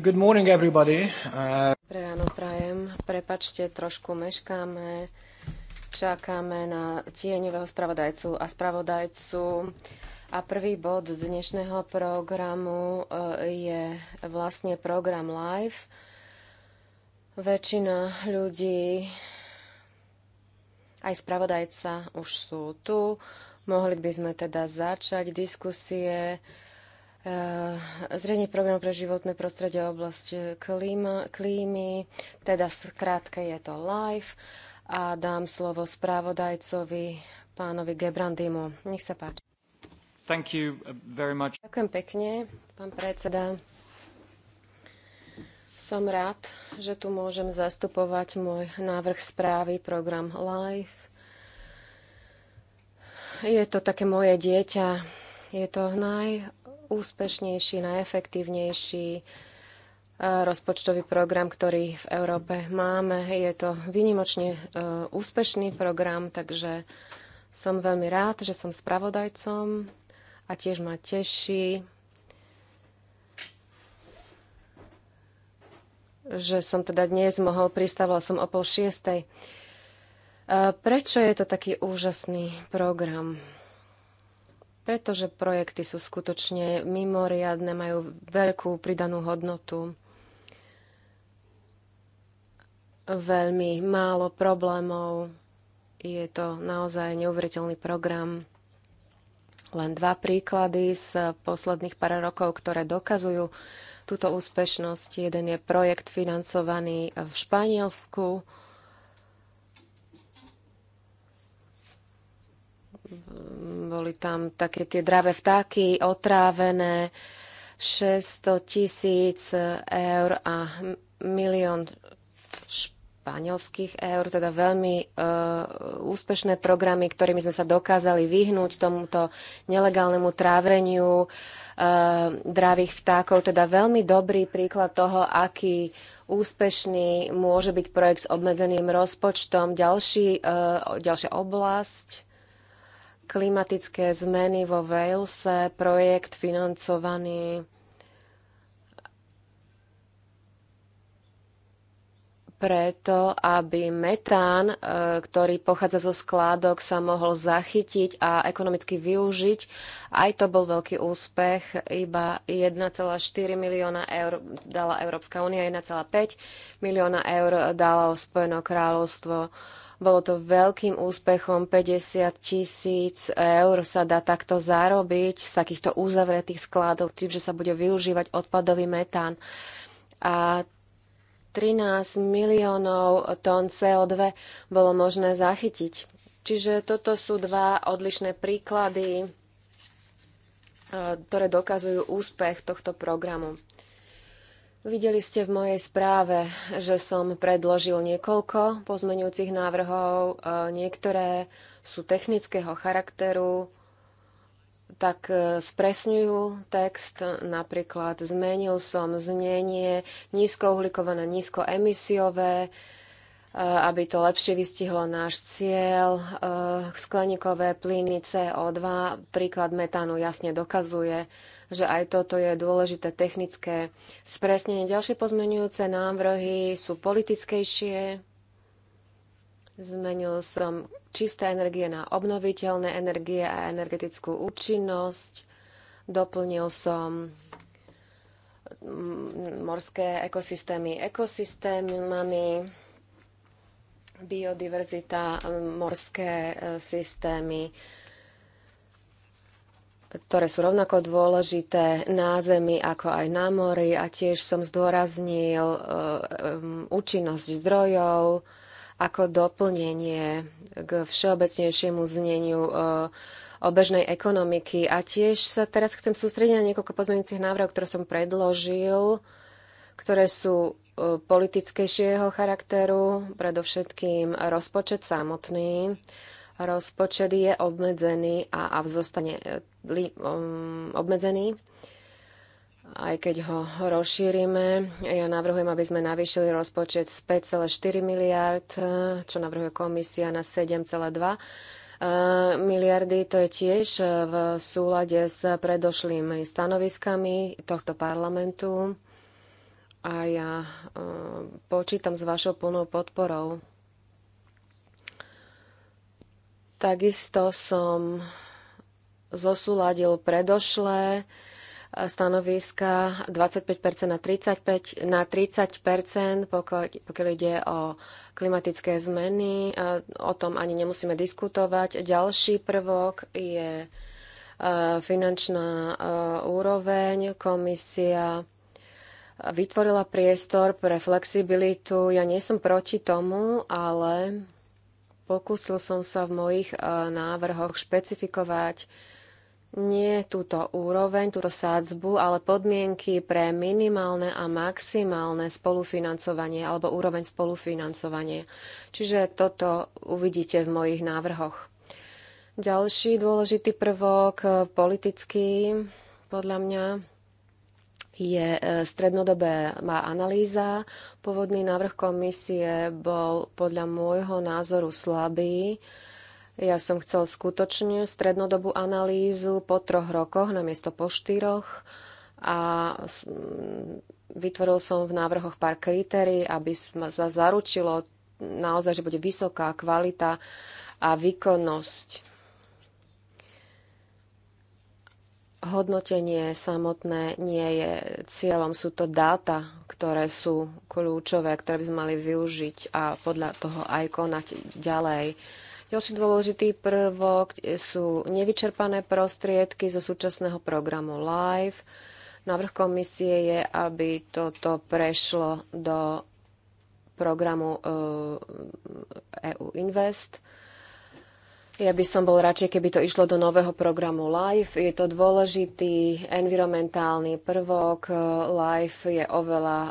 good morning everybody. Uh, ráno prajem. Prepačte, trošku meškáme. Čakáme na tieňového spravodajcu a spravodajcu. A prvý bod dnešného programu uh, je vlastne program live. Väčšina ľudí, aj spravodajca už sú tu. Mohli by sme teda začať diskusie Eh, zrenie program pre životné prostredie a oblasť eh, klíma, klímy, teda v skrátke je to LIFE a dám slovo správodajcovi pánovi Gebrandimu. Nech sa páči. Thank you eh, very much. Ďakujem pekne, pán predseda. Som rád, že tu môžem zastupovať môj návrh správy program LIFE. Je to také moje dieťa. Je to naj najúspešnejší, najefektívnejší e, rozpočtový program, ktorý v Európe máme. Je to vynimočne e, úspešný program, takže som veľmi rád, že som spravodajcom a tiež ma teší, že som teda dnes mohol pristával som o pol šiestej. E, prečo je to taký úžasný program? pretože projekty sú skutočne mimoriadne, majú veľkú pridanú hodnotu, veľmi málo problémov, je to naozaj neuveriteľný program. Len dva príklady z posledných pár rokov, ktoré dokazujú túto úspešnosť. Jeden je projekt financovaný v Španielsku, Boli tam také tie dravé vtáky, otrávené, 600 tisíc eur a milión španielských eur, teda veľmi e, úspešné programy, ktorými sme sa dokázali vyhnúť tomuto nelegálnemu tráveniu e, dravých vtákov. Teda veľmi dobrý príklad toho, aký úspešný môže byť projekt s obmedzeným rozpočtom. Ďalší, e, ďalšia oblasť klimatické zmeny vo Walese, projekt financovaný preto, aby metán, e, ktorý pochádza zo skládok, sa mohol zachytiť a ekonomicky využiť. Aj to bol veľký úspech. Iba 1,4 milióna eur dala Európska únia, 1,5 milióna eur dalo Spojené kráľovstvo. Bolo to veľkým úspechom, 50 tisíc eur sa dá takto zarobiť z takýchto uzavretých skladov, tým, že sa bude využívať odpadový metán. A 13 miliónov tón CO2 bolo možné zachytiť. Čiže toto sú dva odlišné príklady, e, ktoré dokazujú úspech tohto programu. Videli ste v mojej správe, že som predložil niekoľko pozmeňujúcich návrhov. E, niektoré sú technického charakteru, tak e, spresňujú text. Napríklad zmenil som znenie nízkouhlikované, nízkoemisiové, e, aby to lepšie vystihlo náš cieľ. Skleníkové plyny CO2, príklad metánu jasne dokazuje, že aj toto je dôležité technické spresnenie. Ďalšie pozmenujúce návrhy sú politickejšie. Zmenil som čisté energie na obnoviteľné energie a energetickú účinnosť. Doplnil som mm, morské ekosystémy ekosystémami, biodiverzita, mm, morské e, systémy ktoré sú rovnako dôležité na zemi ako aj na mori a tiež som zdôraznil um, účinnosť zdrojov ako doplnenie k všeobecnejšiemu zneniu uh, e, o bežnej ekonomiky. A tiež sa teraz chcem sústrediť na niekoľko pozmeňujúcich návrhov, ktoré som predložil, ktoré sú politickejšieho charakteru, predovšetkým rozpočet samotný, rozpočet je obmedzený a, a zostane e, li, um, obmedzený, aj keď ho rozšírime. Ja navrhujem, aby sme navýšili rozpočet z 5,4 miliard, e, čo navrhuje komisia na 7,2 e, miliardy. To je tiež v súlade s predošlými stanoviskami tohto parlamentu a ja počítam s vašou plnou podporou Takisto som zosúladil predošlé eh, stanoviska 25% na 35%, na 30%, pokiaľ, pokiaľ ide o klimatické zmeny. Eh, o tom ani nemusíme diskutovať. Ďalší prvok je eh, finančná úroveň. Komisia vytvorila priestor pre flexibilitu. Ja nie som proti tomu, ale Pokúsil som sa v mojich e, návrhoch špecifikovať nie túto úroveň, túto sádzbu, ale podmienky pre minimálne a maximálne spolufinancovanie alebo úroveň spolufinancovania. Čiže toto uvidíte v mojich návrhoch. Ďalší dôležitý prvok, e, politický, podľa mňa, je e, strednodobé má analýza. Pôvodný návrh komisie bol podľa môjho názoru slabý. Ja som chcel skutočne strednodobú analýzu po troch rokoch namiesto po štyroch a vytvoril som v návrhoch pár kritérií, aby sa zaručilo naozaj, že bude vysoká kvalita a výkonnosť hodnotenie samotné nie je cieľom, sú to dáta, ktoré sú kľúčové, ktoré by sme mali využiť a podľa toho aj konať ďalej. Ďalší dôležitý prvok sú nevyčerpané prostriedky zo súčasného programu LIFE. Návrh komisie je, aby toto prešlo do programu EU e Invest ja by som bol radšej, keby to išlo do nového programu LIFE. Je to dôležitý environmentálny prvok. LIFE je oveľa uh,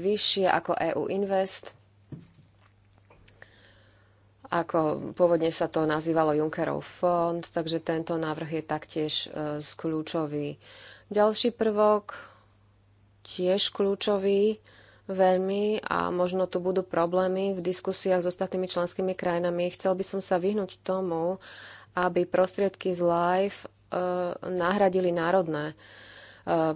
vyššie ako EU Invest. Ako pôvodne sa to nazývalo Junckerov fond, takže tento návrh je taktiež uh, kľúčový. Ďalší prvok, tiež kľúčový, veľmi a možno tu budú problémy v diskusiách s ostatnými členskými krajinami. Chcel by som sa vyhnúť tomu, aby prostriedky z LIFE e, nahradili národné e,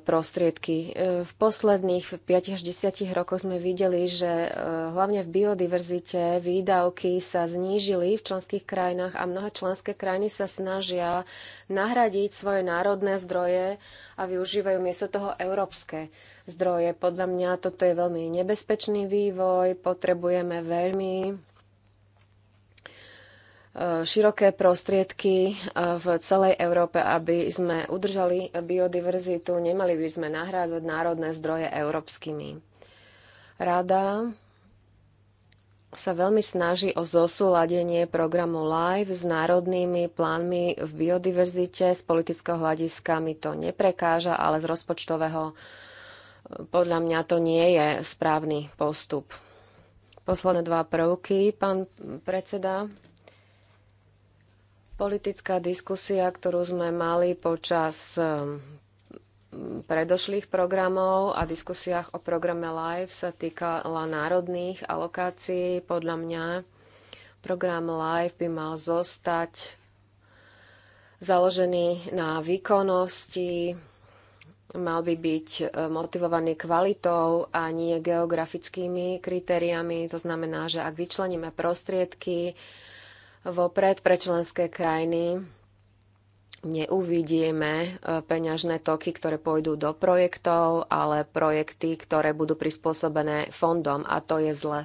prostriedky. E, v posledných 5 až 10 rokoch sme videli, že hlavne v biodiverzite výdavky sa znížili v členských krajinách a mnohé členské krajiny sa snažia nahradiť svoje národné zdroje a využívajú miesto toho európske zdroje. Podľa mňa toto je veľmi nebezpečný vývoj, potrebujeme veľmi e, široké prostriedky e, v celej Európe, aby sme udržali biodiverzitu. Nemali by sme nahrádzať národné zdroje európskymi. Rada sa veľmi snaží o zosúladenie programu LIFE s národnými plánmi v biodiverzite. Z politického hľadiska mi to neprekáža, ale z rozpočtového podľa mňa to nie je správny postup. Posledné dva prvky, pán predseda. Politická diskusia, ktorú sme mali počas um, predošlých programov a diskusiách o programe LIFE sa týkala národných alokácií. Podľa mňa program LIFE by mal zostať založený na výkonnosti, mal by byť e, motivovaný kvalitou a nie geografickými kritériami. To znamená, že ak vyčleníme prostriedky vopred pre členské krajiny, neuvidíme e, peňažné toky, ktoré pôjdu do projektov, ale projekty, ktoré budú prispôsobené fondom a to je zle.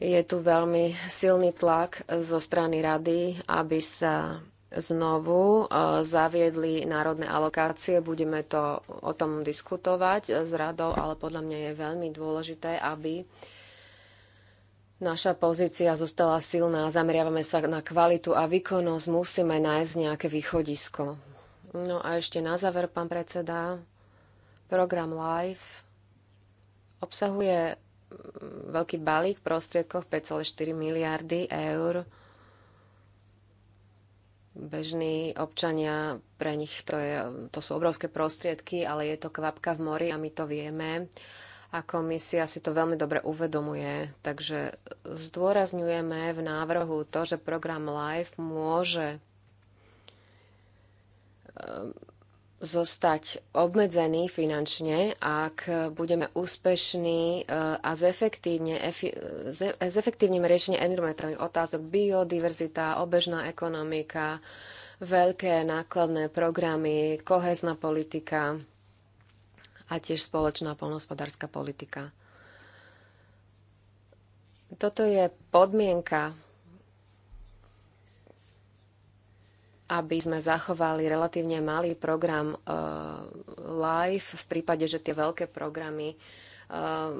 Je tu veľmi silný tlak zo strany rady, aby sa znovu e, zaviedli národné alokácie. Budeme to o tom diskutovať s radou, ale podľa mňa je veľmi dôležité, aby naša pozícia zostala silná. Zameriavame sa na kvalitu a výkonnosť. Musíme nájsť nejaké východisko. No a ešte na záver, pán predseda, program LIFE obsahuje veľký balík prostriedkov 5,4 miliardy eur bežní občania, pre nich to, je, to sú obrovské prostriedky, ale je to kvapka v mori a my to vieme. A komisia si to veľmi dobre uvedomuje. Takže zdôrazňujeme v návrhu to, že program LIFE môže zostať obmedzení finančne, ak budeme úspešní e, a zefektívne, zefektívnime e, riešenie environmentálnych otázok, biodiverzita, obežná ekonomika, veľké nákladné programy, kohezná politika a tiež spoločná polnohospodárska politika. Toto je podmienka aby sme zachovali relatívne malý program uh, live v prípade, že tie veľké programy uh,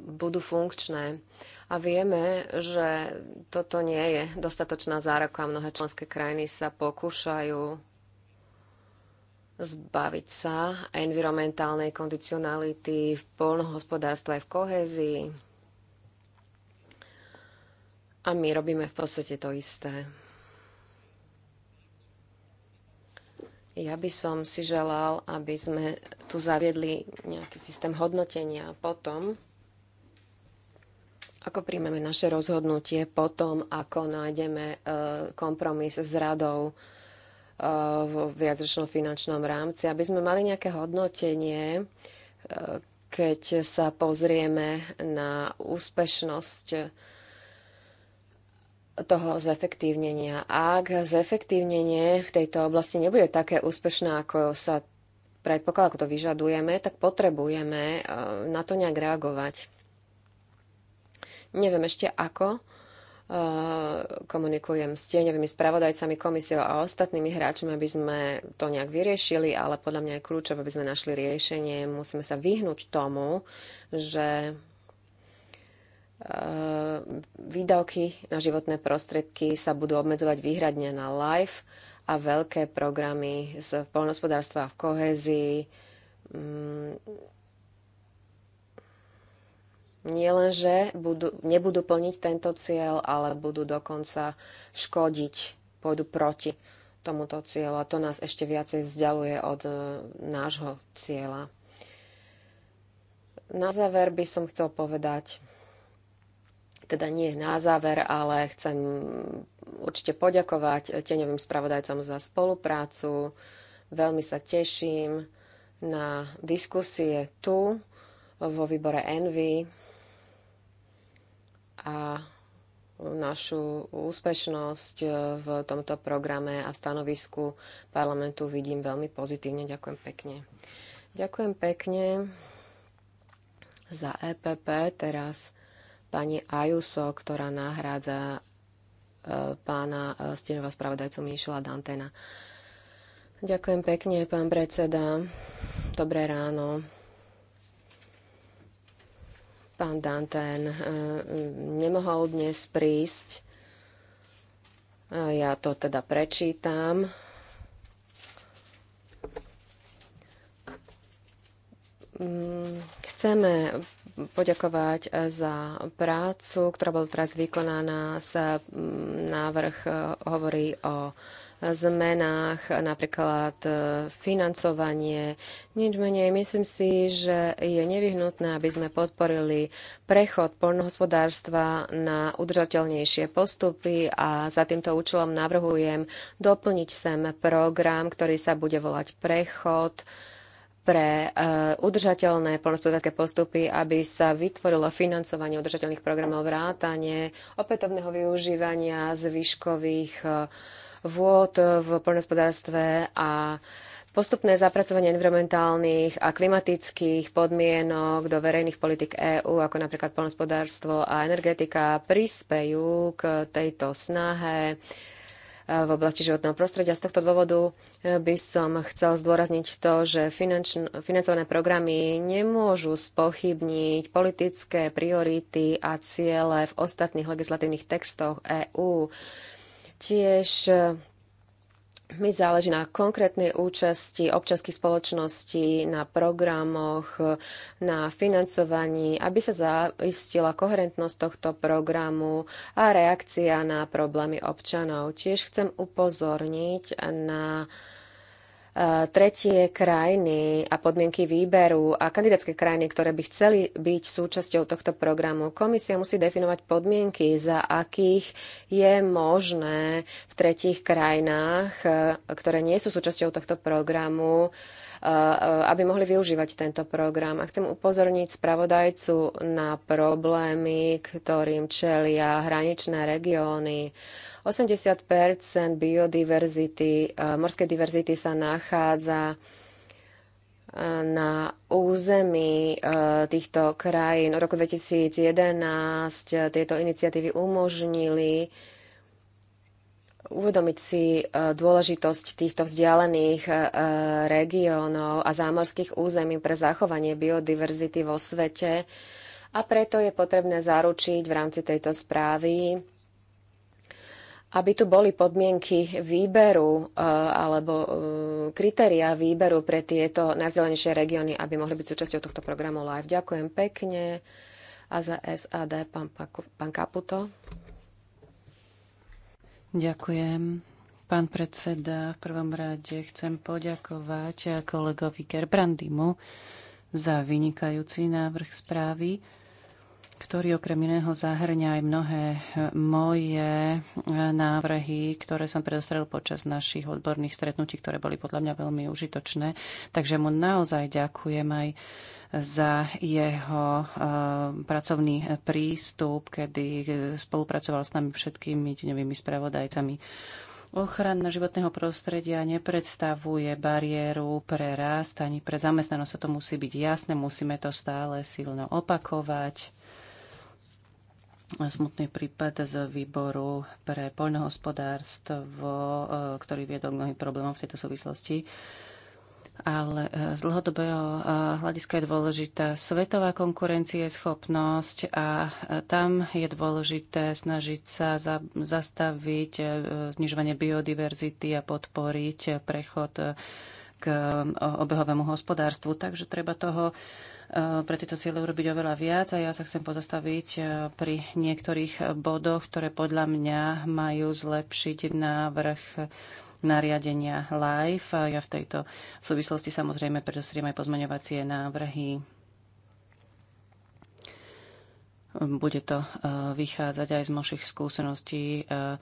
budú funkčné. A vieme, že toto nie je dostatočná záruka. Mnohé členské krajiny sa pokúšajú zbaviť sa environmentálnej kondicionality v polnohospodárstve aj v kohézii. A my robíme v podstate to isté. Ja by som si želal, aby sme tu zaviedli nejaký systém hodnotenia potom, ako príjmeme naše rozhodnutie, potom ako nájdeme e, kompromis s radou e, v viacročnom finančnom rámci, aby sme mali nejaké hodnotenie, e, keď sa pozrieme na úspešnosť toho zefektívnenia. Ak zefektívnenie v tejto oblasti nebude také úspešné, ako sa predpokladá, ako to vyžadujeme, tak potrebujeme e, na to nejak reagovať. Neviem ešte ako. E, komunikujem s tieňovými spravodajcami, komisiou a ostatnými hráčmi, aby sme to nejak vyriešili, ale podľa mňa je kľúčové, aby sme našli riešenie. Musíme sa vyhnúť tomu, že Ehm, výdavky na životné prostriedky sa budú obmedzovať výhradne na live a veľké programy z poľnohospodárstva v kohezii mm, nielenže budú, nebudú plniť tento cieľ, ale budú dokonca škodiť, pôjdu proti tomuto cieľu a to nás ešte viacej vzdialuje od e, nášho cieľa. Na záver by som chcel povedať, teda nie na záver, ale chcem určite poďakovať tieňovým spravodajcom za spoluprácu. Veľmi sa teším na diskusie tu vo výbore Envy a našu úspešnosť v tomto programe a v stanovisku parlamentu vidím veľmi pozitívne. Ďakujem pekne. Ďakujem pekne za EPP. Teraz pani Ajuso, ktorá nahrádza e, pána e, steňová spravodajcu Mišela Dantena. Ďakujem pekne, pán predseda. Dobré ráno. Pán Danten e, nemohol dnes prísť. Ja to teda prečítam. Mm, chceme poďakovať za prácu, ktorá bola teraz vykonaná. Sa mm, návrh e, hovorí o zmenách, napríklad e, financovanie, nič menej. Myslím si, že je nevyhnutné, aby sme podporili prechod poľnohospodárstva na udržateľnejšie postupy a za týmto účelom navrhujem doplniť sem program, ktorý sa bude volať Prechod pre eh, udržateľné polnospodárske postupy, aby sa vytvorilo financovanie udržateľných programov vrátanie, opätovného využívania zvyškových eh, vôd v poľnohospodárstve a postupné zapracovanie environmentálnych a klimatických podmienok do verejných politik EÚ, ako napríklad poľnohospodárstvo a energetika, prispejú k tejto snahe v oblasti životného prostredia. Z tohto dôvodu eh, by som chcel zdôrazniť to, že finančn- financované programy nemôžu spochybniť politické priority a ciele v ostatných legislatívnych textoch EÚ. Tiež eh, mi záleží na konkrétnej účasti občanských spoločností, na programoch, na financovaní, aby sa zaistila koherentnosť tohto programu a reakcia na problémy občanov. Tiež chcem upozorniť na tretie krajiny a podmienky výberu a kandidátske krajiny, ktoré by chceli byť súčasťou tohto programu. Komisia musí definovať podmienky, za akých je možné v tretích krajinách, e, ktoré nie sú súčasťou tohto programu, e, e, aby mohli využívať tento program. A chcem upozorniť spravodajcu na problémy, ktorým čelia hraničné regióny 80 biodiverzity, e, morskej diverzity sa nachádza e, na území e, týchto krajín. Od roku 2011 tieto iniciatívy umožnili uvedomiť si dôležitosť týchto vzdialených regiónov a zámorských území pre zachovanie biodiverzity vo svete. A preto je potrebné zaručiť v rámci tejto správy aby tu boli podmienky výberu e, alebo e, kritéria výberu pre tieto najzelenejšie regióny, aby mohli byť súčasťou tohto programu Live. Ďakujem pekne. A za SAD pán, pán Kaputo. Ďakujem. Pán predseda, v prvom rade chcem poďakovať kolegovi Gerbrandimu za vynikajúci návrh správy ktorý okrem iného zahrňa aj mnohé e, moje e, návrhy, ktoré som predostrel počas našich odborných stretnutí, ktoré boli podľa mňa veľmi užitočné. Takže mu naozaj ďakujem aj za jeho e, pracovný prístup, kedy spolupracoval s nami všetkými deňovými spravodajcami. Ochrana životného prostredia nepredstavuje bariéru pre rast ani pre zamestnanosť. To musí byť jasné, musíme to stále silno opakovať smutný prípad z výboru pre poľnohospodárstvo, e, ktorý viedol k mnohým problémom v tejto súvislosti. Ale e, z dlhodobého e, hľadiska je dôležitá svetová konkurencie, schopnosť a tam je dôležité snažiť sa za, zastaviť znižovanie biodiverzity a podporiť prechod k obehovému hospodárstvu. Takže treba toho Eh, pre tieto cieľe urobiť oveľa viac a ja sa chcem pozastaviť eh, pri niektorých bodoch, ktoré podľa mňa majú zlepšiť návrh nariadenia LIFE. Ja v tejto súvislosti samozrejme predostriem aj pozmeňovacie návrhy Ehm, bude to ehm, vychádzať aj z mošich skúseností ehm,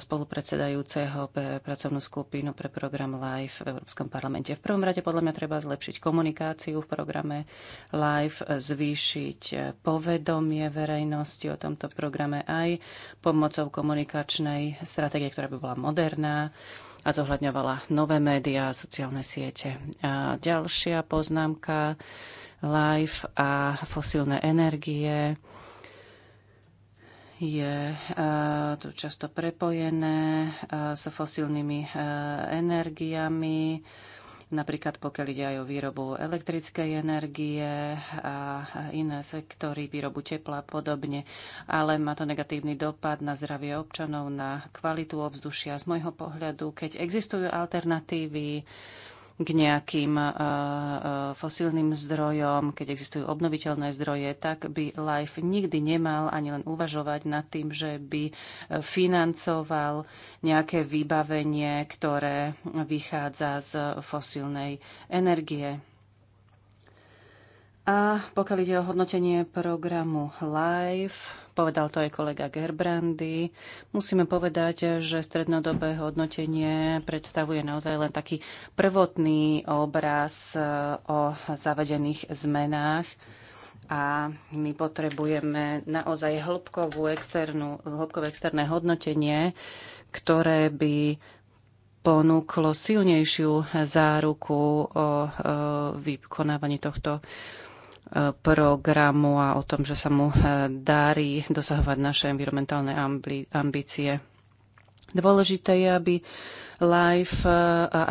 spolupredsedajúceho pracovnú skupinu pre program LIFE v Európskom parlamente. V prvom rade podľa mňa treba zlepšiť komunikáciu v programe LIFE, zvýšiť povedomie verejnosti o tomto programe aj pomocou komunikačnej stratégie, ktorá by bola moderná a zohľadňovala nové médiá a sociálne siete. A ďalšia poznámka live a fosílne energie je e, tu často prepojené e, s fosílnymi e, energiami, napríklad pokiaľ ide aj o výrobu elektrickej energie a iné sektory, výrobu tepla a podobne, ale má to negatívny dopad na zdravie občanov, na kvalitu ovzdušia. Z môjho pohľadu, keď existujú alternatívy, k nejakým e, e, fosílnym zdrojom, keď existujú obnoviteľné zdroje, tak by LIFE nikdy nemal ani len uvažovať nad tým, že by e, financoval nejaké vybavenie, ktoré vychádza z fosílnej energie. A pokiaľ ide o hodnotenie programu LIFE, Povedal to aj kolega Gerbrandy. Musíme povedať, že strednodobé hodnotenie predstavuje naozaj len taký prvotný obraz e, o zavedených zmenách a my potrebujeme naozaj hĺbkovú externú, hĺbkové externé hodnotenie, ktoré by ponúklo silnejšiu záruku o e, vykonávaní tohto programu a o tom, že sa mu eh, darí dosahovať naše environmentálne ambície. Dôležité je, aby LIFE eh,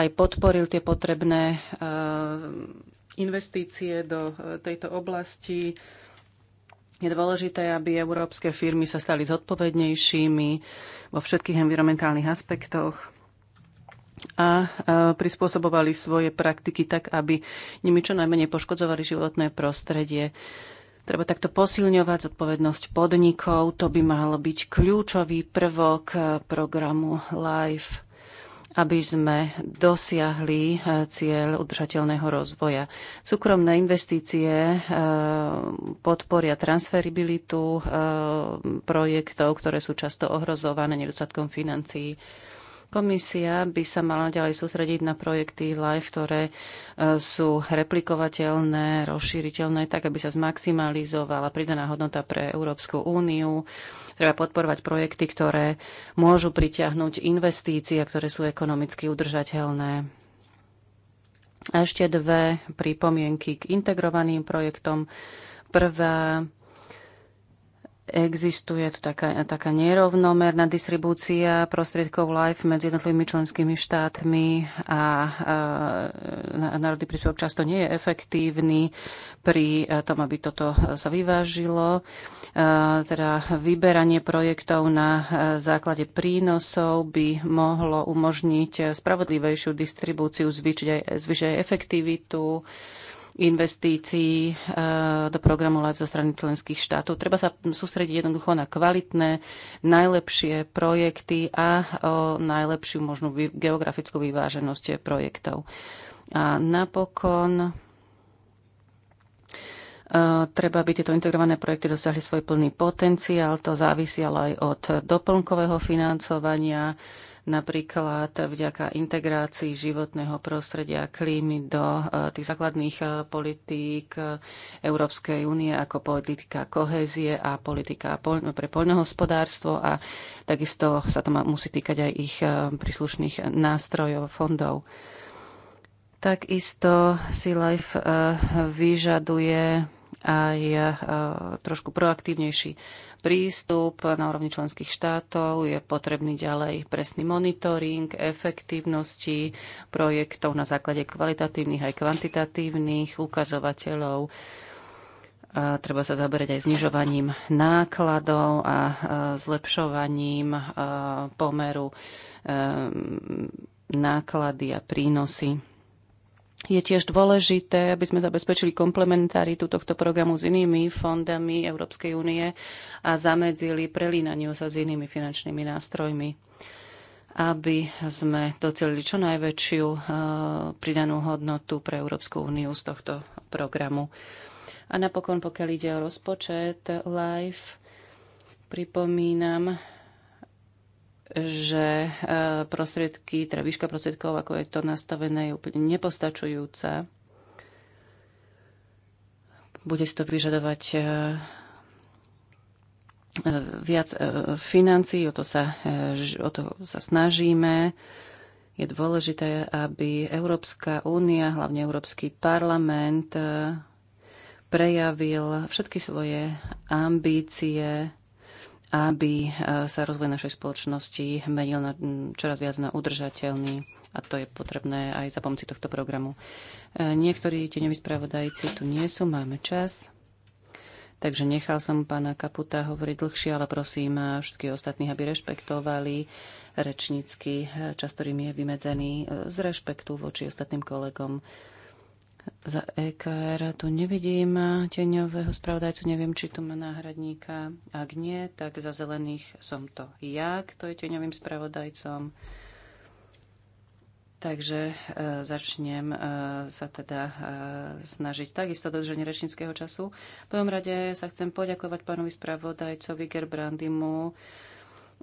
aj podporil tie potrebné eh, investície do tejto oblasti. Je dôležité, aby európske firmy sa stali zodpovednejšími vo všetkých environmentálnych aspektoch a prispôsobovali svoje praktiky tak, aby nimi čo najmenej poškodzovali životné prostredie. Treba takto posilňovať zodpovednosť podnikov. To by mal byť kľúčový prvok e, programu LIFE, aby sme dosiahli e, cieľ udržateľného rozvoja. Súkromné investície e, podporia transferibilitu projektov, ktoré sú často ohrozované nedostatkom financií Komisia by sa mala ďalej sústrediť na projekty LIFE, ktoré e, sú replikovateľné, rozšíriteľné, tak aby sa zmaximalizovala pridaná hodnota pre Európsku úniu. Treba podporovať projekty, ktoré môžu priťahnuť investície, ktoré sú ekonomicky udržateľné. A ešte dve pripomienky k integrovaným projektom. Prvá Existuje tu taká, taká nerovnomerná distribúcia prostriedkov LIFE medzi jednotlivými členskými štátmi a, a národný príspevok často nie je efektívny pri tom, aby toto sa vyvážilo. A, teda vyberanie projektov na základe prínosov by mohlo umožniť spravodlivejšiu distribúciu, zvýšiť aj, aj efektivitu investícií eh, do programu LIFE zo strany členských štátov. Treba sa sústrediť jednoducho na kvalitné, najlepšie projekty a o najlepšiu možnú geografickú vyváženosť projektov. A napokon eh, treba, aby tieto integrované projekty dosiahli svoj plný potenciál. To závisí ale aj od doplnkového financovania, napríklad vďaka integrácii životného prostredia klímy do e, tých základných e, politík e, Európskej únie ako politika kohézie a politika no, pre poľnohospodárstvo a takisto sa to musí týkať aj ich príslušných nástrojov, fondov. Takisto si Life vyžaduje aj trošku proaktívnejší prístup na úrovni členských štátov, je potrebný ďalej presný monitoring efektívnosti projektov na základe kvalitatívnych aj kvantitatívnych ukazovateľov treba sa zaberať aj znižovaním nákladov a zlepšovaním pomeru e, náklady a prínosy. Je tiež dôležité, aby sme zabezpečili komplementaritu tohto programu s inými fondami Európskej únie a zamedzili prelínaniu sa s inými finančnými nástrojmi aby sme docelili čo najväčšiu eh, pridanú hodnotu pre Európsku úniu z tohto programu. A napokon, pokiaľ ide o rozpočet LIFE, pripomínam, že e, prostriedky, teda výška prostriedkov, ako je to nastavené, je úplne nepostačujúca. Bude si to vyžadovať e, e, viac financií, o to sa, o to sa snažíme. Je dôležité, aby Európska únia, hlavne Európsky parlament, prejavil všetky svoje ambície aby e, sa rozvoj našej spoločnosti menil na, čoraz viac na udržateľný a to je potrebné aj za pomoci tohto programu. E, niektorí tieňoví spravodajci tu nie sú, máme čas. Takže nechal som pána Kaputa hovoriť dlhšie, ale prosím všetkých ostatných, aby rešpektovali rečnícky e, čas, ktorým je vymedzený z rešpektu voči ostatným kolegom za EKR. Tu nevidím tieňového spravodajcu, neviem, či tu má náhradníka. Ak nie, tak za zelených som to ja, kto je tieňovým spravodajcom. Takže e, začnem e, sa teda e, snažiť takisto dodrženie rečníckého času. V prvom rade sa chcem poďakovať pánovi spravodajcovi Gerbrandimu,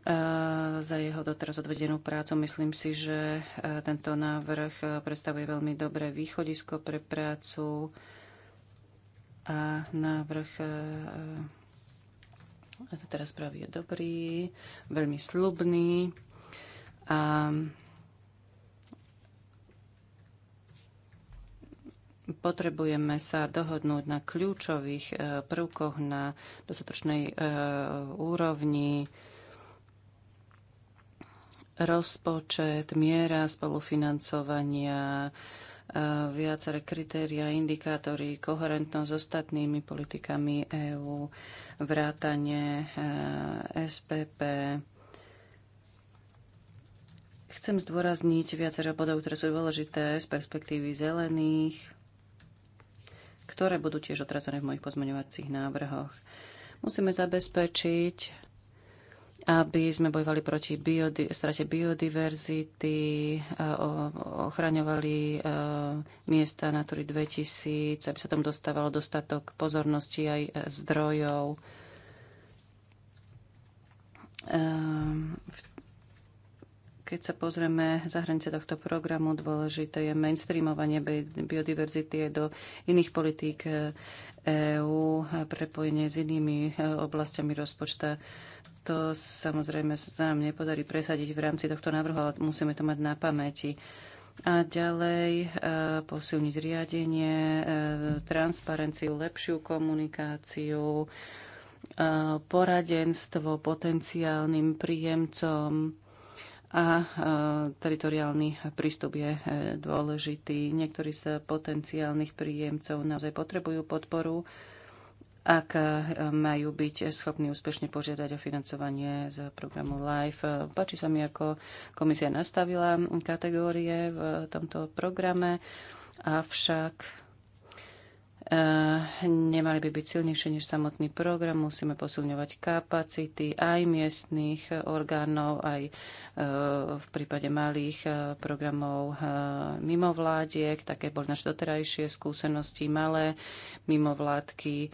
Eh, za jeho doteraz odvedenú prácu. Myslím si, že eh, tento návrh eh, predstavuje veľmi dobré východisko pre prácu a návrh a to teraz práve je dobrý, veľmi slubný a potrebujeme sa dohodnúť na kľúčových prvkoch na dostatočnej úrovni rozpočet, miera spolufinancovania, viaceré kritéria, indikátory, koherentnosť s ostatnými politikami EÚ, vrátanie e, SPP. Chcem zdôrazniť viacere bodov, ktoré sú dôležité z perspektívy zelených, ktoré budú tiež odrazené v mojich pozmeňovacích návrhoch. Musíme zabezpečiť, aby sme bojovali proti biodi- strate biodiverzity, e, ochraňovali e, miesta Natury 2000, aby sa tam dostávalo dostatok pozornosti aj e, zdrojov. Keď sa pozrieme za hranice tohto programu, dôležité je mainstreamovanie biodiverzity aj do iných politík EÚ, prepojenie s inými oblastiami rozpočta to samozrejme sa nám nepodarí presadiť v rámci tohto návrhu, ale musíme to mať na pamäti. A ďalej e, posilniť riadenie, e, transparenciu, lepšiu komunikáciu, e, poradenstvo potenciálnym príjemcom a teritoriálny prístup je dôležitý. Niektorí z potenciálnych príjemcov naozaj potrebujú podporu ak eh, majú byť schopní úspešne požiadať o financovanie z programu LIFE. Páči sa mi, ako komisia nastavila kategórie v tomto programe, avšak eh, nemali by byť silnejšie než samotný program. Musíme posilňovať kapacity aj miestných orgánov, aj eh, v prípade malých programov mimovládiek. Také boli naše doterajšie skúsenosti, malé mimovládky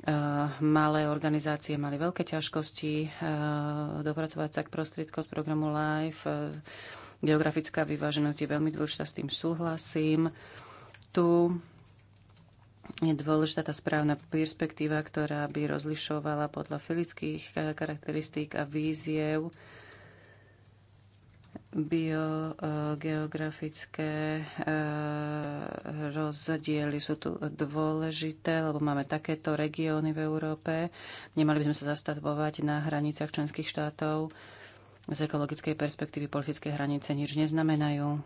Eh, malé organizácie mali veľké ťažkosti eh, dopracovať sa k prostriedkom z programu LIFE. Eh, geografická vyváženosť je veľmi dôležitá, s tým súhlasím. Tu je dôležitá tá správna perspektíva, ktorá by rozlišovala podľa filických charakteristík a víziev biogeografické eh, rozdiely sú tu dôležité, lebo máme takéto regióny v Európe. Nemali by sme sa zastavovať na hraniciach členských štátov. Z ekologickej perspektívy politické hranice nič neznamenajú.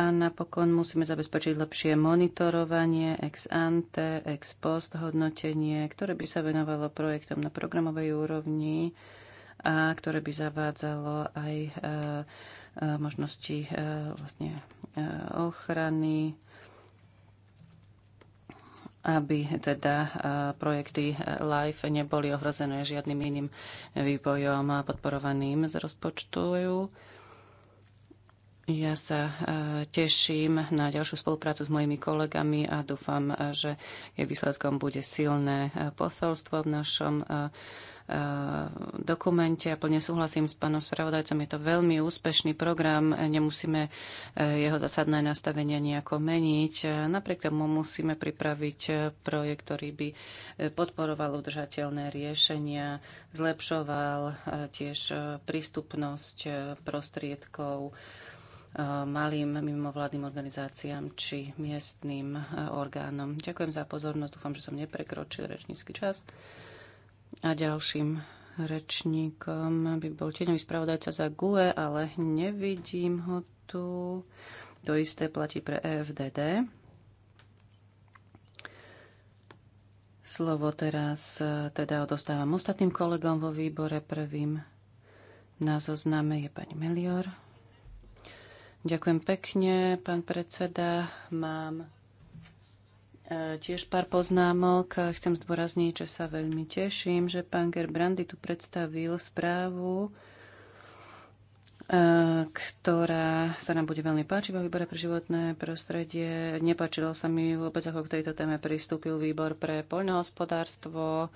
A napokon musíme zabezpečiť lepšie monitorovanie ex ante, ex post hodnotenie, ktoré by sa venovalo projektom na programovej úrovni a ktoré by zavádzalo aj e, e, možnosti e, vlastne ochrany aby teda projekty LIFE neboli ohrozené žiadnym iným výbojom podporovaným z rozpočtu ja sa e, teším na ďalšiu spoluprácu s mojimi kolegami a dúfam, e, že jej výsledkom bude silné e, posolstvo v našom dokumente. a plne súhlasím s pánom spravodajcom, je to veľmi úspešný program, nemusíme jeho zásadné nastavenia nejako meniť. Napriek tomu musíme pripraviť projekt, ktorý by podporoval udržateľné riešenia, zlepšoval tiež prístupnosť prostriedkov malým mimovládnym organizáciám či miestným e, orgánom. Ďakujem za pozornosť, dúfam, že som neprekročil rečnícky čas. A ďalším rečníkom by bol tieňový spravodajca za GUE, ale nevidím ho tu. To isté platí pre EFDD. Slovo teraz e, teda odostávam ostatným kolegom vo výbore prvým. Na zozname je pani Melior. Ďakujem pekne, pán predseda. Mám e, Tiež pár poznámok. Chcem zdôrazniť, že sa veľmi teším, že pán Gerbrandy tu predstavil správu, e, ktorá sa nám bude veľmi páčiť vo výbore pre životné prostredie. Nepáčilo sa mi vôbec, ako k tejto téme pristúpil výbor pre poľnohospodárstvo.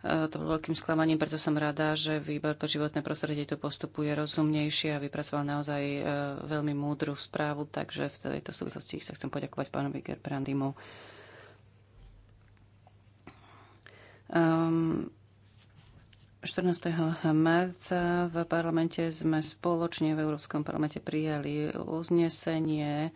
E, to bolo veľkým sklamaním, preto som rada, že výbor pre životné prostredie tu postupuje rozumnejšie a vypracoval naozaj e, veľmi múdru správu, takže v tejto súvislosti sa chcem poďakovať pánovi Gerbrandimu. Um, ehm, 14. marca v parlamente sme spoločne v Európskom parlamente prijali uznesenie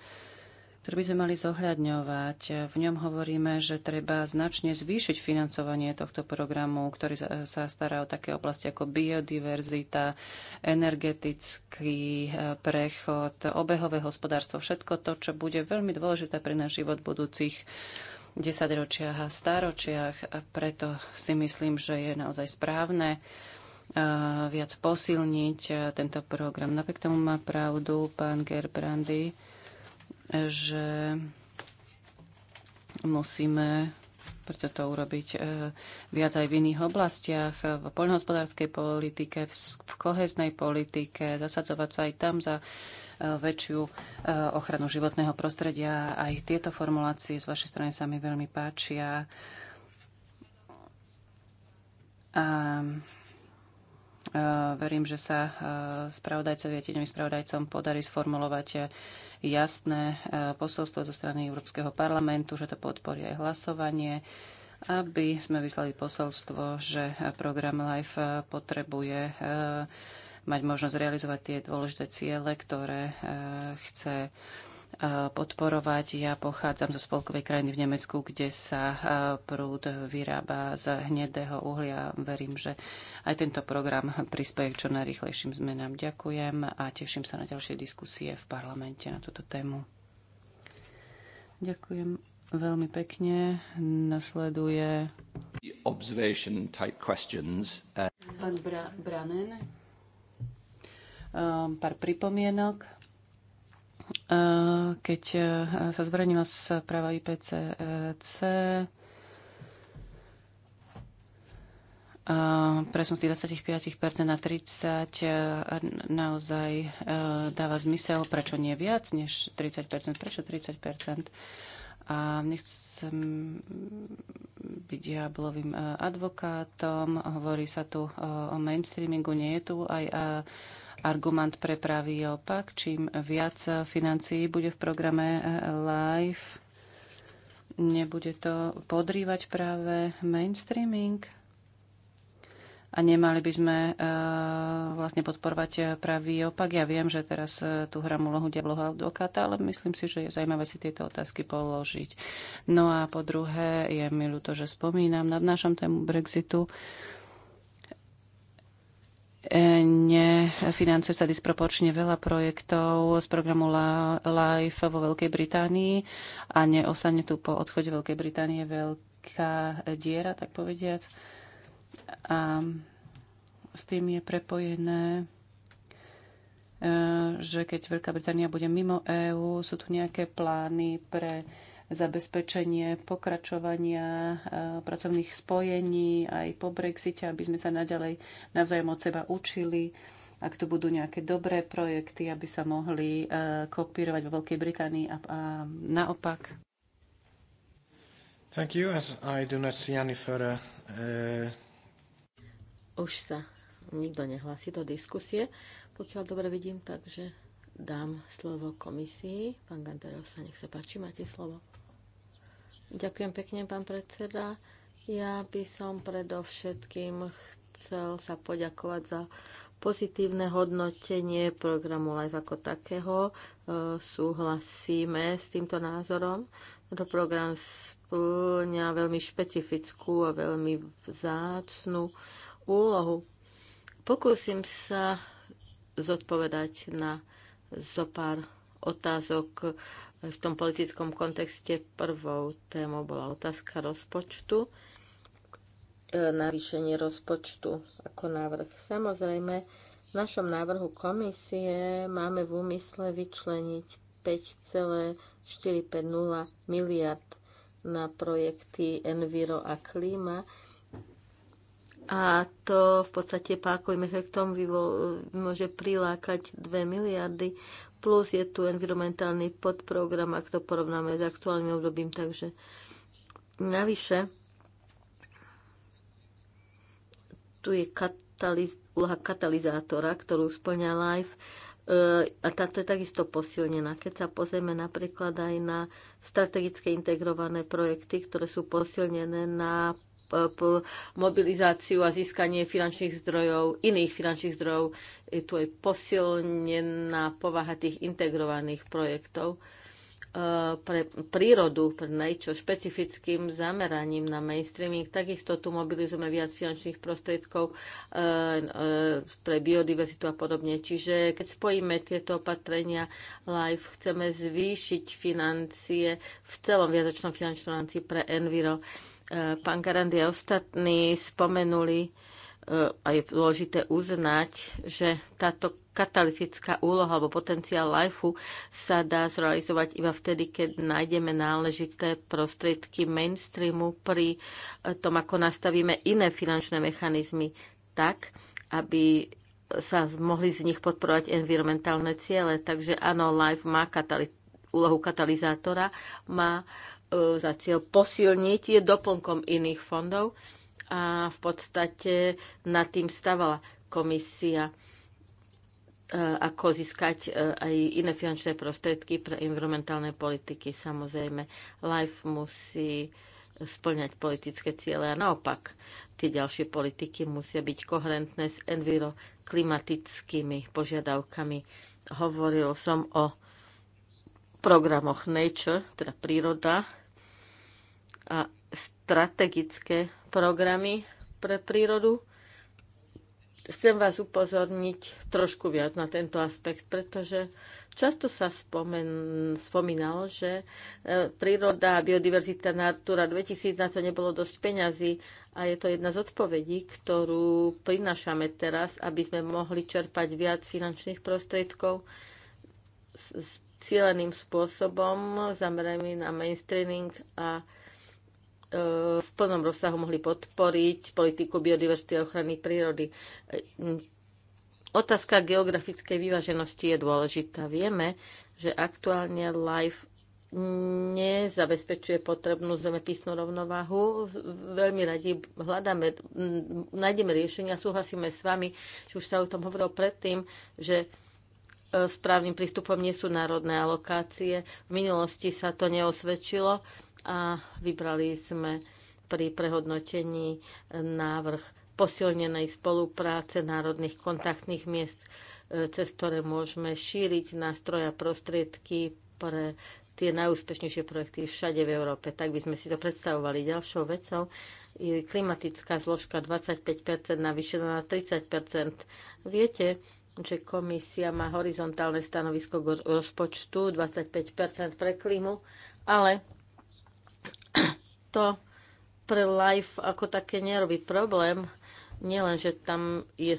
ktorý by sme mali zohľadňovať. V ňom hovoríme, že treba značne zvýšiť financovanie tohto programu, ktorý sa stará o také oblasti ako biodiverzita, energetický eh, prechod, obehové hospodárstvo, všetko to, čo bude veľmi dôležité pre náš život v budúcich desaťročiach a stáročiach. A preto si myslím, že je naozaj správne eh, viac posilniť eh, tento program. Napriek tomu má pravdu pán Gerbrandy, že musíme preto to urobiť e, viac aj v iných oblastiach, v poľnohospodárskej politike, v koheznej politike, zasadzovať sa aj tam za e, väčšiu e, ochranu životného prostredia. Aj tieto formulácie z vašej strany sa mi veľmi páčia. A verím, že sa spravodajcovi a tieňovým spravodajcom podarí sformulovať jasné e, posolstvo zo strany Európskeho parlamentu, že to podporí aj hlasovanie aby sme vyslali posolstvo, že e, program LIFE e, potrebuje mať možnosť realizovať tie dôležité ciele, ktoré chce podporovať. Ja pochádzam zo spolkovej krajiny v Nemecku, kde sa e, prúd vyrába z hnedého uhlia. Verím, že aj tento program prispieje k čo najrychlejším zmenám. Ďakujem a teším sa na ďalšie diskusie v parlamente na túto tému. Ďakujem veľmi pekne. Nasleduje observation type questions. Uh- Pán Bra- Branen. Um, pár pripomienok keď eh, sa zverejnila práva IPCC, e presun z tých 25% na 30 eh, naozaj eh, dáva zmysel. Prečo nie viac než 30%? Prečo 30%? A nechcem byť diablovým advokátom. Hovorí sa tu o mainstreamingu. Nie je tu aj argument pre pravý opak. Čím viac financií bude v programe LIFE, nebude to podrývať práve mainstreaming? A nemali by sme uh, vlastne podporovať pravý opak. Ja viem, že teraz uh, tu hram úlohu diabloho advokáta, ale myslím si, že je zaujímavé si tieto otázky položiť. No a po druhé, je mi ľúto, že spomínam nad našom tému Brexitu. Uh, Nefinancuje sa disproporčne veľa projektov z programu LIFE vo Veľkej Británii a neostane tu po odchode Veľkej Británie veľká diera, tak povediac. A s tým je prepojené, eh, že keď Veľká Británia bude mimo EÚ, sú tu nejaké plány pre zabezpečenie pokračovania e, pracovných spojení aj po Brexite, aby sme sa naďalej navzájom od seba učili ak tu budú nejaké dobré projekty, aby sa mohli e, kopírovať vo Veľkej Británii a, a naopak. Thank you, as I do not see any further, uh... Už sa nikto nehlási do diskusie, pokiaľ dobre vidím, takže dám slovo komisii. Pán Ganderov sa nech sa páči, máte slovo. Ďakujem pekne, pán predseda. Ja by som predovšetkým chcel sa poďakovať za pozitívne hodnotenie programu Live ako takého. E, súhlasíme s týmto názorom. Tento program splňa veľmi špecifickú a veľmi vzácnú úlohu. Pokúsim sa zodpovedať na zo pár otázok v tom politickom kontexte prvou témou bola otázka rozpočtu, e, navýšenie rozpočtu ako návrh. Samozrejme, v našom návrhu komisie máme v úmysle vyčleniť 5,450 miliard na projekty Enviro a klíma. A to v podstate k tomu môže prilákať 2 miliardy plus je tu environmentálny podprogram, ak to porovnáme s aktuálnym obdobím, takže navyše tu je kataliz- úloha katalizátora, ktorú splňa LIFE e, a táto je takisto posilnená. Keď sa pozrieme napríklad aj na strategické integrované projekty, ktoré sú posilnené na mobilizáciu a získanie finančných zdrojov, iných finančných zdrojov. Je tu aj posilnená povaha tých integrovaných projektov e, pre prírodu, pre nature, špecifickým zameraním na mainstreaming. Takisto tu mobilizujeme viac finančných prostriedkov e, e, pre biodiverzitu a podobne. Čiže keď spojíme tieto opatrenia live, chceme zvýšiť financie v celom viacočnom finančnom rámci pre Enviro Pán Garandy a ostatní spomenuli, e, a je dôležité uznať, že táto katalytická úloha alebo potenciál LIFEu sa dá zrealizovať iba vtedy, keď nájdeme náležité prostriedky mainstreamu pri e, tom, ako nastavíme iné finančné mechanizmy tak, aby sa mohli z nich podporovať environmentálne ciele. Takže áno, LIFE má katali- úlohu katalizátora, má uh, E, za cieľ posilniť, je doplnkom iných fondov a v podstate nad tým stavala komisia e, ako získať e, aj iné finančné prostriedky pre environmentálne politiky. Samozrejme, LIFE musí splňať politické ciele a naopak tie ďalšie politiky musia byť koherentné s enviroklimatickými požiadavkami. Hovoril som o programoch Nature, teda príroda, a strategické programy pre prírodu. Chcem vás upozorniť trošku viac na tento aspekt, pretože často sa spomen, spomínalo, že e, príroda a biodiverzita Natura 2000 na to nebolo dosť peňazí a je to jedna z odpovedí, ktorú prinášame teraz, aby sme mohli čerpať viac finančných prostriedkov s cieleným spôsobom zameraným na mainstreaming a E, v plnom rozsahu mohli podporiť politiku biodiverzity a ochrany prírody. E, otázka geografickej vyváženosti je dôležitá. Vieme, že aktuálne LIFE nezabezpečuje potrebnú zemepisnú rovnováhu. Veľmi radi hľadáme, nájdeme riešenia, súhlasíme s vami, že už sa o tom hovorilo predtým, že e, správnym prístupom nie sú národné alokácie. V minulosti sa to neosvedčilo a vybrali sme pri prehodnotení návrh posilnenej spolupráce národných kontaktných miest, e, cez ktoré môžeme šíriť nástroje a prostriedky pre tie najúspešnejšie projekty všade v Európe. Tak by sme si to predstavovali. Ďalšou vecou je klimatická zložka 25 navýšená na 30 Viete, že komisia má horizontálne stanovisko rozpočtu 25 pre klímu, ale to pre life ako také nerobí problém. Nielen, že tam je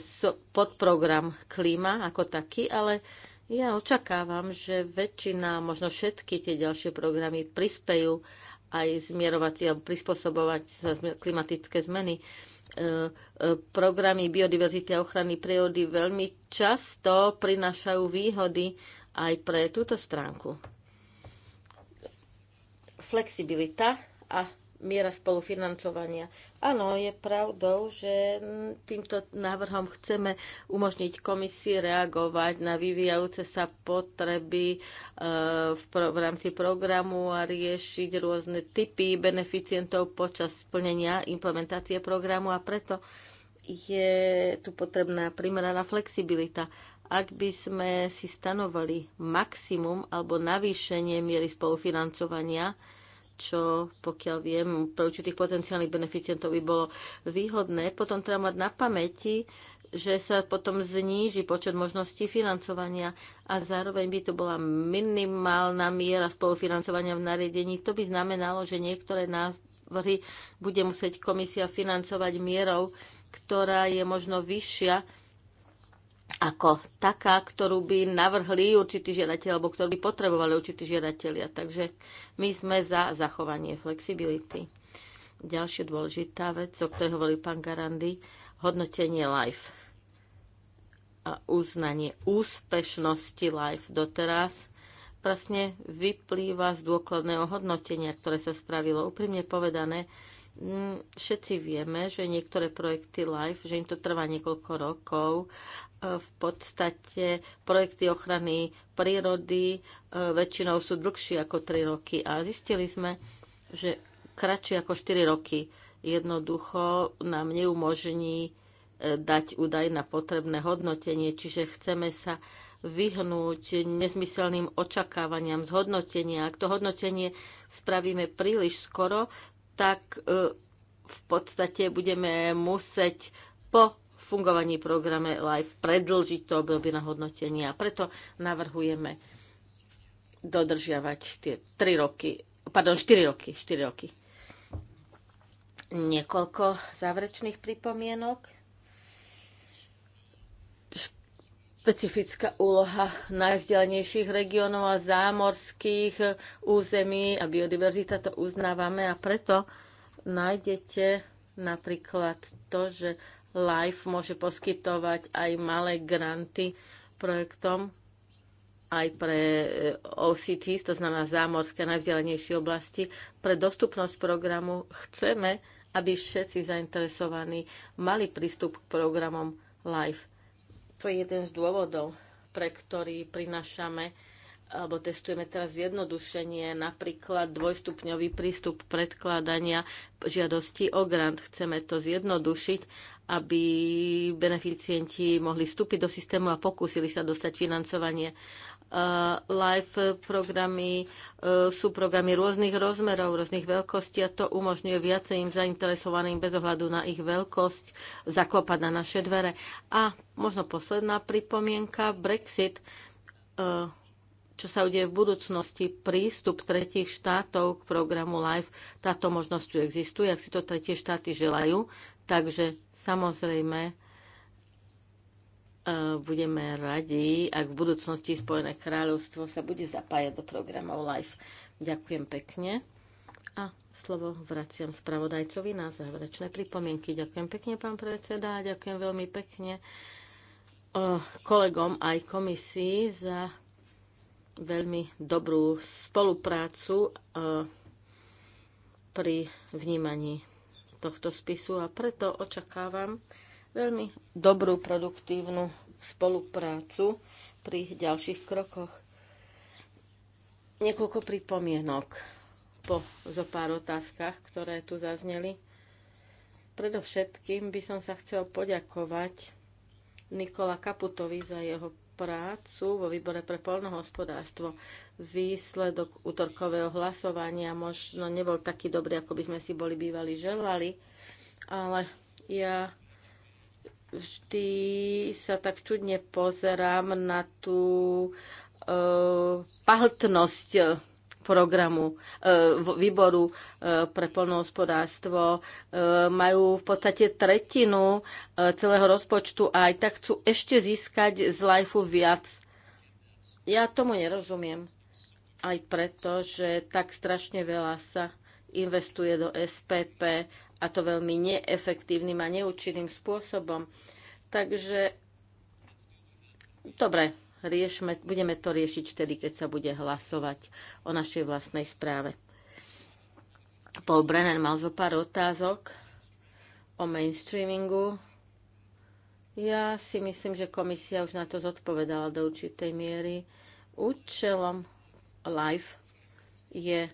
podprogram klíma ako taký, ale ja očakávam, že väčšina, možno všetky tie ďalšie programy prispejú aj zmierovať alebo prispôsobovať sa klimatické zmeny. E, e, programy biodiverzity a ochrany prírody veľmi často prinášajú výhody aj pre túto stránku. Flexibilita a miera spolufinancovania. Áno, je pravdou, že týmto návrhom chceme umožniť komisii reagovať na vyvíjajúce sa potreby e, v rámci programu a riešiť rôzne typy beneficientov počas splnenia implementácie programu a preto je tu potrebná primeraná flexibilita. Ak by sme si stanovali maximum alebo navýšenie miery spolufinancovania, čo pokiaľ viem, pre určitých potenciálnych beneficientov by bolo výhodné. Potom treba mať na pamäti, že sa potom zníži počet možností financovania a zároveň by to bola minimálna miera spolufinancovania v nariadení. To by znamenalo, že niektoré návrhy bude musieť komisia financovať mierou, ktorá je možno vyššia ako taká, ktorú by navrhli určití žiadatelia, alebo ktorú by potrebovali určití žiadatelia. Takže my sme za zachovanie flexibility. Ďalšia dôležitá vec, o ktorej hovorí pán Garandy, hodnotenie life a uznanie úspešnosti life. doteraz presne vyplýva z dôkladného hodnotenia, ktoré sa spravilo. Úprimne povedané, mm, všetci vieme, že niektoré projekty live, že im to trvá niekoľko rokov v podstate projekty ochrany prírody e, väčšinou sú dlhšie ako 3 roky a zistili sme, že kratšie ako 4 roky jednoducho nám neumožní e, dať údaj na potrebné hodnotenie, čiže chceme sa vyhnúť nezmyselným očakávaniam z hodnotenia. Ak to hodnotenie spravíme príliš skoro, tak e, v podstate budeme musieť po fungovaní programe LIFE, predlžiť to obdobie na hodnotenie a preto navrhujeme dodržiavať tie 3 roky, pardon, 4 roky, 4 roky. Niekoľko záverečných pripomienok. Špecifická úloha najvzdialenejších regiónov a zámorských území a biodiverzita to uznávame a preto nájdete napríklad to, že Life môže poskytovať aj malé granty projektom aj pre e, OCTs, to znamená zámorské najvzdelenejšie oblasti. Pre dostupnosť programu chceme, aby všetci zainteresovaní mali prístup k programom LIFE. To je jeden z dôvodov, pre ktorý prinašame alebo testujeme teraz zjednodušenie, napríklad dvojstupňový prístup predkladania žiadosti o grant. Chceme to zjednodušiť aby beneficienti mohli vstúpiť do systému a pokúsili sa dostať financovanie. E, life programy e, sú programy rôznych rozmerov, rôznych veľkostí a to umožňuje viacerým zainteresovaným bez ohľadu na ich veľkosť zaklopať na naše dvere. A možno posledná pripomienka, Brexit e, čo sa udeje v budúcnosti, prístup tretich štátov k programu LIFE, táto možnosť tu existuje, ak si to tretie štáty želajú, Takže samozrejme, e, budeme radi, ak v budúcnosti Spojené kráľovstvo sa bude zapájať do programov LIFE. Ďakujem pekne a slovo vraciam spravodajcovi na záverečné pripomienky. Ďakujem pekne, pán predseda, a ďakujem veľmi pekne e, kolegom aj komisii za veľmi dobrú spoluprácu e, pri vnímaní tohto spisu a preto očakávam veľmi dobrú produktívnu spoluprácu pri ďalších krokoch. Niekoľko pripomienok po zo pár otázkach, ktoré tu zazneli. Predovšetkým by som sa chcel poďakovať Nikola Kaputovi za jeho prácu vo výbore pre polnohospodárstvo. Výsledok útorkového hlasovania možno nebol taký dobrý, ako by sme si boli bývali želali, ale ja vždy sa tak čudne pozerám na tú e, pahltnosť programu, e, výboru e, pre polnohospodárstvo e, majú v podstate tretinu celého rozpočtu a aj tak chcú ešte získať z lajfu viac. Ja tomu nerozumiem. Aj preto, že tak strašne veľa sa investuje do SPP a to veľmi neefektívnym a neúčinným spôsobom. Takže dobre, riešme, budeme to riešiť vtedy, keď sa bude hlasovať o našej vlastnej správe. Paul Brenner mal zo pár otázok o mainstreamingu. Ja si myslím, že komisia už na to zodpovedala do určitej miery. Účelom live je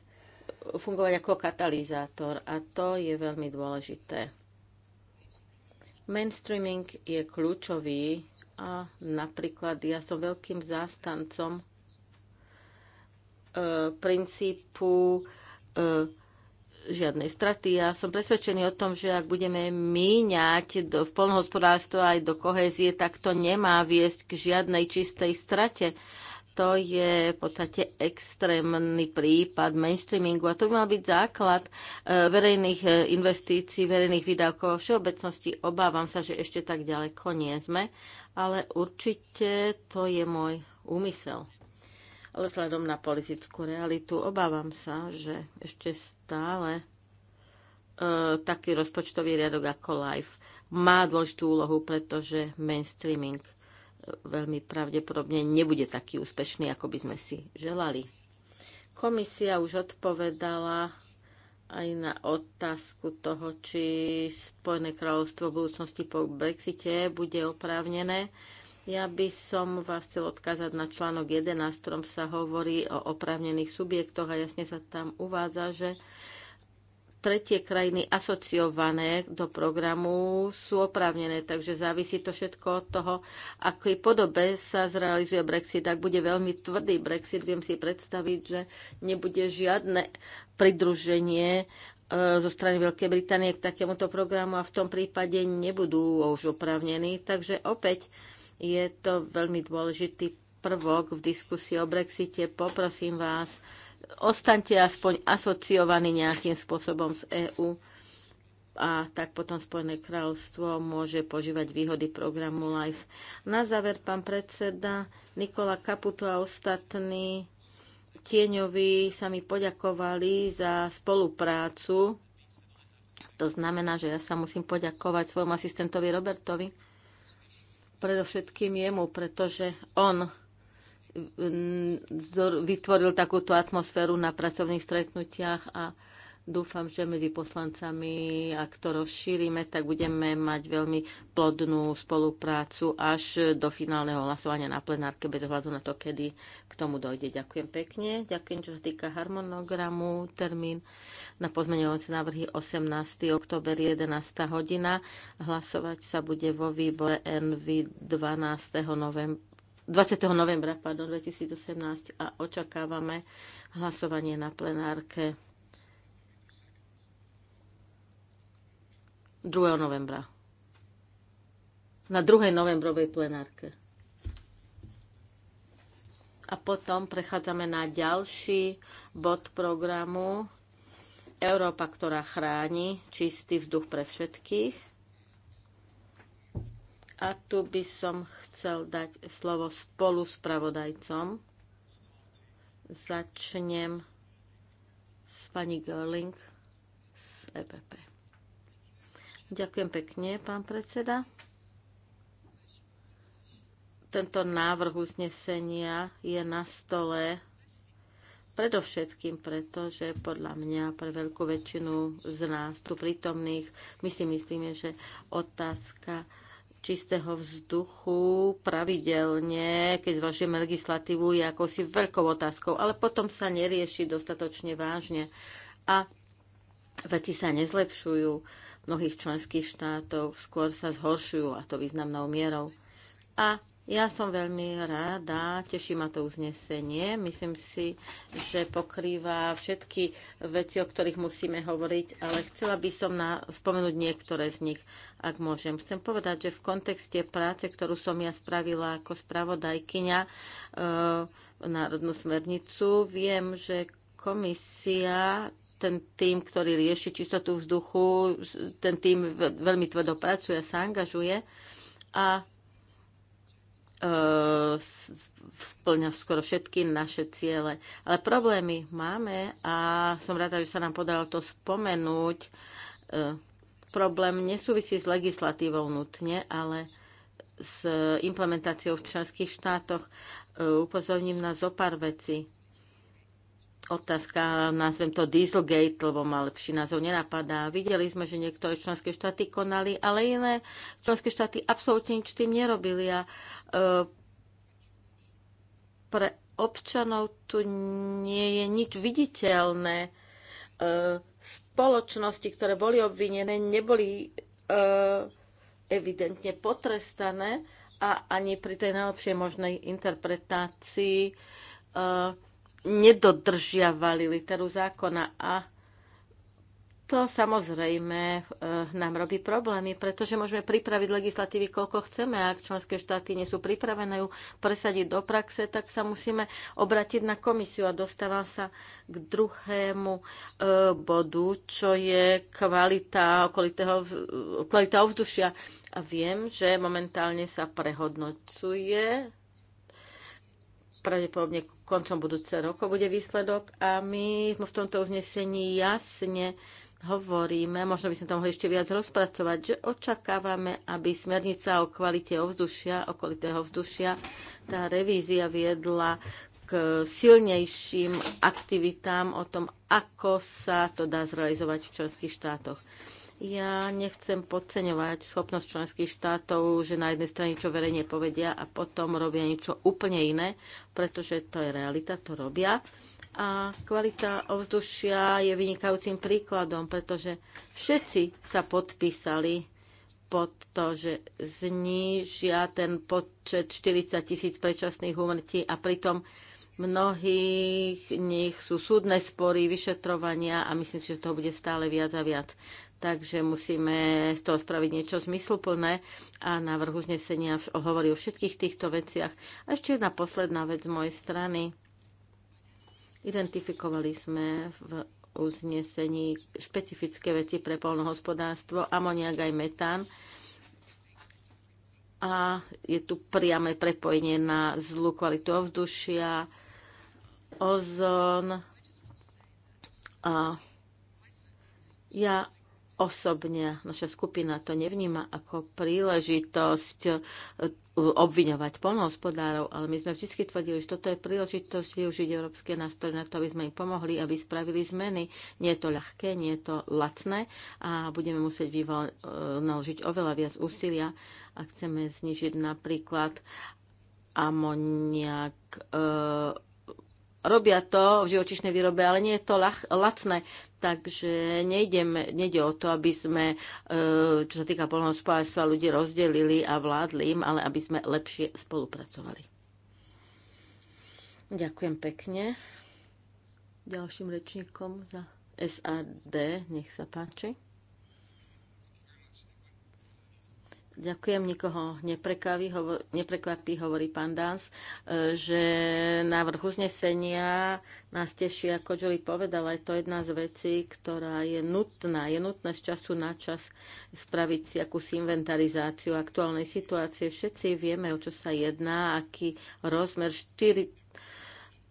fungovať ako katalizátor a to je veľmi dôležité. Mainstreaming je kľúčový a napríklad ja som veľkým zástancom e, princípu e, žiadnej straty. Ja som presvedčený o tom, že ak budeme míňať do, v polnohospodárstvo aj do kohézie, tak to nemá viesť k žiadnej čistej strate to je v podstate extrémny prípad mainstreamingu a to by mal byť základ e, verejných e, investícií, verejných výdavkov. všeobecnosti obávam sa, že ešte tak ďaleko nie sme, ale určite to je môj úmysel. Ale vzhľadom na politickú realitu obávam sa, že ešte stále e, taký rozpočtový riadok ako LIFE má dôležitú úlohu, pretože mainstreaming – veľmi pravdepodobne nebude taký úspešný, ako by sme si želali. Komisia už odpovedala aj na otázku toho, či Spojené kráľovstvo v budúcnosti po Brexite bude oprávnené. Ja by som vás chcel odkázať na článok 11, v ktorom sa hovorí o oprávnených subjektoch a jasne sa tam uvádza, že tretie krajiny asociované do programu sú oprávnené, takže závisí to všetko od toho, akej podobe sa zrealizuje Brexit. Ak bude veľmi tvrdý Brexit, viem si predstaviť, že nebude žiadne pridruženie e, zo strany Veľkej Británie k takémuto programu a v tom prípade nebudú už oprávnení. Takže opäť je to veľmi dôležitý prvok v diskusii o Brexite. Poprosím vás, ostaňte aspoň asociovaní nejakým spôsobom z EÚ a tak potom Spojené kráľovstvo môže požívať výhody programu LIFE. Na záver, pán predseda, Nikola Kaputo a ostatní tieňovi sa mi poďakovali za spoluprácu. To znamená, že ja sa musím poďakovať svojmu asistentovi Robertovi, predovšetkým jemu, pretože on vytvoril takúto atmosféru na pracovných stretnutiach a dúfam, že medzi poslancami, ak to rozšírime, tak budeme mať veľmi plodnú spoluprácu až do finálneho hlasovania na plenárke, bez ohľadu na to, kedy k tomu dojde. Ďakujem pekne. Ďakujem, čo sa týka harmonogramu, termín na pozmeňovacie návrhy 18. október 11. hodina. Hlasovať sa bude vo výbore NV 12. novembra 20. novembra pardon, 2018 a očakávame hlasovanie na plenárke 2. novembra. Na 2. novembrovej plenárke. A potom prechádzame na ďalší bod programu Európa, ktorá chráni čistý vzduch pre všetkých. A tu by som chcel dať slovo spolu spravodajcom. Začnem s pani Görling z EPP. Ďakujem pekne, pán predseda. Tento návrh uznesenia je na stole predovšetkým preto, že podľa mňa pre veľkú väčšinu z nás tu prítomných my si myslíme, že otázka čistého vzduchu pravidelne, keď zvažujeme legislatívu, je ako si veľkou otázkou, ale potom sa nerieši dostatočne vážne a veci sa nezlepšujú mnohých členských štátov, skôr sa zhoršujú a to významnou mierou. A ja som veľmi rada, teší ma to uznesenie. Myslím si, že pokrýva všetky veci, o ktorých musíme hovoriť, ale chcela by som na, spomenúť niektoré z nich, ak môžem. Chcem povedať, že v kontexte práce, ktorú som ja spravila ako spravodajkyňa e, Národnú smernicu, viem, že komisia ten tým, ktorý rieši čistotu vzduchu, ten tým veľmi tvrdo pracuje, sa angažuje a E, splňa skoro všetky naše ciele. Ale problémy máme a som rada, že sa nám podarilo to spomenúť. E, problém nesúvisí s legislatívou nutne, ale s implementáciou v členských štátoch. E, upozorním na zo pár vecí otázka, nazvem to Dieselgate, lebo ma lepší názov nenapadá. Videli sme, že niektoré členské štáty konali, ale iné členské štáty absolútne nič tým nerobili a e, pre občanov tu nie je nič viditeľné. E, spoločnosti, ktoré boli obvinené, neboli e, evidentne potrestané a ani pri tej najlepšej možnej interpretácii nedodržiavali literu zákona a to samozrejme e, nám robí problémy, pretože môžeme pripraviť legislatívy, koľko chceme. ak členské štáty nie sú pripravené ju presadiť do praxe, tak sa musíme obratiť na komisiu. A dostávam sa k druhému e, bodu, čo je kvalita, okolitého, kvalita ovzdušia. A viem, že momentálne sa prehodnocuje pravdepodobne koncom budúceho roku bude výsledok a my v tomto uznesení jasne hovoríme, možno by sme to mohli ešte viac rozpracovať, že očakávame, aby smernica o kvalite ovzdušia, okolitého ovzdušia, tá revízia viedla k silnejším aktivitám o tom, ako sa to dá zrealizovať v členských štátoch. Ja nechcem podceňovať schopnosť členských štátov, že na jednej strane čo verejne povedia a potom robia niečo úplne iné, pretože to je realita, to robia. A kvalita ovzdušia je vynikajúcim príkladom, pretože všetci sa podpísali pod to, že znížia ten počet 40 tisíc predčasných úmrtí a pritom mnohých nich sú súdne spory, vyšetrovania a myslím si, že toho bude stále viac a viac takže musíme z toho spraviť niečo zmysluplné a návrh uznesenia hovorí o všetkých týchto veciach. A ešte jedna posledná vec z mojej strany. Identifikovali sme v uznesení špecifické veci pre polnohospodárstvo, amoniak aj metán. A je tu priame prepojenie na zlú kvalitu ovzdušia, ozón. A ja osobne naša skupina to nevníma ako príležitosť e, obviňovať polnohospodárov, ale my sme vždy tvrdili, že toto je príležitosť využiť európske nástroje na to, aby sme im pomohli, aby spravili zmeny. Nie je to ľahké, nie je to lacné a budeme musieť e, naložiť oveľa viac úsilia a chceme znižiť napríklad amoniak e robia to v živočišnej výrobe, ale nie je to lach, lacné. Takže nejdem, nejde o to, aby sme, e, čo sa týka polnohospodárstva, ľudí rozdelili a vládli im, ale aby sme lepšie spolupracovali. Ďakujem pekne. Ďalším rečníkom za SAD, nech sa páči. Ďakujem, nikoho neprekvapí, hovor, neprekvapí hovorí pán Dans, e, že návrh uznesenia nás teší, ako Jolie povedal, aj to jedna z vecí, ktorá je nutná. Je nutné z času na čas spraviť si akúsi inventarizáciu aktuálnej situácie. Všetci vieme, o čo sa jedná, aký rozmer 4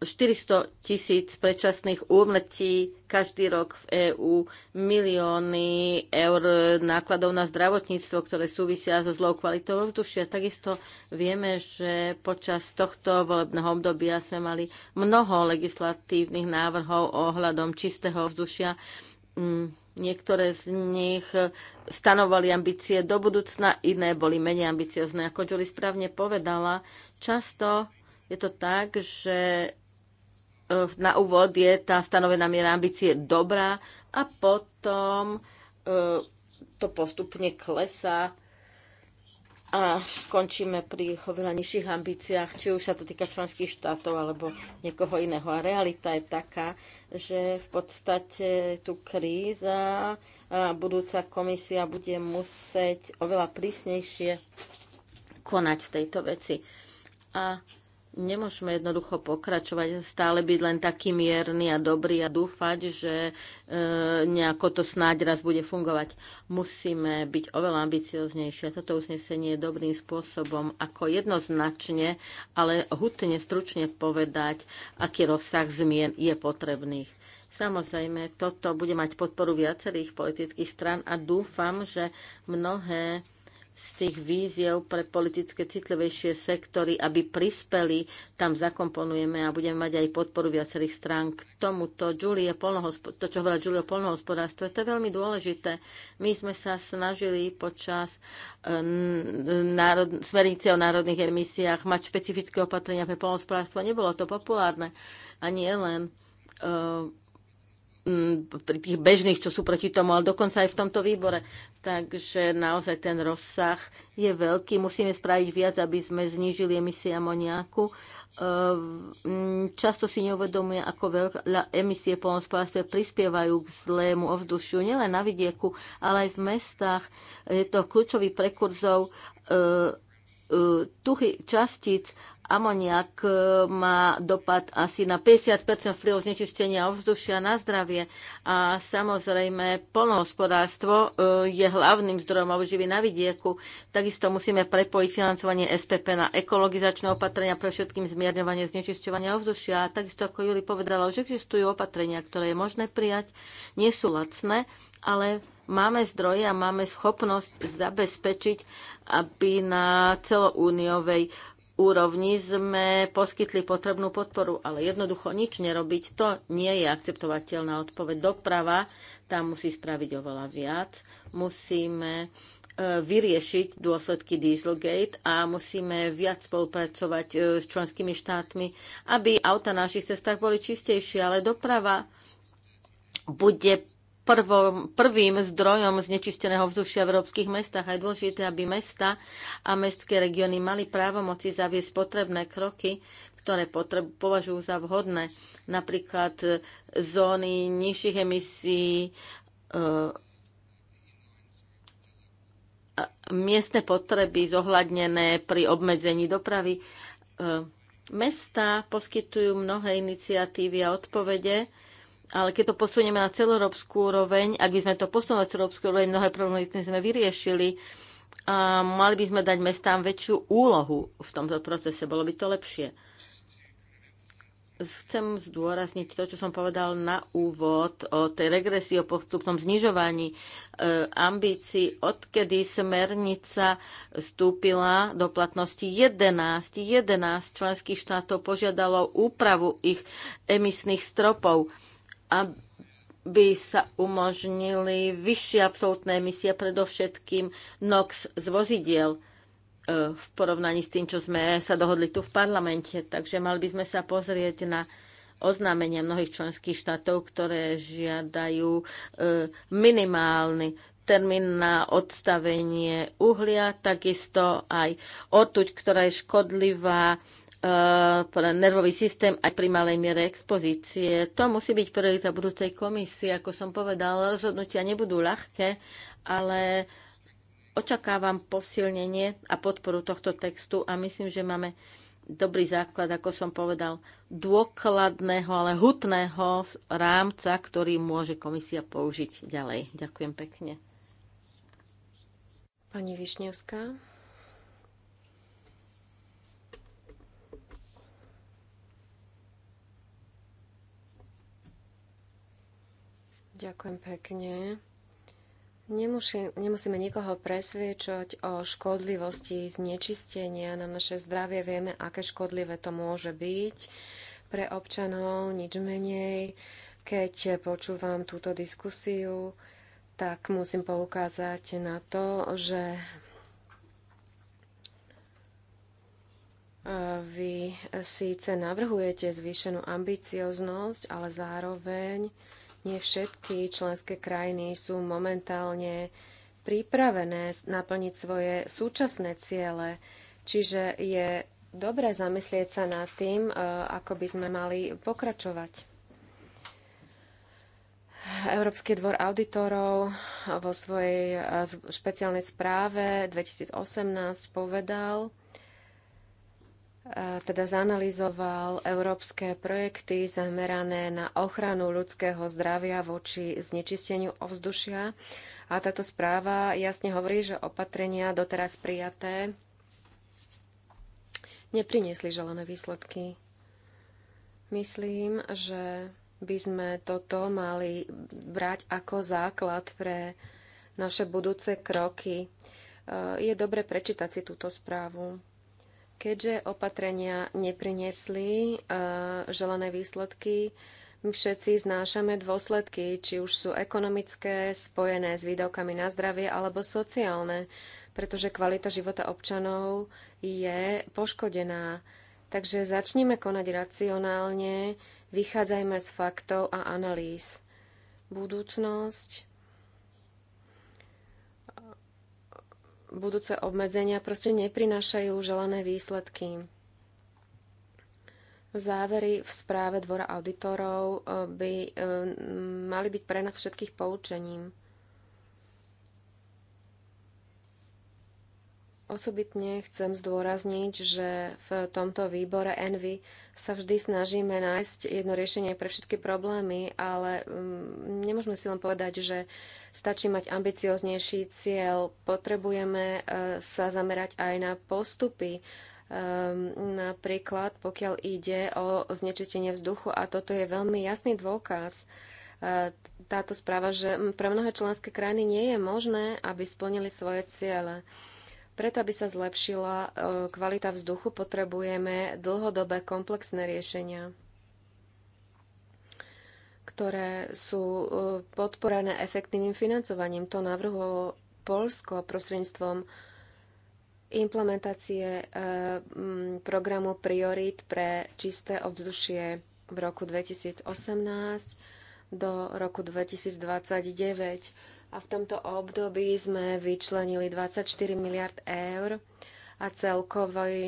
400 tisíc predčasných úmrtí každý rok v EÚ, milióny eur nákladov na zdravotníctvo, ktoré súvisia so zlou kvalitou ovzdušia. Takisto vieme, že počas tohto volebného obdobia sme mali mnoho legislatívnych návrhov ohľadom čistého ovzdušia. Mm, niektoré z nich stanovali ambície do budúcna, iné boli menej ambiciozne. Ako Julie správne povedala, často je to tak, že na úvod je tá stanovená miera ambície dobrá a potom e, to postupne klesá a skončíme pri oveľa nižších ambíciách, či už sa to týka členských štátov alebo niekoho iného. A realita je taká, že v podstate tu kríza a budúca komisia bude musieť oveľa prísnejšie konať v tejto veci. A Nemôžeme jednoducho pokračovať, stále byť len taký mierny a dobrý a dúfať, že e, nejako to snáď raz bude fungovať. Musíme byť oveľa ambicioznejšie. Toto uznesenie je dobrým spôsobom, ako jednoznačne, ale hutne, stručne povedať, aký rozsah zmien je potrebných. Samozrejme, toto bude mať podporu viacerých politických stran a dúfam, že mnohé z tých víziev pre politické citlivejšie sektory, aby prispeli, tam zakomponujeme a budeme mať aj podporu viacerých strán. K tomuto, Julie, to, čo hovorila Julie o polnohospodárstve, to je veľmi dôležité. My sme sa snažili počas eh, smernice o národných emisiách mať špecifické opatrenia pre polnohospodárstvo. Nebolo to populárne. A nie len eh, pri tých bežných, čo sú proti tomu, ale dokonca aj v tomto výbore. Takže naozaj ten rozsah je veľký. Musíme spraviť viac, aby sme znížili emisie amoniaku. E, často si neuvedomuje, ako veľké emisie polnospodárstve prispievajú k zlému ovzdušiu, nielen na vidieku, ale aj v mestách. Je to kľúčový prekurzov e, e, tuchy častíc amoniak e, má dopad asi na 50 vplyv znečistenia ovzdušia na zdravie a samozrejme polnohospodárstvo e, je hlavným zdrojom obživy na vidieku. Takisto musíme prepojiť financovanie SPP na ekologizačné opatrenia pre všetkým zmierňovanie znečisťovania ovzdušia. A takisto ako Juli povedala, že existujú opatrenia, ktoré je možné prijať, nie sú lacné, ale máme zdroje a máme schopnosť zabezpečiť, aby na celoúniovej úrovni sme poskytli potrebnú podporu, ale jednoducho nič nerobiť, to nie je akceptovateľná odpoveď. Doprava tam musí spraviť oveľa viac. Musíme e, vyriešiť dôsledky Dieselgate a musíme viac spolupracovať e, s členskými štátmi, aby auta na našich cestách boli čistejšie, ale doprava bude prvom, prvým zdrojom znečisteného vzdušia v európskych mestách a je dôležité, aby mesta a mestské regióny mali právomoci zaviesť potrebné kroky, ktoré potreb, považujú za vhodné, napríklad e, zóny nižších emisí, e miestne potreby zohľadnené pri obmedzení dopravy. E, mesta poskytujú mnohé iniciatívy a odpovede, ale keď to posunieme na celoeurópsku úroveň, ak by sme to posunuli na celoeurópsku úroveň, mnohé problémy sme vyriešili a mali by sme dať mestám väčšiu úlohu v tomto procese. Bolo by to lepšie. Chcem zdôrazniť to, čo som povedal na úvod o tej regresii, o postupnom znižovaní e, ambícií, odkedy smernica vstúpila do platnosti 11, 11 členských štátov požiadalo úpravu ich emisných stropov. E, aby sa umožnili vyššie absolútne emisie, predovšetkým NOx z vozidiel e, v porovnaní s tým, čo sme sa dohodli tu v parlamente. Takže mali by sme sa pozrieť na oznámenia mnohých členských štátov, ktoré žiadajú e, minimálny termín na odstavenie uhlia, takisto aj otuť, ktorá je škodlivá uh, nervový systém aj pri malej miere expozície. To musí byť priorita budúcej komisie. Ako som povedal, rozhodnutia nebudú ľahké, ale očakávam posilnenie a podporu tohto textu a myslím, že máme dobrý základ, ako som povedal, dôkladného, ale hutného rámca, ktorý môže komisia použiť ďalej. Ďakujem pekne. Pani Višňovská. Ďakujem pekne. Nemusí, nemusíme nikoho presviečať o škodlivosti znečistenia na naše zdravie. Vieme, aké škodlivé to môže byť pre občanov, nič menej. Keď počúvam túto diskusiu, tak musím poukázať na to, že e, vy síce navrhujete zvýšenú ambicioznosť, ale zároveň nie všetky členské krajiny sú momentálne pripravené naplniť svoje súčasné ciele, čiže je dobré zamyslieť sa nad tým, e, ako by sme mali pokračovať. Európsky dvor auditorov vo svojej e, špeciálnej správe 2018 povedal, Eh, teda zanalizoval európske projekty zamerané na ochranu ľudského zdravia voči znečisteniu ovzdušia. A táto správa jasne hovorí, že opatrenia doteraz prijaté nepriniesli želené výsledky. Myslím, že by sme toto mali brať ako základ pre naše budúce kroky. Eh, je dobre prečítať si túto správu. Keďže opatrenia nepriniesli e, želané výsledky, my všetci znášame dôsledky, či už sú ekonomické, spojené s výdavkami na zdravie, alebo sociálne, pretože kvalita života občanov je poškodená. Takže začnime konať racionálne, vychádzajme z faktov a analýz. Budúcnosť budúce obmedzenia proste neprinášajú želané výsledky. Závery v správe Dvora auditorov eh, by eh, mali byť pre nás všetkých poučením. Osobitne chcem zdôrazniť, že v tomto výbore Envy sa vždy snažíme nájsť jedno riešenie pre všetky problémy, ale mm, nemôžeme si len povedať, že stačí mať ambicioznejší cieľ. Potrebujeme e, sa zamerať aj na postupy, e, napríklad pokiaľ ide o znečistenie vzduchu a toto je veľmi jasný dôkaz e, táto správa, že mm, pre mnohé členské krajiny nie je možné, aby splnili svoje ciele. Preto, aby sa zlepšila e, kvalita vzduchu, potrebujeme dlhodobé komplexné riešenia, ktoré sú e, podporené efektívnym financovaním. To navrhlo Polsko prostredníctvom implementácie e, programu Priorit pre čisté ovzdušie v roku 2018 do roku 2029 a v tomto období sme vyčlenili 24 miliard eur a celkové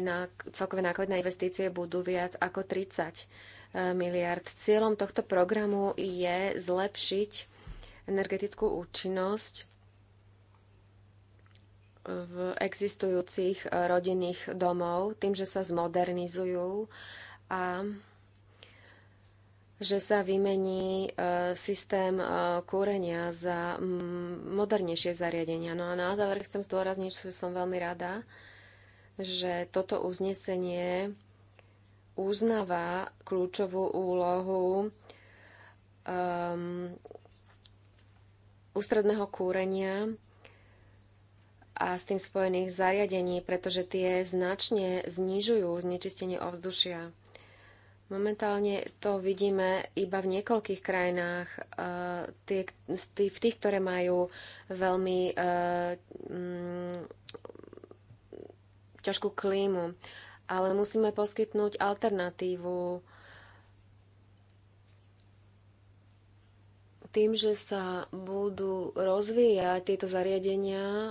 náklady na investície budú viac ako 30 e, miliard. Cieľom tohto programu je zlepšiť energetickú účinnosť v existujúcich rodinných domov tým, že sa zmodernizujú a že sa vymení e, systém e, kúrenia za modernejšie zariadenia. No a na záver chcem zdôrazniť, že som veľmi rada, že toto uznesenie uznáva kľúčovú úlohu um, ústredného kúrenia a s tým spojených zariadení, pretože tie značne znižujú znečistenie ovzdušia. Momentálne to vidíme iba v niekoľkých krajinách, e, v tých, ktoré majú veľmi e, mm, ťažkú klímu. Ale musíme poskytnúť alternatívu tým, že sa budú rozvíjať tieto zariadenia, e,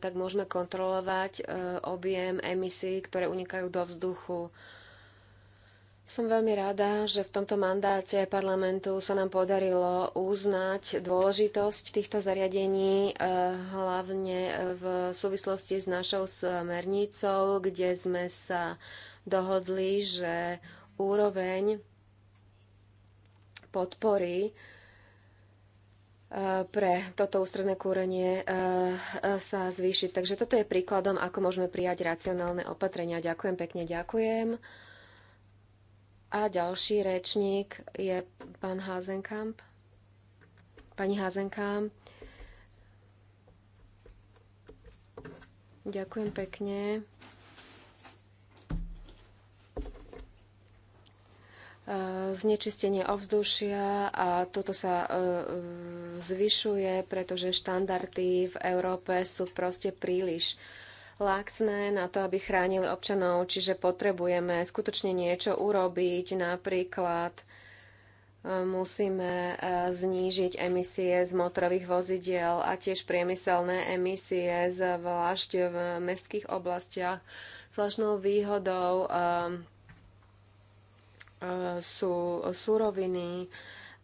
tak môžeme kontrolovať objem emisí, ktoré unikajú do vzduchu. Som veľmi rada, že v tomto mandáte parlamentu sa nám podarilo uznať dôležitosť týchto zariadení, e, hlavne e, v súvislosti s našou smernicou, kde sme sa dohodli, že úroveň podpory e, pre toto ústredné kúrenie sa zvýši. Takže toto je príkladom, ako môžeme prijať racionálne opatrenia. Ďakujem pekne, ďakujem. A ďalší rečník je pán Házenkamp. Pani Házenkamp. Ďakujem pekne. E, znečistenie ovzdušia a toto sa e, e, zvyšuje, pretože štandardy v Európe sú proste príliš laxné na to, aby chránili občanov, čiže potrebujeme skutočne niečo urobiť, napríklad e, musíme e, znížiť emisie z motorových vozidiel a tiež priemyselné emisie, zvlášť v mestských oblastiach. Zvláštnou výhodou e, sú suroviny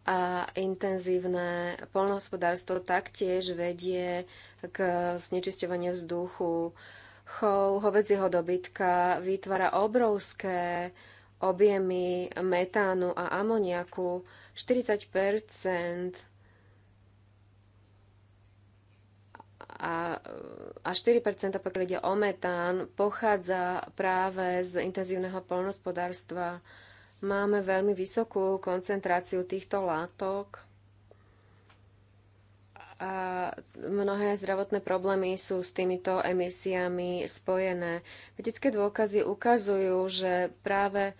a intenzívne polnohospodárstvo taktiež vedie k znečisťovaniu vzduchu chov hovedzieho dobytka vytvára obrovské objemy metánu a amoniaku. 40 a, a 4 pokiaľ ide o metán, pochádza práve z intenzívneho polnospodárstva. Máme veľmi vysokú koncentráciu týchto látok a mnohé zdravotné problémy sú s týmito emisiami spojené. Vedecké dôkazy ukazujú, že práve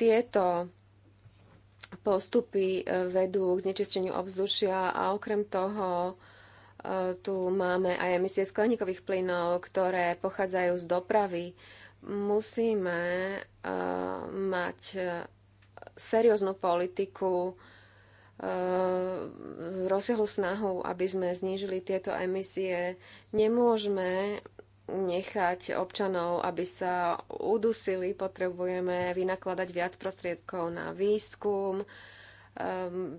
tieto postupy e, vedú k znečisteniu obzdušia a okrem toho e, tu máme aj emisie skleníkových plynov, ktoré pochádzajú z dopravy. Musíme e, mať serióznu politiku Eh, rozsiahlu snahu, aby sme znížili tieto emisie. Nemôžeme nechať občanov, aby sa udusili. Potrebujeme vynakladať viac prostriedkov na výskum. Ehm,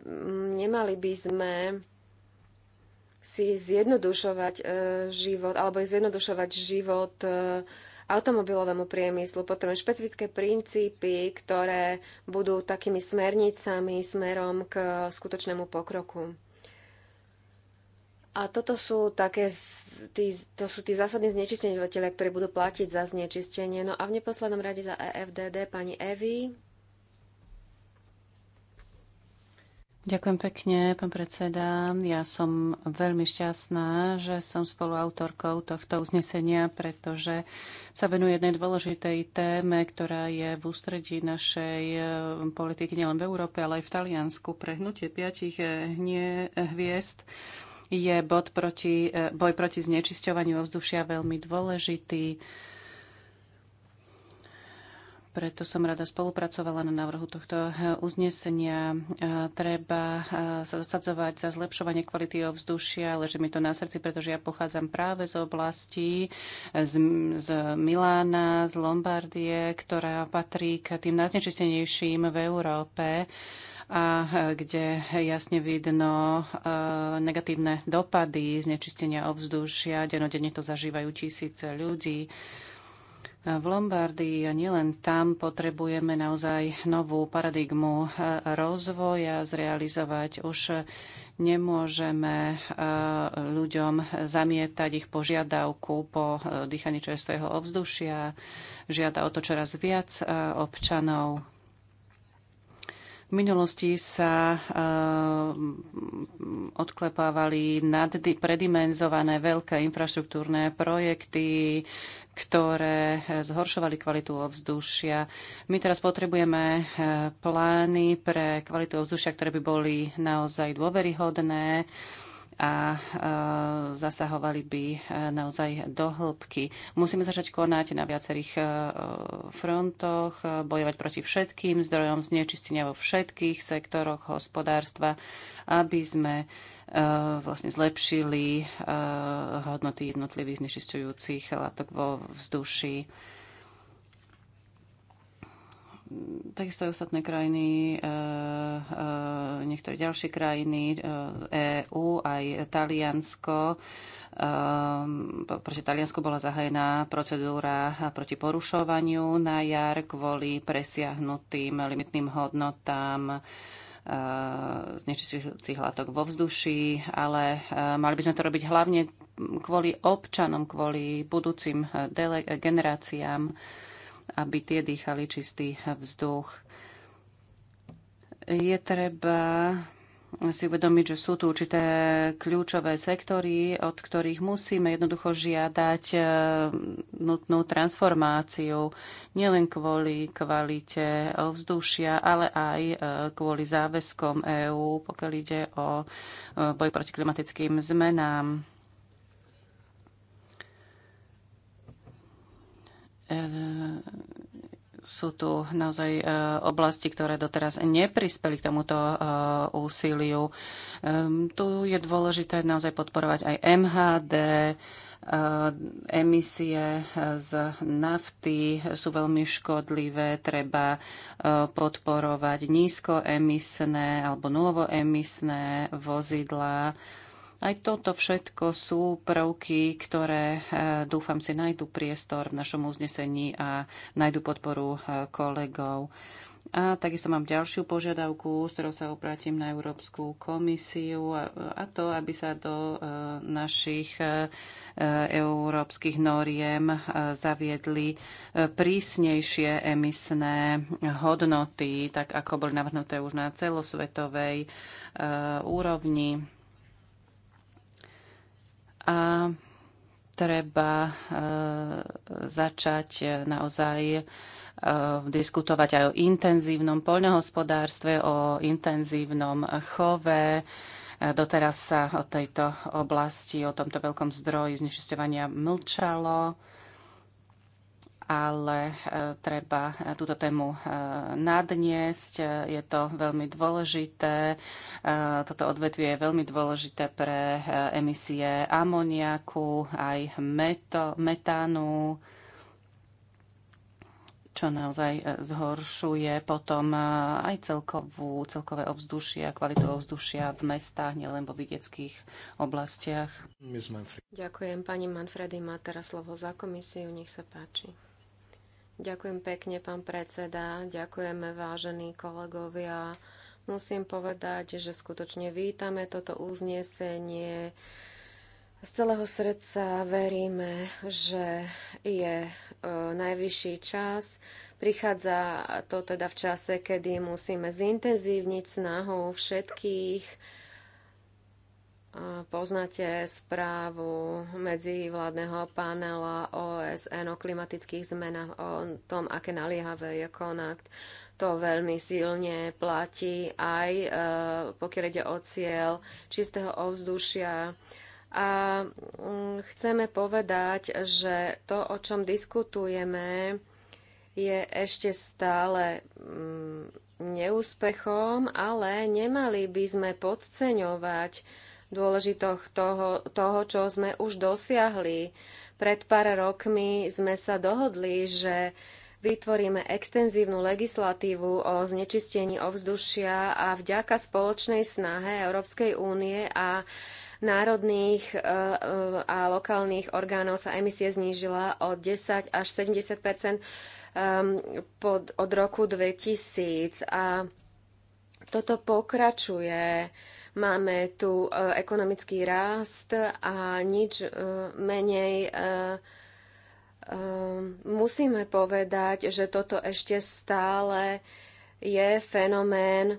nemali by sme si zjednodušovať eh, život alebo zjednodušovať život eh, automobilovému priemyslu. Potrebujeme špecifické princípy, ktoré budú takými smernicami smerom k skutočnému pokroku. A toto sú také, tí, to sú tí zásadní znečistenovateľia, ktorí budú platiť za znečistenie. No a v neposlednom rade za EFDD pani Evi. Ďakujem pekne, pán predseda. Ja som veľmi šťastná, že som spoluautorkou tohto uznesenia, pretože sa venuje jednej dôležitej téme, ktorá je v ústredí našej eh, politiky nielen v Európe, ale aj v Taliansku. Prehnutie piatich eh, hnie, eh, hviezd je bod proti, boj proti znečisťovaniu ovzdušia veľmi dôležitý preto som rada spolupracovala na návrhu tohto eh, uznesenia. Eh, treba eh, sa zasadzovať za zlepšovanie kvality ovzdušia. Leží mi to na srdci, pretože ja pochádzam práve z oblasti z, z Milána, z Lombardie, ktorá patrí k tým najznečistenejším v Európe a kde jasne vidno negatívne dopady znečistenia ovzdušia. denodene to zažívajú tisíce ľudí v Lombardii a nielen tam potrebujeme naozaj novú paradigmu rozvoja zrealizovať. Už nemôžeme e, ľuďom zamietať ich požiadavku po e, dýchaní čerstvého ovzdušia. Žiada o to čoraz viac e, občanov. V minulosti sa odklepávali preddimenzované veľké infraštruktúrne projekty, ktoré eh, zhoršovali kvalitu ovzdušia. My teraz potrebujeme eh, plány pre kvalitu ovzdušia, ktoré by boli naozaj dôveryhodné a eh, zasahovali by naozaj do hĺbky. Musíme začať konať na viacerých frontoch, bojovať proti všetkým zdrojom znečistenia vo všetkých sektoroch hospodárstva, aby sme E, vlastne zlepšili e, hodnoty jednotlivých znečistujúcich látok vo vzduši. Takisto aj ostatné krajiny, e, niektoré ďalšie krajiny, EÚ, aj Taliansko. pretože Taliansko bola zahajená procedúra proti porušovaniu na jar kvôli presiahnutým limitným hodnotám znečistujúcich látok vo vzduší, ale eh, mali by sme to robiť hlavne kvôli občanom, kvôli budúcim eh, generáciám, aby tie dýchali čistý eh, vzduch. Je treba si uvedomiť, že sú tu určité kľúčové sektory, od ktorých musíme jednoducho žiadať eh, nutnú transformáciu, nielen kvôli kvalite ovzdušia, ale aj eh, kvôli záväzkom EÚ, pokiaľ ide o eh, boj proti klimatickým zmenám. E sú tu naozaj e, oblasti, ktoré doteraz neprispeli k tomuto e, úsiliu. Ehm, tu je dôležité naozaj podporovať aj MHD, e, emisie z nafty sú veľmi škodlivé, treba podporovať nízkoemisné alebo nulovoemisné vozidlá aj toto všetko sú prvky, ktoré eh, dúfam si nájdu priestor v našom uznesení a nájdu podporu eh, kolegov. A takisto mám ďalšiu požiadavku, s ktorou sa obrátim na Európsku komisiu a to, aby sa do eh, našich európskych noriem zaviedli prísnejšie emisné hodnoty, tak ako boli navrhnuté už na celosvetovej úrovni a treba e, začať naozaj e, diskutovať aj o intenzívnom poľnohospodárstve, o intenzívnom chove. E, doteraz sa o tejto oblasti, o tomto veľkom zdroji znečisťovania mlčalo ale e, treba e, túto tému e, nadniesť. Je to veľmi dôležité. Toto odvetvie je veľmi dôležité pre emisie amoniaku, aj meto, metánu čo naozaj zhoršuje potom aj celkovú, celkové ovzdušie a kvalitu ovzdušia v mestách, nielen vo vidieckých oblastiach. Ďakujem. Pani Manfredy má teraz slovo za komisiu. Nech sa páči. Ďakujem pekne, pán predseda. Ďakujeme, vážení kolegovia. Musím povedať, že skutočne vítame toto uznesenie. Z celého srdca veríme, že je e, najvyšší čas. Prichádza to teda v čase, kedy musíme zintenzívniť snahu všetkých Poznáte správu medzivládneho panela OSN o klimatických zmenách, o tom, aké naliehavé je konakt. To veľmi silne platí aj e, pokiaľ ide o cieľ čistého ovzdušia. A mm, chceme povedať, že to, o čom diskutujeme, je ešte stále mm, neúspechom, ale nemali by sme podceňovať dôležitoch toho, toho, čo sme už dosiahli. Pred pár rokmi sme sa dohodli, že vytvoríme extenzívnu legislatívu o znečistení ovzdušia a vďaka spoločnej snahe Európskej únie a národných e, e, a lokálnych orgánov sa emisie znížila o 10 až 70 ehm, pod, od roku 2000 a toto pokračuje Máme tu e, ekonomický rast a nič e, menej e, musíme povedať, že toto ešte stále je fenomén,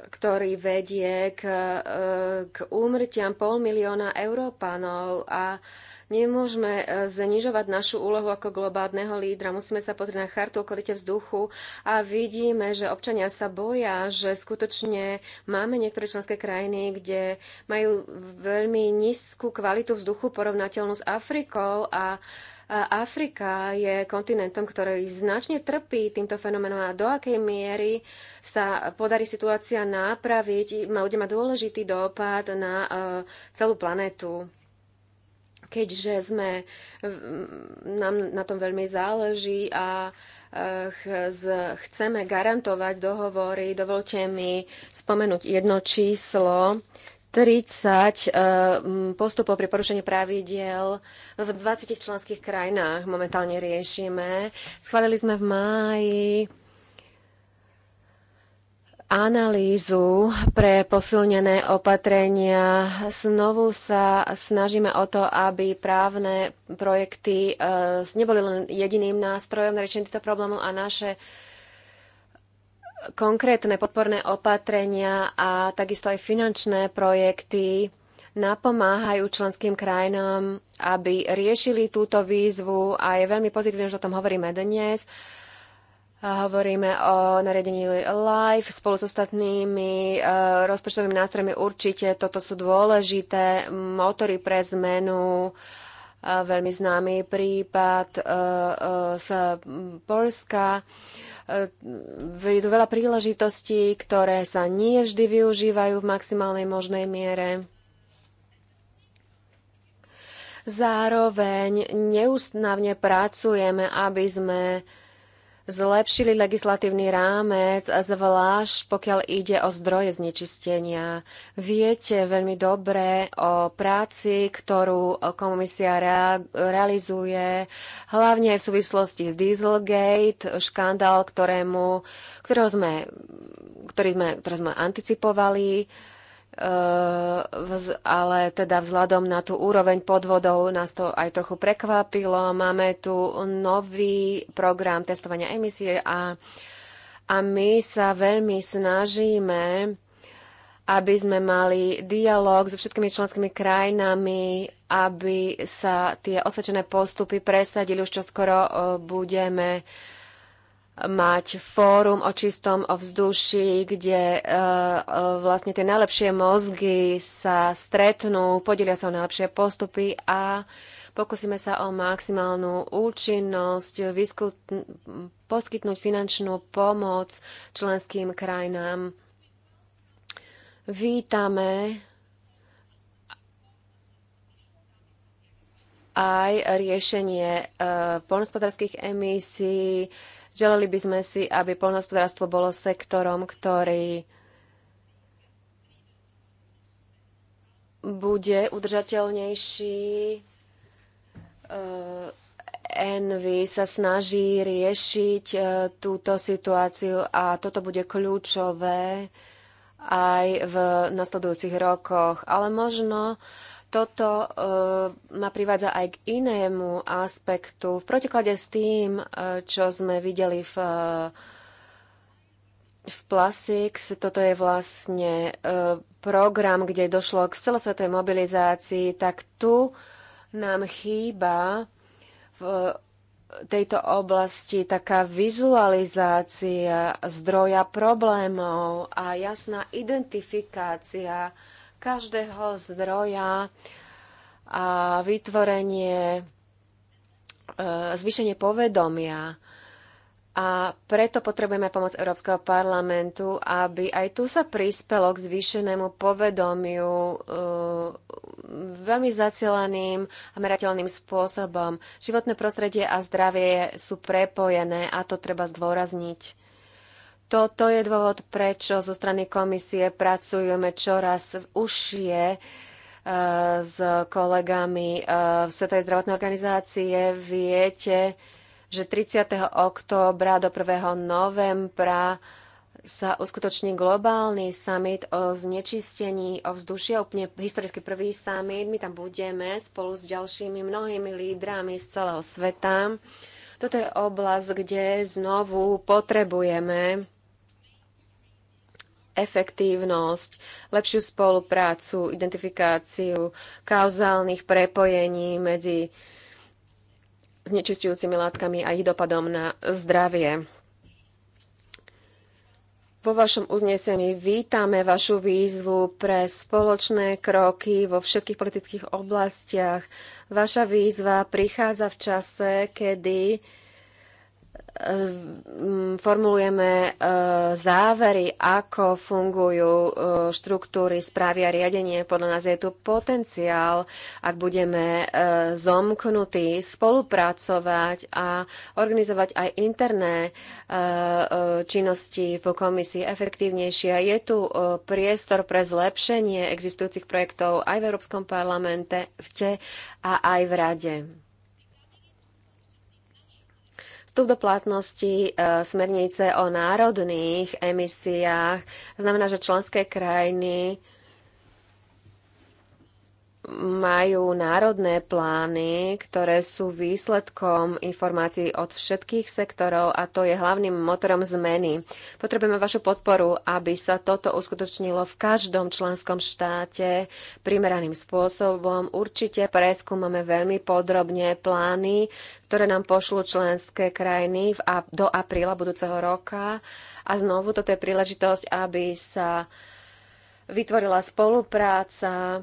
ktorý vedie k, k úmrtiam pol milióna Európanov a Nemôžeme e, znižovať našu úlohu ako globálneho lídra. Musíme sa pozrieť na chartu o kvalite vzduchu a vidíme, že občania sa boja, že skutočne máme niektoré členské krajiny, kde majú veľmi nízku kvalitu vzduchu porovnateľnú s Afrikou a Afrika je kontinentom, ktorý značne trpí týmto fenomenom a do akej miery sa podarí situácia napraviť, bude mať dôležitý dopad na e, celú planetu keďže sme, nám na tom veľmi záleží a e, chceme garantovať dohovory, dovolte mi spomenúť jedno číslo. 30 e, postupov pri porušení pravidiel v 20 členských krajinách momentálne riešime. Schválili sme v máji analýzu pre posilnené opatrenia. Znovu sa snažíme o to, aby právne projekty e, neboli len jediným nástrojom na riešenie týchto problémov a naše konkrétne podporné opatrenia a takisto aj finančné projekty napomáhajú členským krajinám, aby riešili túto výzvu a je veľmi pozitívne, že o tom hovoríme dnes. Hovoríme o nariadení LIFE spolu s ostatnými e, rozpočtovými nástrojmi. Určite toto sú dôležité motory pre zmenu e, veľmi známy prípad e, z Polska. Je tu veľa príležitostí, ktoré sa nie vždy využívajú v maximálnej možnej miere. Zároveň neustávne pracujeme, aby sme zlepšili legislatívny rámec, zvlášť pokiaľ ide o zdroje znečistenia. Viete veľmi dobre o práci, ktorú komisia rea- realizuje, hlavne v súvislosti s Dieselgate, škandál, ktorému, ktorého sme, ktorý sme, ktorý sme anticipovali. Eh, ale teda vzhľadom na tú úroveň podvodov nás to aj trochu prekvapilo. Máme tu nový program testovania emisie a, a my sa veľmi snažíme, aby sme mali dialog so všetkými členskými krajinami, aby sa tie osvedčené postupy presadili. Už čoskoro eh, budeme uh, mať fórum o čistom ovzduší, kde e, e, vlastne tie najlepšie mozgy sa stretnú, podelia sa o najlepšie postupy a pokúsime sa o maximálnu účinnosť, poskytnúť finančnú pomoc členským krajinám. Vítame aj riešenie e, polnospodárských emisí, e, Želali by sme si, aby poľnohospodárstvo bolo sektorom, ktorý bude udržateľnejší. Eh, Envy sa snaží riešiť eh, túto situáciu a toto bude kľúčové aj v nasledujúcich rokoch. Ale možno toto e, ma privádza aj k inému aspektu. V protiklade s tým, e, čo sme videli v e, v Plasix. Toto je vlastne e, program, kde došlo k celosvetovej mobilizácii, tak tu nám chýba v tejto oblasti taká vizualizácia zdroja problémov a jasná identifikácia každého zdroja a vytvorenie, e, zvýšenie povedomia. A preto potrebujeme pomoc Európskeho parlamentu, aby aj tu sa prispelo k zvýšenému povedomiu e, veľmi zacielaným a merateľným spôsobom. Životné prostredie a zdravie sú prepojené a to treba zdôrazniť. Toto je dôvod, prečo zo strany komisie pracujeme čoraz užšie e, s kolegami e, v Svetovej zdravotnej organizácie. Viete, že 30. októbra do 1. novembra sa uskutoční globálny summit o znečistení ovzdušia, úplne historicky prvý summit. My tam budeme spolu s ďalšími mnohými lídrami z celého sveta. Toto je oblasť, kde znovu potrebujeme efektívnosť, lepšiu spoluprácu, identifikáciu kauzálnych prepojení medzi znečistujúcimi látkami a ich dopadom na zdravie. Vo vašom uznesení vítame vašu výzvu pre spoločné kroky vo všetkých politických oblastiach. Vaša výzva prichádza v čase, kedy Ehm, formulujeme eh, závery, ako fungujú eh, štruktúry správy a riadenie. Podľa nás je tu potenciál, ak budeme eh, zomknutí, spolupracovať a organizovať aj interné činnosti v komisii efektívnejšie. Je tu priestor pre zlepšenie existujúcich projektov aj v Európskom parlamente, v TE a aj v Rade. Vstup do platnosti e, smernice o národných emisiách znamená, že členské krajiny majú národné plány, ktoré sú výsledkom informácií od všetkých sektorov a to je hlavným motorom zmeny. Potrebujeme vašu podporu, aby sa toto uskutočnilo v každom členskom štáte primeraným spôsobom. Určite preskúmame veľmi podrobne plány, ktoré nám pošlú členské krajiny v, do apríla budúceho roka. A znovu toto je príležitosť, aby sa vytvorila spolupráca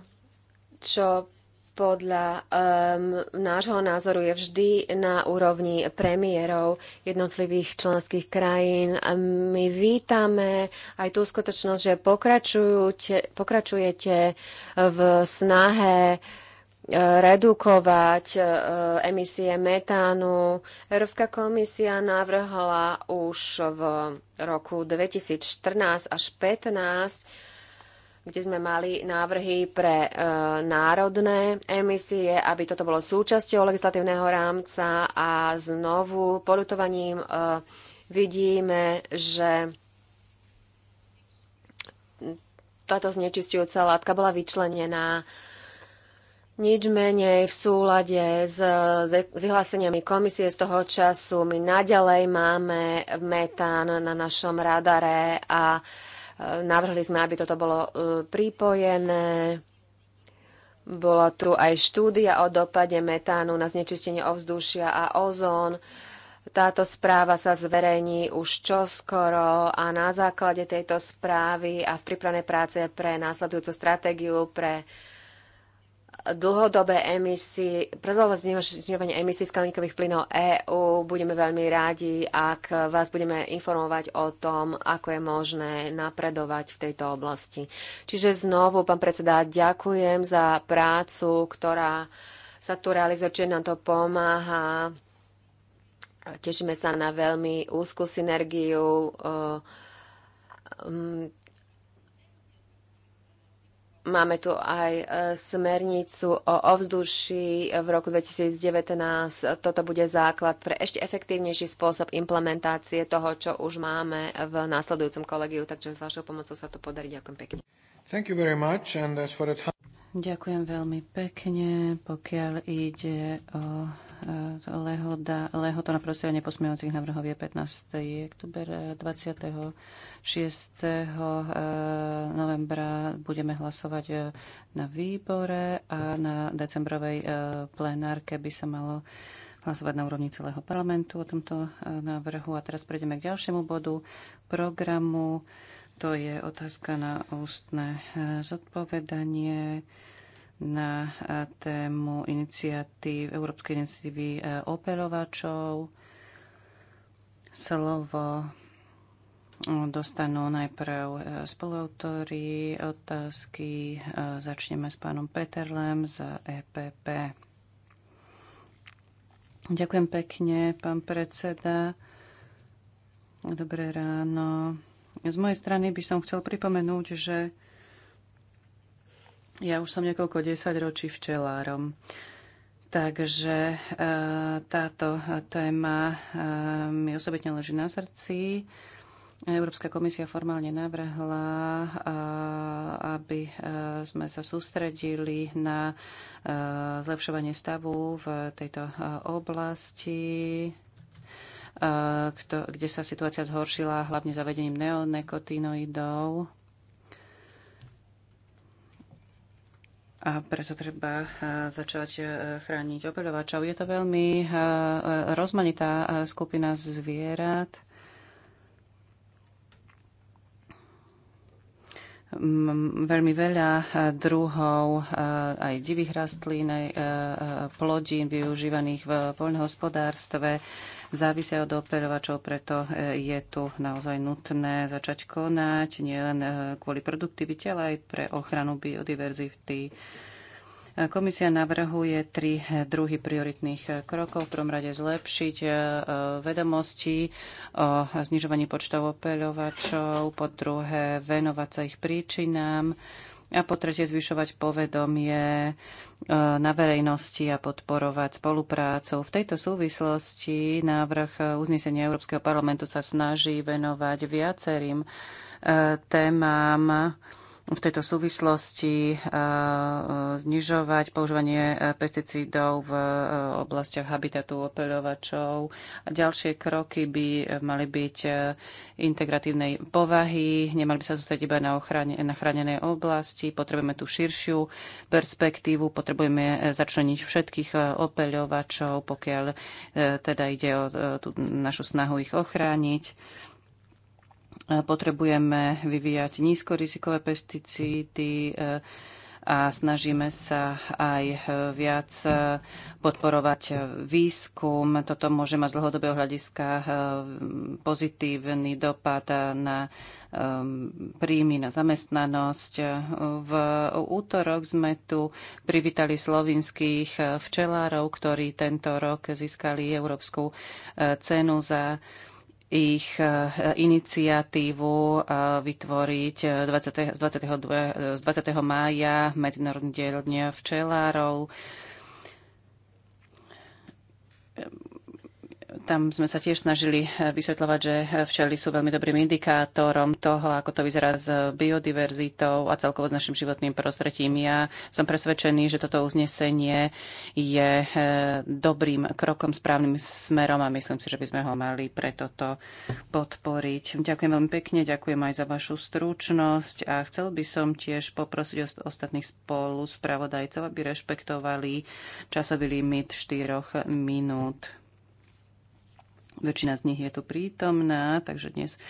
čo podľa um, nášho názoru je vždy na úrovni premiérov jednotlivých členských krajín. A my vítame aj tú skutočnosť, že pokračujete, pokračujete v snahe eh, redukovať eh, emisie metánu. Európska komisia navrhla už v roku 2014 až 2015 kde sme mali návrhy pre e, národné emisie, aby toto bolo súčasťou legislatívneho rámca a znovu polutovaním e, vidíme, že táto znečistujúca látka bola vyčlenená nič menej v súlade s vyhláseniami komisie z toho času. My naďalej máme metán na našom radare a Navrhli sme, aby toto bolo e, pripojené. Bola tu aj štúdia o dopade metánu na znečistenie ovzdušia a ozón. Táto správa sa zverejní už čoskoro a na základe tejto správy a v prípravnej práce pre následujúcu stratégiu pre dlhodobé emisie, predlhové znižovanie emisí skleníkových plynov EÚ. Budeme veľmi rádi, ak vás budeme informovať o tom, ako je možné napredovať v tejto oblasti. Čiže znovu, pán predseda, ďakujem za prácu, ktorá sa tu realizuje, či nám to pomáha. Tešíme sa na veľmi úzkú synergiu eh, Máme tu aj e, smernicu o ovzduší v roku 2019. Toto bude základ pre ešte efektívnejší spôsob implementácie toho, čo už máme v následujúcom kolegiu, takže s vašou pomocou sa to podarí. Ďakujem pekne. Thank you very much and Ďakujem veľmi pekne. Pokiaľ ide o lehoda, lehota na prostredie posmievacích návrhov je 15. oktober 26. novembra budeme hlasovať eh, na výbore a na decembrovej eh, plenárke by sa malo hlasovať na úrovni celého parlamentu o tomto eh, návrhu. A teraz prejdeme k ďalšiemu bodu programu. To je otázka na ústne zodpovedanie na eh, tému iniciatív, Európskej iniciatívy eh, operovačov. Slovo eh, dostanú najprv spoluautori otázky. Začneme s pánom Peterlem z EPP. Ďakujem pekne, pán predseda. Dobré ráno. Z mojej strany by som chcel pripomenúť, že ja už som niekoľko desaťročí včelárom. Takže e, táto téma e, mi osobitne leží na srdci. Európska komisia formálne navrhla, e, aby sme sa sústredili na zlepšovanie stavu v tejto oblasti, kde sa situácia zhoršila hlavne zavedením neonekotinoidov A preto treba e, začať e, chrániť opeľovačov. Je to veľmi e, rozmanitá skupina zvierat. veľmi veľa druhov aj divých rastlín, aj plodín využívaných v poľnohospodárstve závisia od operovačov, preto e, je tu naozaj nutné začať konať, nielen e, kvôli produktivite, ale aj pre ochranu biodiverzity. E, komisia navrhuje tri druhy prioritných krokov. V prvom rade zlepšiť vedomosti o znižovaní počtov opeľovačov, po druhé venovať sa ich príčinám a po tretie zvyšovať povedomie e, na verejnosti a podporovať spoluprácu. V tejto súvislosti návrh uznesenia Európskeho parlamentu sa snaží venovať viacerým e, témam, v tejto súvislosti eh, eh, znižovať používanie eh, pesticídov v oblastiach habitatu opeľovačov. A ďalšie kroky by mali byť integratívnej povahy, nemali by sa zostať iba na, ochrane, na chránené oblasti, potrebujeme tú širšiu perspektívu, potrebujeme začleniť všetkých opeľovačov, pokiaľ teda ide o tú našu snahu ich ochrániť. E, potrebujeme vyvíjať nízkorizikové pesticídy, e, a snažíme sa aj e, viac podporovať výskum. Toto môže mať z dlhodobého hľadiska pozitívny dopad na príjmy, na zamestnanosť. V útorok sme tu privítali slovinských včelárov, ktorí tento rok získali Európsku cenu za ich eh, iniciatívu eh, vytvoriť 20, eh, z, 22, z 20. mája Medzinárodný deň včelárov tam sme sa tiež snažili eh, vysvetľovať, že eh, včely sú veľmi dobrým indikátorom toho, ako to vyzerá s biodiverzitou a celkovo s našim životným prostredím. Ja som presvedčený, že toto uznesenie je eh, dobrým krokom, správnym smerom a myslím si, že by sme ho mali pre toto podporiť. Ďakujem veľmi pekne, ďakujem aj za vašu stručnosť a chcel by som tiež poprosiť ostatných spolu spravodajcov, aby rešpektovali časový limit 4 minút. Väčšina z nich je tu prítomná, takže dnes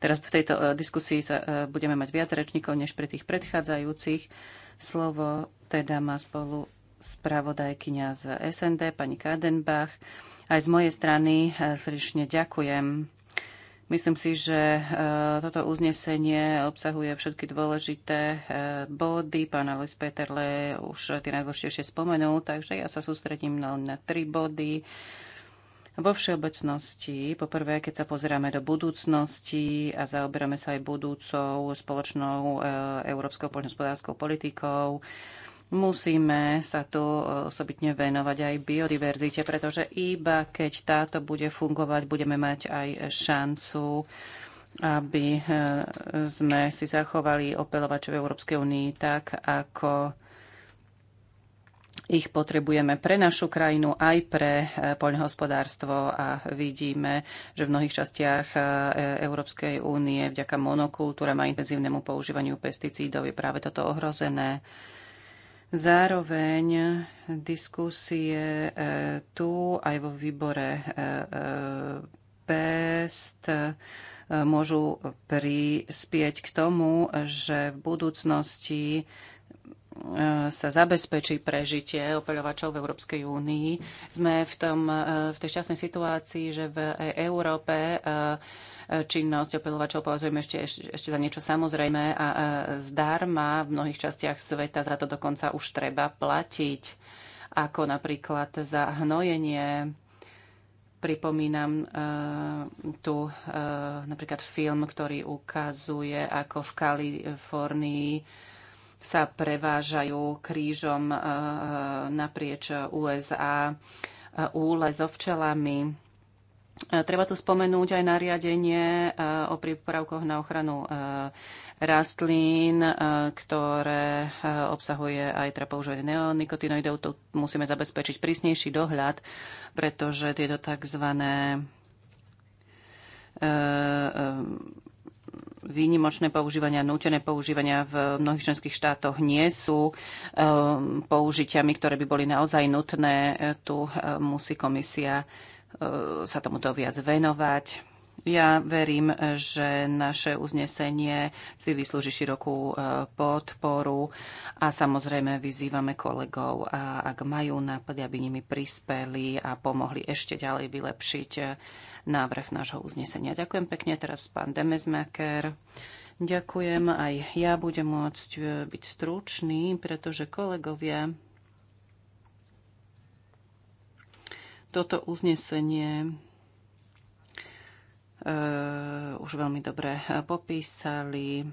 teraz v tejto eh, diskusii sa, eh, budeme mať viac rečníkov než pre tých predchádzajúcich. Slovo teda má spolu spravodajkyňa z SND, pani Kadenbach. Aj z mojej strany eh, srdečne ďakujem. Myslím si, že toto uznesenie obsahuje všetky dôležité body. Pán Alois Peterle už tie najdôležitejšie spomenul, takže ja sa sústredím na, na tri body vo všeobecnosti, poprvé, keď sa pozeráme do budúcnosti a zaoberáme sa aj budúcou spoločnou e, európskou poľnohospodárskou politikou, musíme sa tu osobitne venovať aj biodiverzite, pretože iba keď táto bude fungovať, budeme mať aj šancu aby e, sme si zachovali opelovače v Európskej únii tak, ako ich potrebujeme pre našu krajinu aj pre e, poľnohospodárstvo a vidíme, že v mnohých častiach e, Európskej únie vďaka monokultúram a intenzívnemu používaniu pesticídov je práve toto ohrozené. Zároveň diskusie e, tu aj vo výbore PEST môžu prispieť k tomu, že v budúcnosti sa zabezpečí prežitie opeľovačov v Európskej únii. Sme v, tom, e, v tej šťastnej situácii, že v e- Európe e, činnosť opeľovačov považujeme ešte, ešte za niečo samozrejme a zdarma v mnohých častiach sveta za to dokonca už treba platiť, ako napríklad za hnojenie. Pripomínam tu napríklad film, ktorý ukazuje, ako v Kalifornii sa prevážajú krížom e, e, naprieč USA, e, úle so včelami. Treba tu spomenúť aj nariadenie o prípravkoch na ochranu rastlín, ktoré obsahuje aj teda používanie neonikotinoidov. Tu musíme zabezpečiť prísnejší dohľad, pretože tieto tzv výnimočné používania, nútené používania v mnohých členských štátoch nie sú um, použitiami, ktoré by boli naozaj nutné. Tu uh, musí komisia uh, sa tomuto viac venovať ja verím, že naše uznesenie si vyslúži širokú e, podporu a samozrejme vyzývame kolegov, a ak majú nápady, aby nimi prispeli a pomohli ešte ďalej vylepšiť e, návrh nášho uznesenia. Ďakujem pekne teraz pán Demesmaker. Ďakujem, aj ja budem môcť e, byť stručný, pretože kolegovia toto uznesenie už veľmi dobre popísali.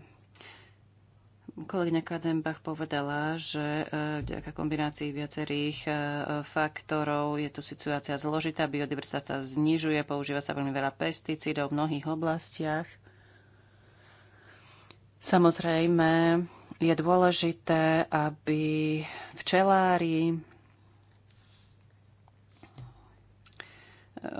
Kolegyňa Kadenbach povedala, že e, vďaka kombinácii viacerých e, faktorov je tu situácia zložitá, biodiverzita sa znižuje, používa sa veľmi veľa pesticídov v mnohých oblastiach. Samozrejme, je dôležité, aby včelári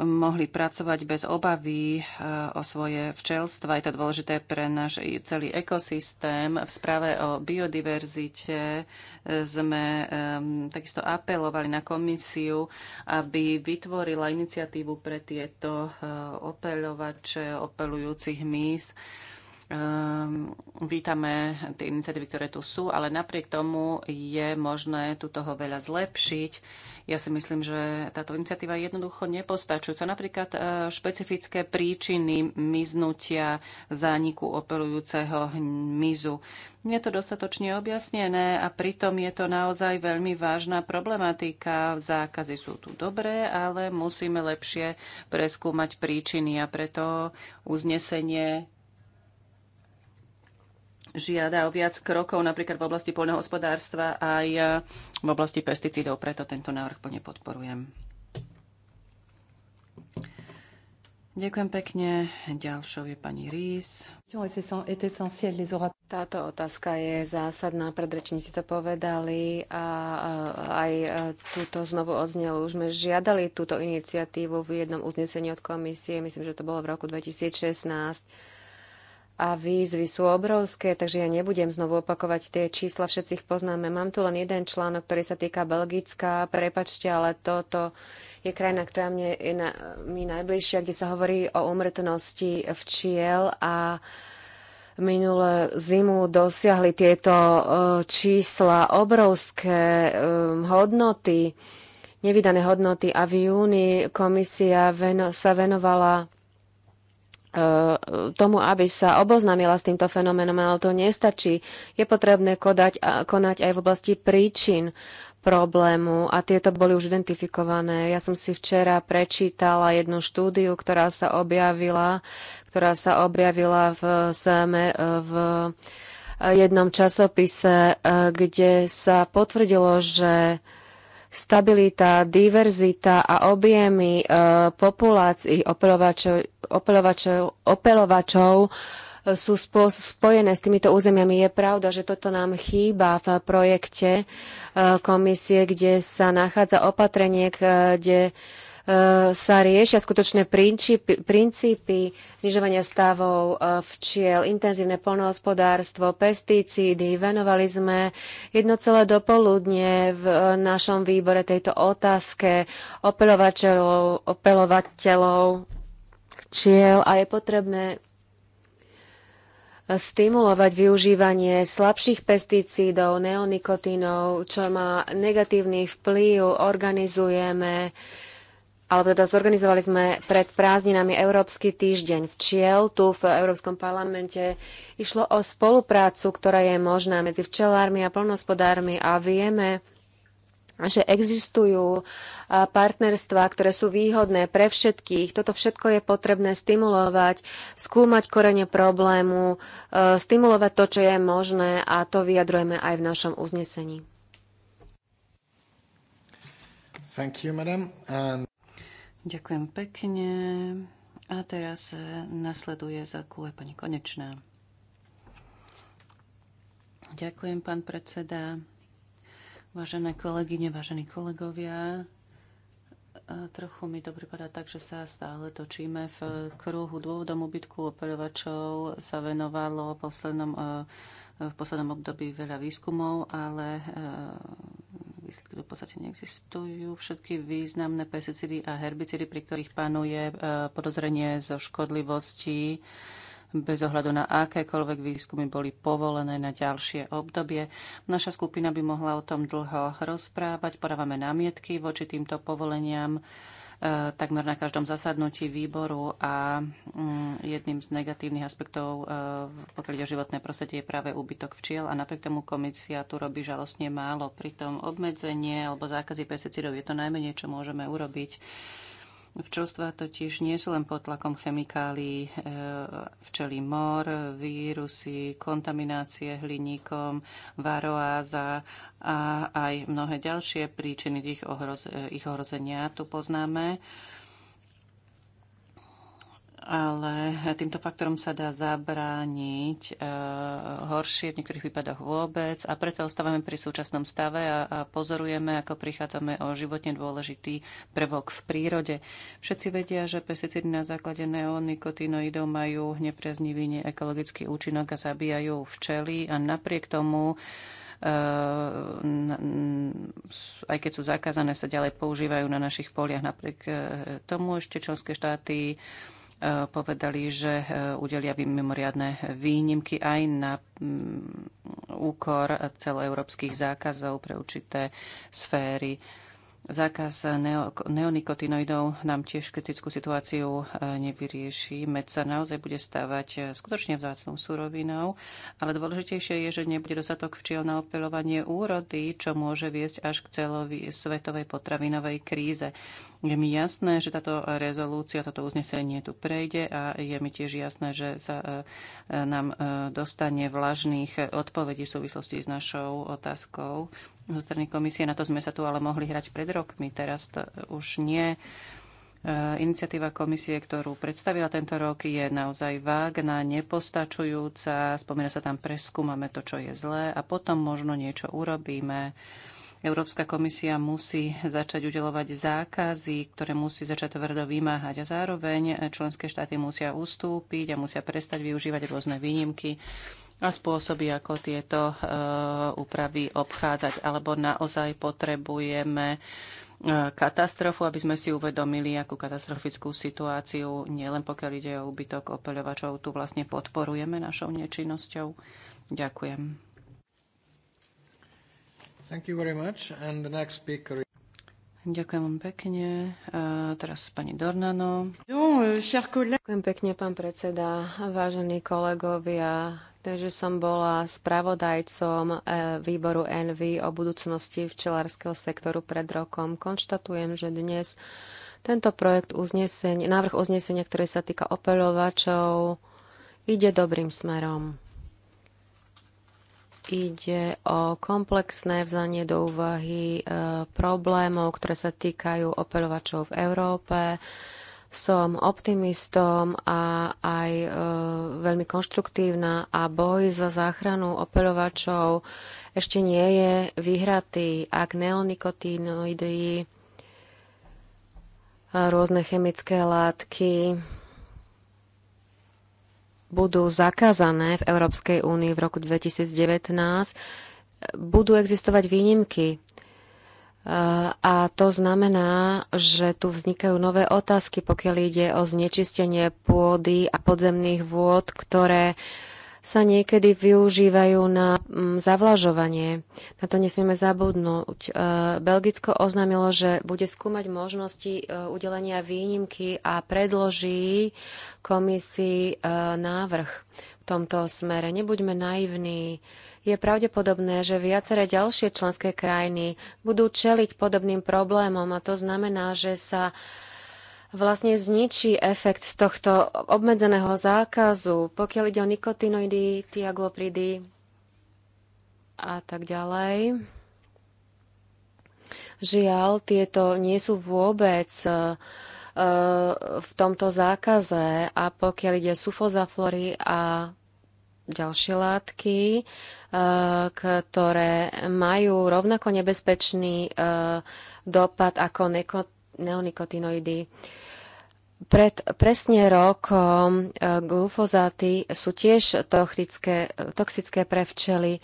mohli pracovať bez obavy eh, o svoje včelstva. Je to dôležité pre náš celý ekosystém. V správe o biodiverzite eh, sme takisto apelovali na komisiu, aby vytvorila iniciatívu pre tieto eh, opeľovače, opelujúcich mís. Um, vítame tie iniciatívy, ktoré tu sú, ale napriek tomu je možné tu toho veľa zlepšiť ja si myslím, že táto iniciatíva je jednoducho nepostačujúca. Napríklad e, špecifické príčiny miznutia zániku opelujúceho mizu. Nie je to dostatočne objasnené a pritom je to naozaj veľmi vážna problematika. Zákazy sú tu dobré, ale musíme lepšie preskúmať príčiny a preto uznesenie žiada o viac krokov napríklad v oblasti poľnohospodárstva aj e, v oblasti pesticídov, preto tento návrh plne podporujem. Ďakujem pekne. Ďalšou je pani Rís. Táto otázka je zásadná. Predrečníci to povedali a aj e, túto znovu odznelo. Už sme žiadali túto iniciatívu v jednom uznesení od komisie. Myslím, že to bolo v roku 2016 a výzvy sú obrovské, takže ja nebudem znovu opakovať tie čísla, všetci ich poznáme. Mám tu len jeden článok, ktorý sa týka Belgická. Prepačte, ale toto je krajina, ktorá mne je na, mi najbližšia, kde sa hovorí o umrtnosti včiel a minulé zimu dosiahli tieto e, čísla obrovské e, hodnoty, nevydané hodnoty a v júni komisia veno, sa venovala E, tomu, aby sa oboznámila s týmto fenoménom, ale to nestačí. Je potrebné kodať, konať aj v oblasti príčin problému a tieto boli už identifikované. Ja som si včera prečítala jednu štúdiu, ktorá sa objavila, ktorá sa objavila v, e, v jednom časopise, e, kde sa potvrdilo, že stabilita, diverzita a objemy e, populácií opelovačov, opelovačov, opelovačov e, sú spo, spojené s týmito územiami. Je pravda, že toto nám chýba v projekte e, komisie, kde sa nachádza opatrenie, kde e, E, sa riešia skutočné princípy, princípy znižovania stavov e, včiel, intenzívne polnohospodárstvo, pesticídy. Venovali sme jedno celé dopoludne v e, našom výbore tejto otázke opelovateľov, opelovateľov včiel a je potrebné stimulovať využívanie slabších pesticídov, neonikotínov, čo má negatívny vplyv. Organizujeme uh, alebo teda zorganizovali sme pred prázdninami Európsky týždeň včiel tu v Európskom parlamente. Išlo o spoluprácu, ktorá je možná medzi včelármi a plnospodármi a vieme, že existujú partnerstvá, ktoré sú výhodné pre všetkých. Toto všetko je potrebné stimulovať, skúmať korene problému, stimulovať to, čo je možné a to vyjadrujeme aj v našom uznesení. You, And... Ďakujem pekne. A teraz nasleduje za kule pani Konečná. Ďakujem, pán predseda. Vážené kolegyne, vážení kolegovia, trochu mi to pripadá tak, že sa stále točíme v kruhu dôvodom ubytku operovačov sa venovalo v poslednom, e, v poslednom období veľa výskumov, ale e, výsledky v podstate neexistujú. Všetky významné pesticídy a herbicídy, pri ktorých panuje e, podozrenie zo škodlivosti, bez ohľadu na akékoľvek výskumy boli povolené na ďalšie obdobie. Naša skupina by mohla o tom dlho rozprávať. Podávame námietky voči týmto povoleniam takmer na každom zasadnutí výboru a mm, jedným z negatívnych aspektov, e, pokiaľ ide o životné prostredie, je práve úbytok včiel a napriek tomu komisia tu robí žalostne málo. Pri tom obmedzenie alebo zákazy pesticídov je to najmenej, čo môžeme urobiť Včelstva totiž nie sú len pod tlakom chemikálií, e, včelí mor, vírusy, kontaminácie hliníkom, varoáza a aj mnohé ďalšie príčiny ich, ich ohrozenia tu poznáme ale týmto faktorom sa dá zabrániť e, horšie, v niektorých prípadoch vôbec a preto ostávame pri súčasnom stave a, a pozorujeme, ako prichádzame o životne dôležitý prvok v prírode. Všetci vedia, že pesticídy na základe neonikotinoidov majú nepriaznivý ekologický účinok a zabíjajú včely a napriek tomu eh, aj keď sú zakázané, sa ďalej používajú na našich poliach. Napriek eh, tomu ešte členské štáty povedali, že e, udelia mimoriadne výnimky aj na mm, úkor celoeurópskych zákazov pre určité sféry. Zákaz neonikotinoidov nám tiež kritickú situáciu e, nevyrieši. Med sa naozaj bude stávať e, skutočne vzácnou surovinou, ale dôležitejšie je, že nebude dostatok včiel na opelovanie úrody, čo môže viesť až k celovi svetovej potravinovej kríze. Je mi jasné, že táto rezolúcia, toto uznesenie tu prejde a je mi tiež jasné, že sa e, e, nám e, dostane vlažných odpovedí v súvislosti s našou otázkou zo strany komisie. Na to sme sa tu ale mohli hrať pred rokmi, teraz to už nie. Iniciatíva komisie, ktorú predstavila tento rok, je naozaj vágna, nepostačujúca. Spomína sa tam preskúmame to, čo je zlé a potom možno niečo urobíme Európska komisia musí začať udelovať zákazy, ktoré musí začať tvrdo vymáhať a zároveň členské štáty musia ustúpiť a musia prestať využívať rôzne výnimky a spôsoby, ako tieto e, úpravy obchádzať, alebo naozaj potrebujeme e, katastrofu, aby sme si uvedomili, akú katastrofickú situáciu, nielen pokiaľ ide o úbytok opeľovačov, tu vlastne podporujeme našou nečinnosťou. Ďakujem. Thank you very much. And the next speaker... Ďakujem pekne. teraz pani Dornano. Euh, Ďakujem pekne, pán predseda, vážení kolegovia. Takže som bola spravodajcom eh, výboru ENVY o budúcnosti včelárskeho sektoru pred rokom. Konštatujem, že dnes tento projekt uznesenia, návrh uznesenia, ktorý sa týka opeľovačov, ide dobrým smerom ide o komplexné vzanie do úvahy e, problémov, ktoré sa týkajú opeľovačov v Európe. Som optimistom a aj e, veľmi konštruktívna a boj za záchranu opeľovačov ešte nie je vyhratý, ak neonikotinoidy, rôzne chemické látky budú zakázané v Európskej únii v roku 2019, budú existovať výnimky. Eh, a to znamená, že tu vznikajú nové otázky, pokiaľ ide o znečistenie pôdy a podzemných vôd, ktoré uh, sa niekedy využívajú na mm, zavlažovanie. Na to nesmieme zabudnúť. E, Belgicko oznámilo, že bude skúmať možnosti e, udelenia výnimky a predloží komisii e, návrh v tomto smere. Nebuďme naivní. Je pravdepodobné, že viaceré ďalšie členské krajiny budú čeliť podobným problémom a to znamená, že sa vlastne zničí efekt tohto obmedzeného zákazu, pokiaľ ide o nikotinoidy, tiaglopridy a tak ďalej. Žiaľ, tieto nie sú vôbec uh, v tomto zákaze a pokiaľ ide sufozaflory a ďalšie látky, uh, ktoré majú rovnako nebezpečný uh, dopad ako neonikotinoidy. Pred presne rok e, glufozáty sú tiež toxické, e, toxické pre včely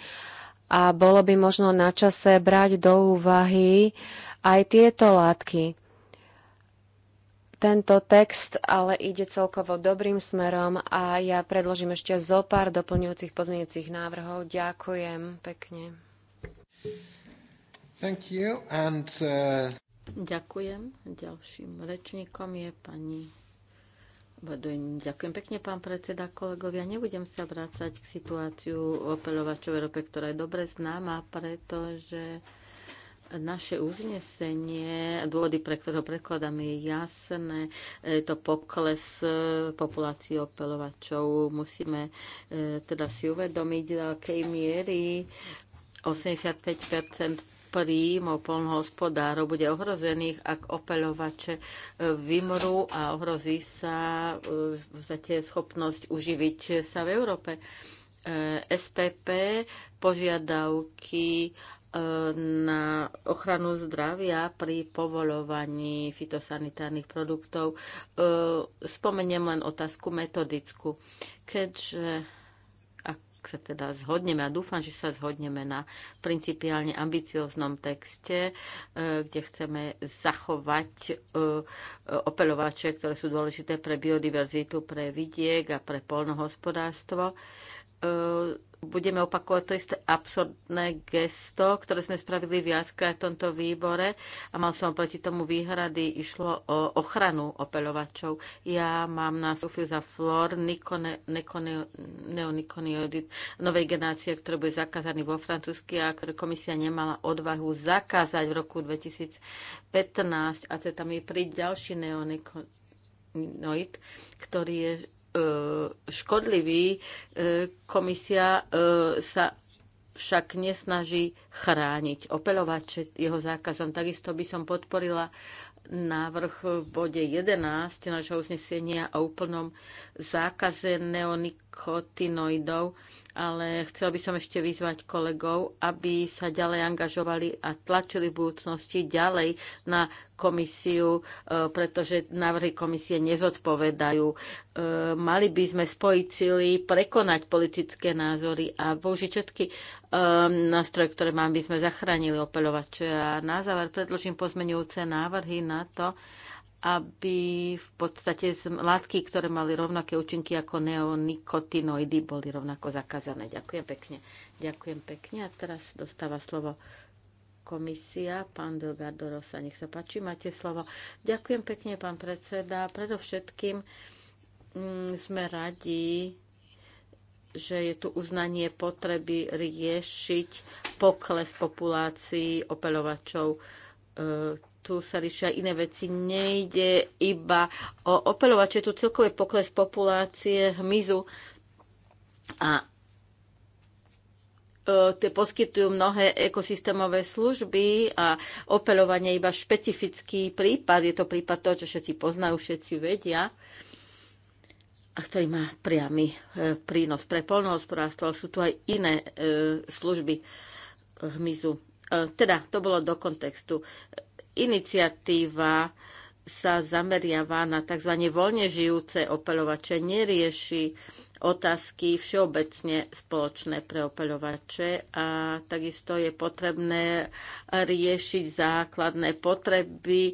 a bolo by možno na čase brať do úvahy aj tieto látky. Tento text ale ide celkovo dobrým smerom a ja predložím ešte zo pár doplňujúcich pozmeňujúcich návrhov. Ďakujem pekne. Thank you and, uh... Ďakujem. Ďalším rečníkom je pani Baduň. Ďakujem pekne, pán predseda, kolegovia. Nebudem sa vrácať k situáciu opeľovačov Európe, ktorá je dobre známa, pretože naše uznesenie, dôvody, pre ktorého predkladám je jasné. E, je to pokles e, populácie opeľovačov. Musíme e, teda si uvedomiť, do akej miery 85 príjmov polnohospodárov bude ohrozených, ak opeľovače e, vymrú a ohrozí sa e, vzate schopnosť uživiť sa v Európe. E, SPP požiadavky na ochranu zdravia pri povolovaní fitosanitárnych produktov. Spomeniem len otázku metodickú. Keďže sa teda zhodneme a dúfam, že sa zhodneme na principiálne ambicioznom texte, e, kde chceme zachovať e, opeľovače, ktoré sú dôležité pre biodiverzitu, pre vidiek a pre polnohospodárstvo e, budeme opakovať to isté absurdné gesto, ktoré sme spravili viackrát v tomto výbore a mal som proti tomu výhrady, išlo o ochranu opeľovačov. Ja mám na za Flor Nikone, neonikoniodid novej generácie, ktorý bude zakázaný vo francúzsky a ktorý komisia nemala odvahu zakázať v roku 2015 a to tam je pri ďalší neonikoniodid, ktorý je E, škodlivý. E, komisia e, sa však nesnaží chrániť opelovať jeho zákazom. Takisto by som podporila návrh v bode 11 nášho uznesenia o úplnom zákaze neonik nikotinoidov, ale chcel by som ešte vyzvať kolegov, aby sa ďalej angažovali a tlačili v budúcnosti ďalej na komisiu, e, pretože návrhy komisie nezodpovedajú. E, mali by sme spojiť sily, prekonať politické názory a použiť všetky e, nástroje, ktoré máme, by sme zachránili opeľovače. A na záver predložím pozmenujúce návrhy na to, aby v podstate látky, ktoré mali rovnaké účinky ako neonikotinoidy, boli rovnako zakázané. Ďakujem pekne. Ďakujem pekne. A teraz dostáva slovo komisia. Pán Delgado Rosa, nech sa páči, máte slovo. Ďakujem pekne, pán predseda. Predovšetkým mm, sme radi, že je tu uznanie potreby riešiť pokles populácií opeľovačov e, tu sa lišia iné veci. Nejde iba o opeľovať, je tu celkový pokles populácie hmyzu a e, tie poskytujú mnohé ekosystémové služby a opeľovanie iba špecifický prípad. Je to prípad toho, čo všetci poznajú, všetci vedia a ktorý má priamy e, prínos pre polnohospodárstvo, ale sú tu aj iné e, služby hmyzu. Teda, to bolo do kontextu iniciatíva sa zameriava na tzv. voľne žijúce opeľovače, nerieši otázky všeobecne spoločné pre opeľovače a takisto je potrebné riešiť základné potreby e,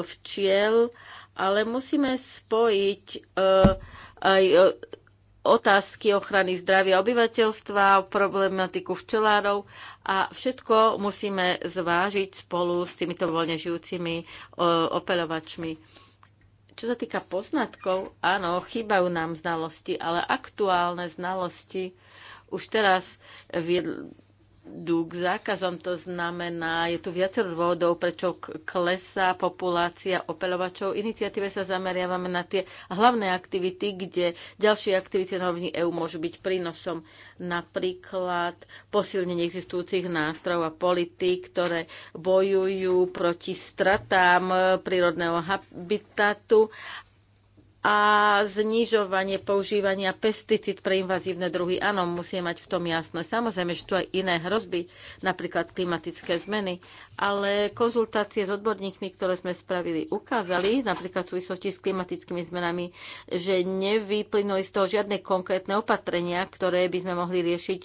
včiel, ale musíme spojiť e, aj e, otázky ochrany zdravia obyvateľstva, problematiku včelárov a všetko musíme zvážiť spolu s týmito voľne žijúcimi operovačmi. Čo sa týka poznatkov, áno, chýbajú nám znalosti, ale aktuálne znalosti už teraz k zákazom. To znamená, je tu viacero dôvodov, prečo klesá populácia opeľovačov. Iniciatíve sa zameriavame na tie hlavné aktivity, kde ďalšie aktivity na rovni EÚ môžu byť prínosom. Napríklad posilnenie existujúcich nástrojov a politik, ktoré bojujú proti stratám prírodného habitatu a znižovanie používania pesticíd pre invazívne druhy. Áno, musíme mať v tom jasné. Samozrejme, že tu aj iné hrozby, napríklad klimatické zmeny, ale konzultácie s odborníkmi, ktoré sme spravili, ukázali, napríklad v súvislosti s klimatickými zmenami, že nevyplynuli z toho žiadne konkrétne opatrenia, ktoré by sme mohli riešiť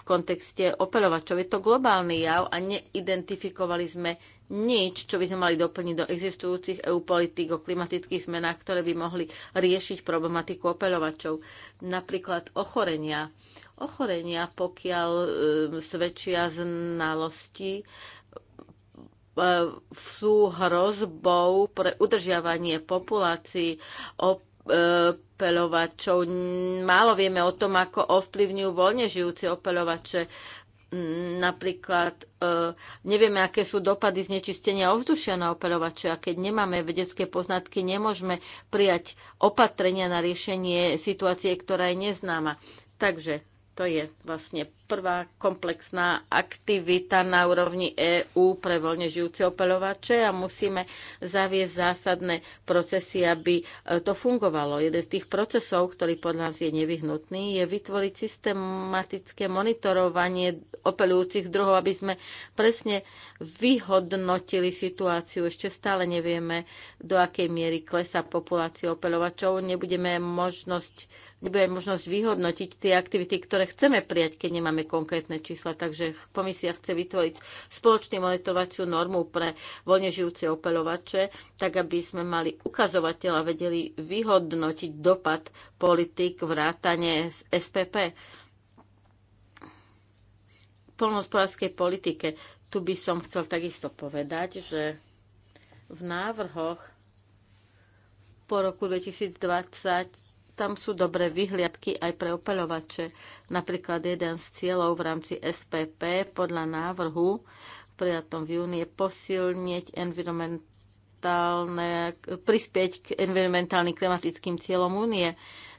v kontexte operovačov. Je to globálny jav a neidentifikovali sme nič, čo by sme mali doplniť do existujúcich EU politík o klimatických zmenách, ktoré by mohli riešiť problematiku operovačov. Napríklad ochorenia. Ochorenia, pokiaľ e, svedčia znalosti, e, sú hrozbou pre udržiavanie populácií opeľovačov. Málo vieme o tom, ako ovplyvňujú voľne žijúci opeľovače. Napríklad e, nevieme, aké sú dopady znečistenia ovzdušia na opeľovače a keď nemáme vedecké poznatky, nemôžeme prijať opatrenia na riešenie situácie, ktorá je neznáma. Takže to je vlastne prvá komplexná aktivita na úrovni EÚ pre voľne žijúce opeľovače a musíme zaviesť zásadné procesy, aby e, to fungovalo. Jeden z tých procesov, ktorý pod nás je nevyhnutný, je vytvoriť systematické monitorovanie opeľujúcich druhov, aby sme presne vyhodnotili situáciu. Ešte stále nevieme, do akej miery klesa populácia opeľovačov. Nebudeme možnosť nebude možnosť vyhodnotiť tie aktivity, ktoré chceme prijať, keď nemáme konkrétne čísla. Takže komisia chce vytvoriť spoločnú monitorovaciu normu pre voľne žijúce opelovače, tak aby sme mali ukazovateľ a vedeli vyhodnotiť dopad politik vrátane z SPP polnohospodárskej politike. Tu by som chcel takisto povedať, že v návrhoch po roku 2020 tam sú dobré vyhliadky aj pre opeľovače. Napríklad jeden z cieľov v rámci SPP podľa návrhu prijatom v júni je posilniť environmentálne, prispieť k environmentálnym klimatickým cieľom únie.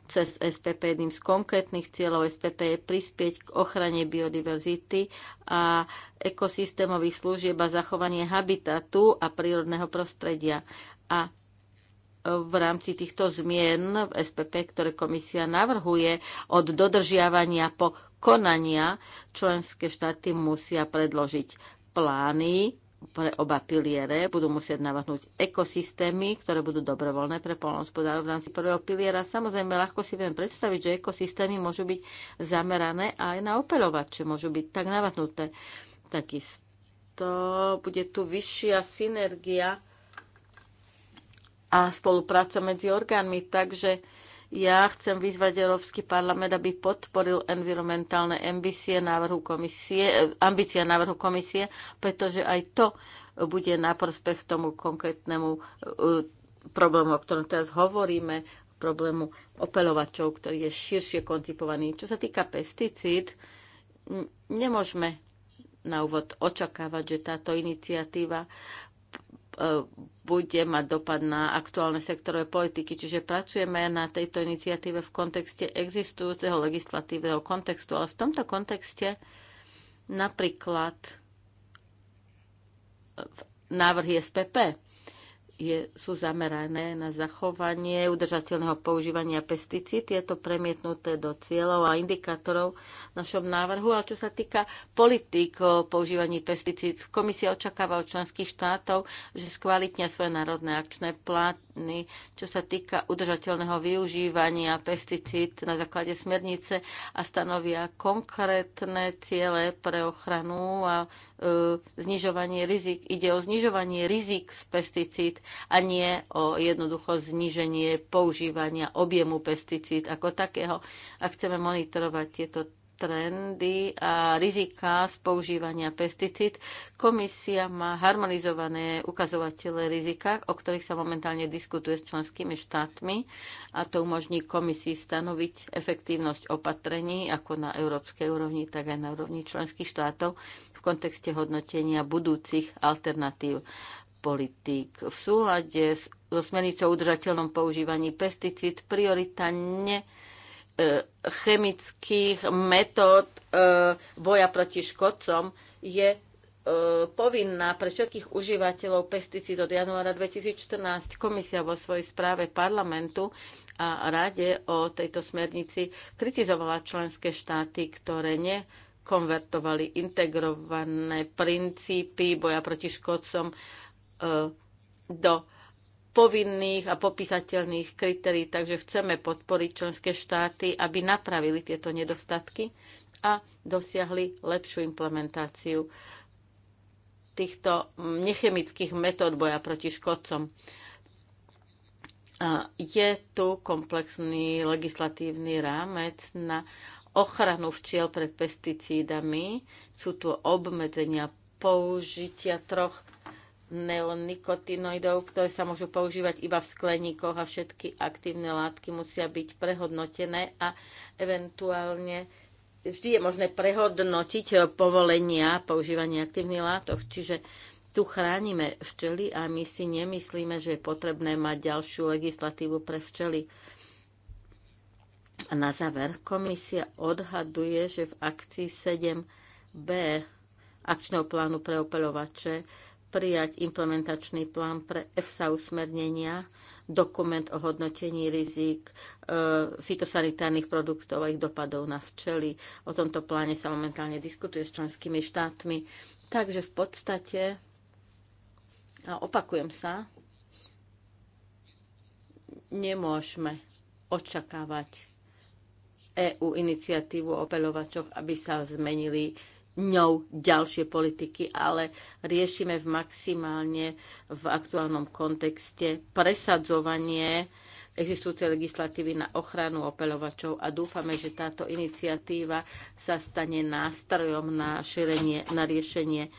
Cez SPP jedným z konkrétnych cieľov SPP je prispieť k ochrane biodiverzity a ekosystémových služieb a zachovanie habitatu a prírodného prostredia. A v rámci týchto zmien v SPP, ktoré komisia navrhuje od dodržiavania po konania, členské štáty musia predložiť plány pre oba piliere, budú musieť navrhnúť ekosystémy, ktoré budú dobrovoľné pre polnohospodárov v rámci prvého piliera. Samozrejme, ľahko si viem predstaviť, že ekosystémy môžu byť zamerané aj na operovače, môžu byť tak navrhnuté. Takisto bude tu vyššia synergia a spolupráca medzi orgánmi. Takže ja chcem vyzvať Európsky parlament, aby podporil environmentálne ambície návrhu komisie, ambícia návrhu komisie, pretože aj to bude na prospech tomu konkrétnemu e, problému, o ktorom teraz hovoríme, problému opelovačov, ktorý je širšie koncipovaný. Čo sa týka pesticíd, nemôžeme na úvod očakávať, že táto iniciatíva E, bude mať dopad na aktuálne sektorové politiky. Čiže pracujeme na tejto iniciatíve v kontexte existujúceho legislatívneho kontextu, ale v tomto kontexte napríklad návrhy SPP je, sú zamerané na zachovanie udržateľného používania pesticíd. Je to premietnuté do cieľov a indikátorov v našom návrhu. A čo sa týka politik o používaní pesticíd, komisia očakáva od členských štátov, že skvalitnia svoje národné akčné plány, čo sa týka udržateľného využívania pesticíd na základe smernice a stanovia konkrétne ciele pre ochranu a e, znižovanie rizik. Ide o znižovanie rizik z pesticíd a nie o jednoducho zníženie používania objemu pesticíd ako takého. A chceme monitorovať tieto trendy a rizika z používania pesticíd. Komisia má harmonizované ukazovatele rizika, o ktorých sa momentálne diskutuje s členskými štátmi a to umožní komisii stanoviť efektívnosť opatrení ako na európskej úrovni, tak aj na úrovni členských štátov v kontexte hodnotenia budúcich alternatív politík. V súlade s so smernicou o udržateľnom používaní pesticíd ne e, chemických metód e, boja proti škodcom je e, povinná pre všetkých užívateľov pesticíd od januára 2014. Komisia vo svojej správe parlamentu a rade o tejto smernici kritizovala členské štáty, ktoré nekonvertovali integrované princípy boja proti škodcom E, do povinných a popísateľných kritérií, takže chceme podporiť členské štáty, aby napravili tieto nedostatky a dosiahli lepšiu implementáciu týchto nechemických metód boja proti škodcom. Je tu komplexný legislatívny rámec na ochranu včiel pred pesticídami. Sú tu obmedzenia použitia troch neonikotinoidov, ktoré sa môžu používať iba v skleníkoch a všetky aktívne látky musia byť prehodnotené a eventuálne vždy je možné prehodnotiť povolenia používania aktívnych látok. Čiže tu chránime včely a my si nemyslíme, že je potrebné mať ďalšiu legislatívu pre včely. A na záver, komisia odhaduje, že v akcii 7b akčného plánu pre opeľovače prijať implementačný plán pre EFSA usmernenia, dokument o hodnotení rizik e, fitosanitárnych produktov a ich dopadov na včely. O tomto pláne sa momentálne diskutuje s členskými štátmi. Takže v podstate, a opakujem sa, nemôžeme očakávať EU iniciatívu o pelovačoch, aby sa zmenili ňou ďalšie politiky, ale riešime v maximálne v aktuálnom kontexte presadzovanie existujúcej legislatívy na ochranu opeľovačov a dúfame, že táto iniciatíva sa stane nástrojom na, šírenie, na riešenie e,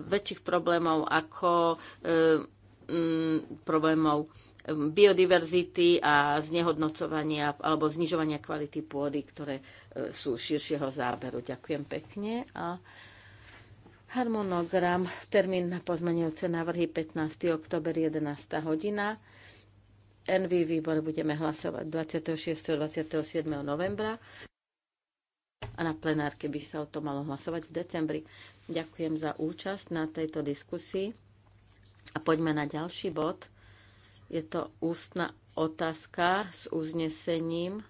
väčších problémov ako e, problémov biodiverzity a znehodnocovania alebo znižovania kvality pôdy, ktoré sú širšieho záberu. Ďakujem pekne a harmonogram, termín na pozmeňujúce návrhy 15. oktober 11. hodina. NV výbor budeme hlasovať 26. a 27. novembra a na plenárke by sa o to malo hlasovať v decembri. Ďakujem za účasť na tejto diskusii a poďme na ďalší bod. Je to ústna otázka s uznesením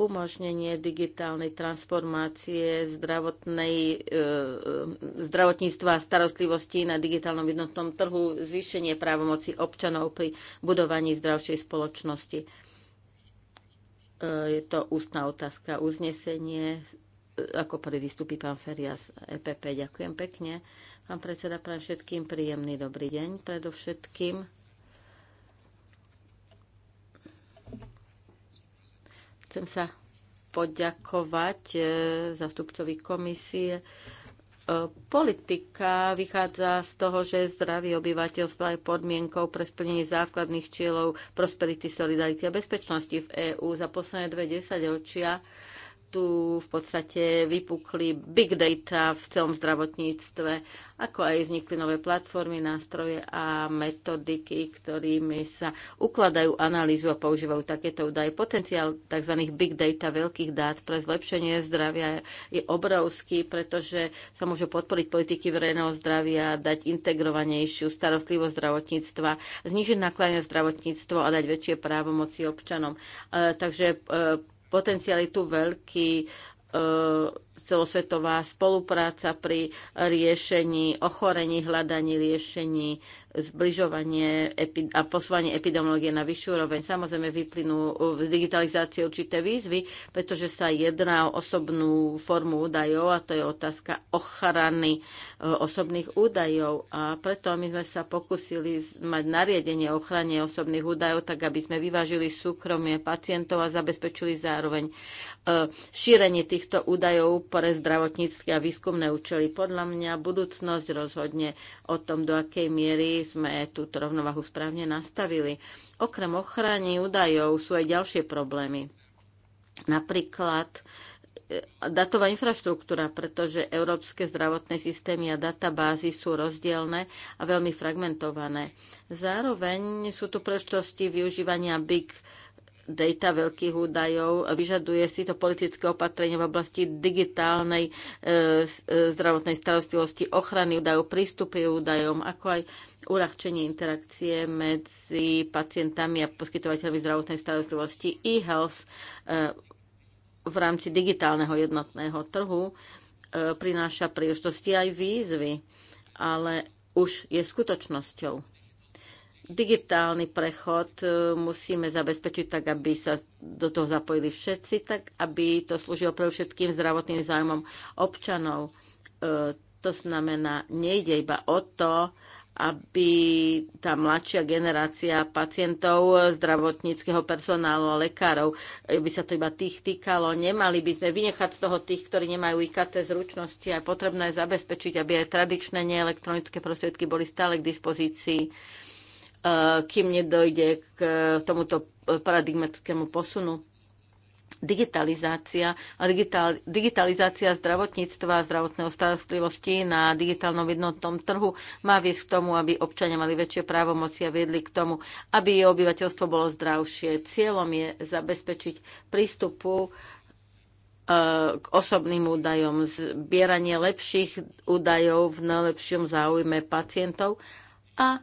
umožnenie digitálnej transformácie zdravotnej, e, e, zdravotníctva a starostlivosti na digitálnom jednotnom trhu, zvýšenie právomoci občanov pri budovaní zdravšej spoločnosti. E, je to ústna otázka, uznesenie. E, ako prvý vystupí pán Ferias EPP. Ďakujem pekne. Pán predseda, pán všetkým príjemný dobrý deň predovšetkým. Chcem sa poďakovať e, zastupcovi komisie. E, politika vychádza z toho, že zdravie obyvateľstva je podmienkou pre splnenie základných cieľov prosperity, solidarity a bezpečnosti v EÚ. Za posledné dve desaťročia ročia tu v podstate vypukli big data v celom zdravotníctve, ako aj vznikli nové platformy, nástroje a metodiky, ktorými sa ukladajú, analýzu a používajú takéto údaje. Potenciál tzv. big data, veľkých dát pre zlepšenie zdravia je obrovský, pretože sa môžu podporiť politiky verejného zdravia, dať integrovanejšiu starostlivosť zdravotníctva, znižiť nákladne zdravotníctvo a dať väčšie právomoci občanom. E, takže e, potenciál je tu veľký. E, celosvetová spolupráca pri riešení ochorení, hľadaní riešení, zbližovanie a posúvanie epidemiológie na vyššiu úroveň. Samozrejme vyplynú z digitalizácie určité výzvy, pretože sa jedná o osobnú formu údajov a to je otázka ochrany e, osobných údajov. A preto my sme sa pokúsili mať nariadenie o ochrane osobných údajov, tak aby sme vyvážili súkromie pacientov a zabezpečili zároveň e, šírenie týchto údajov EÚ pre a výskumné účely. Podľa mňa budúcnosť rozhodne o tom, do akej miery sme túto rovnovahu správne nastavili. Okrem ochrany údajov sú aj ďalšie problémy. Napríklad e, datová infraštruktúra, pretože európske zdravotné systémy a databázy sú rozdielne a veľmi fragmentované. Zároveň sú tu príležitosti využívania big data veľkých údajov, vyžaduje si to politické opatrenie v oblasti digitálnej e, e, zdravotnej starostlivosti, ochrany údajov, prístupy údajom, ako aj uľahčenie interakcie medzi pacientami a poskytovateľmi zdravotnej starostlivosti e-health e, v rámci digitálneho jednotného trhu prináša príležitosti aj výzvy, ale už je skutočnosťou digitálny prechod e, musíme zabezpečiť tak, aby sa do toho zapojili všetci, tak aby to slúžilo pre všetkým zdravotným zájmom občanov. E, to znamená, nejde iba o to, aby tá mladšia generácia pacientov, zdravotníckého personálu a lekárov, e, by sa to iba tých týkalo. Nemali by sme vynechať z toho tých, ktorí nemajú IKT zručnosti a potrebné zabezpečiť, aby aj tradičné neelektronické prostriedky boli stále k dispozícii Eh, kým nedojde k eh, tomuto eh, paradigmatickému posunu. Digitalizácia a digital, digitalizácia zdravotníctva a zdravotného starostlivosti na digitálnom jednotnom trhu má viesť k tomu, aby občania mali väčšie právomoci a viedli k tomu, aby obyvateľstvo bolo zdravšie. Cieľom je zabezpečiť prístupu k osobným údajom, zbieranie lepších údajov v najlepšom záujme pacientov a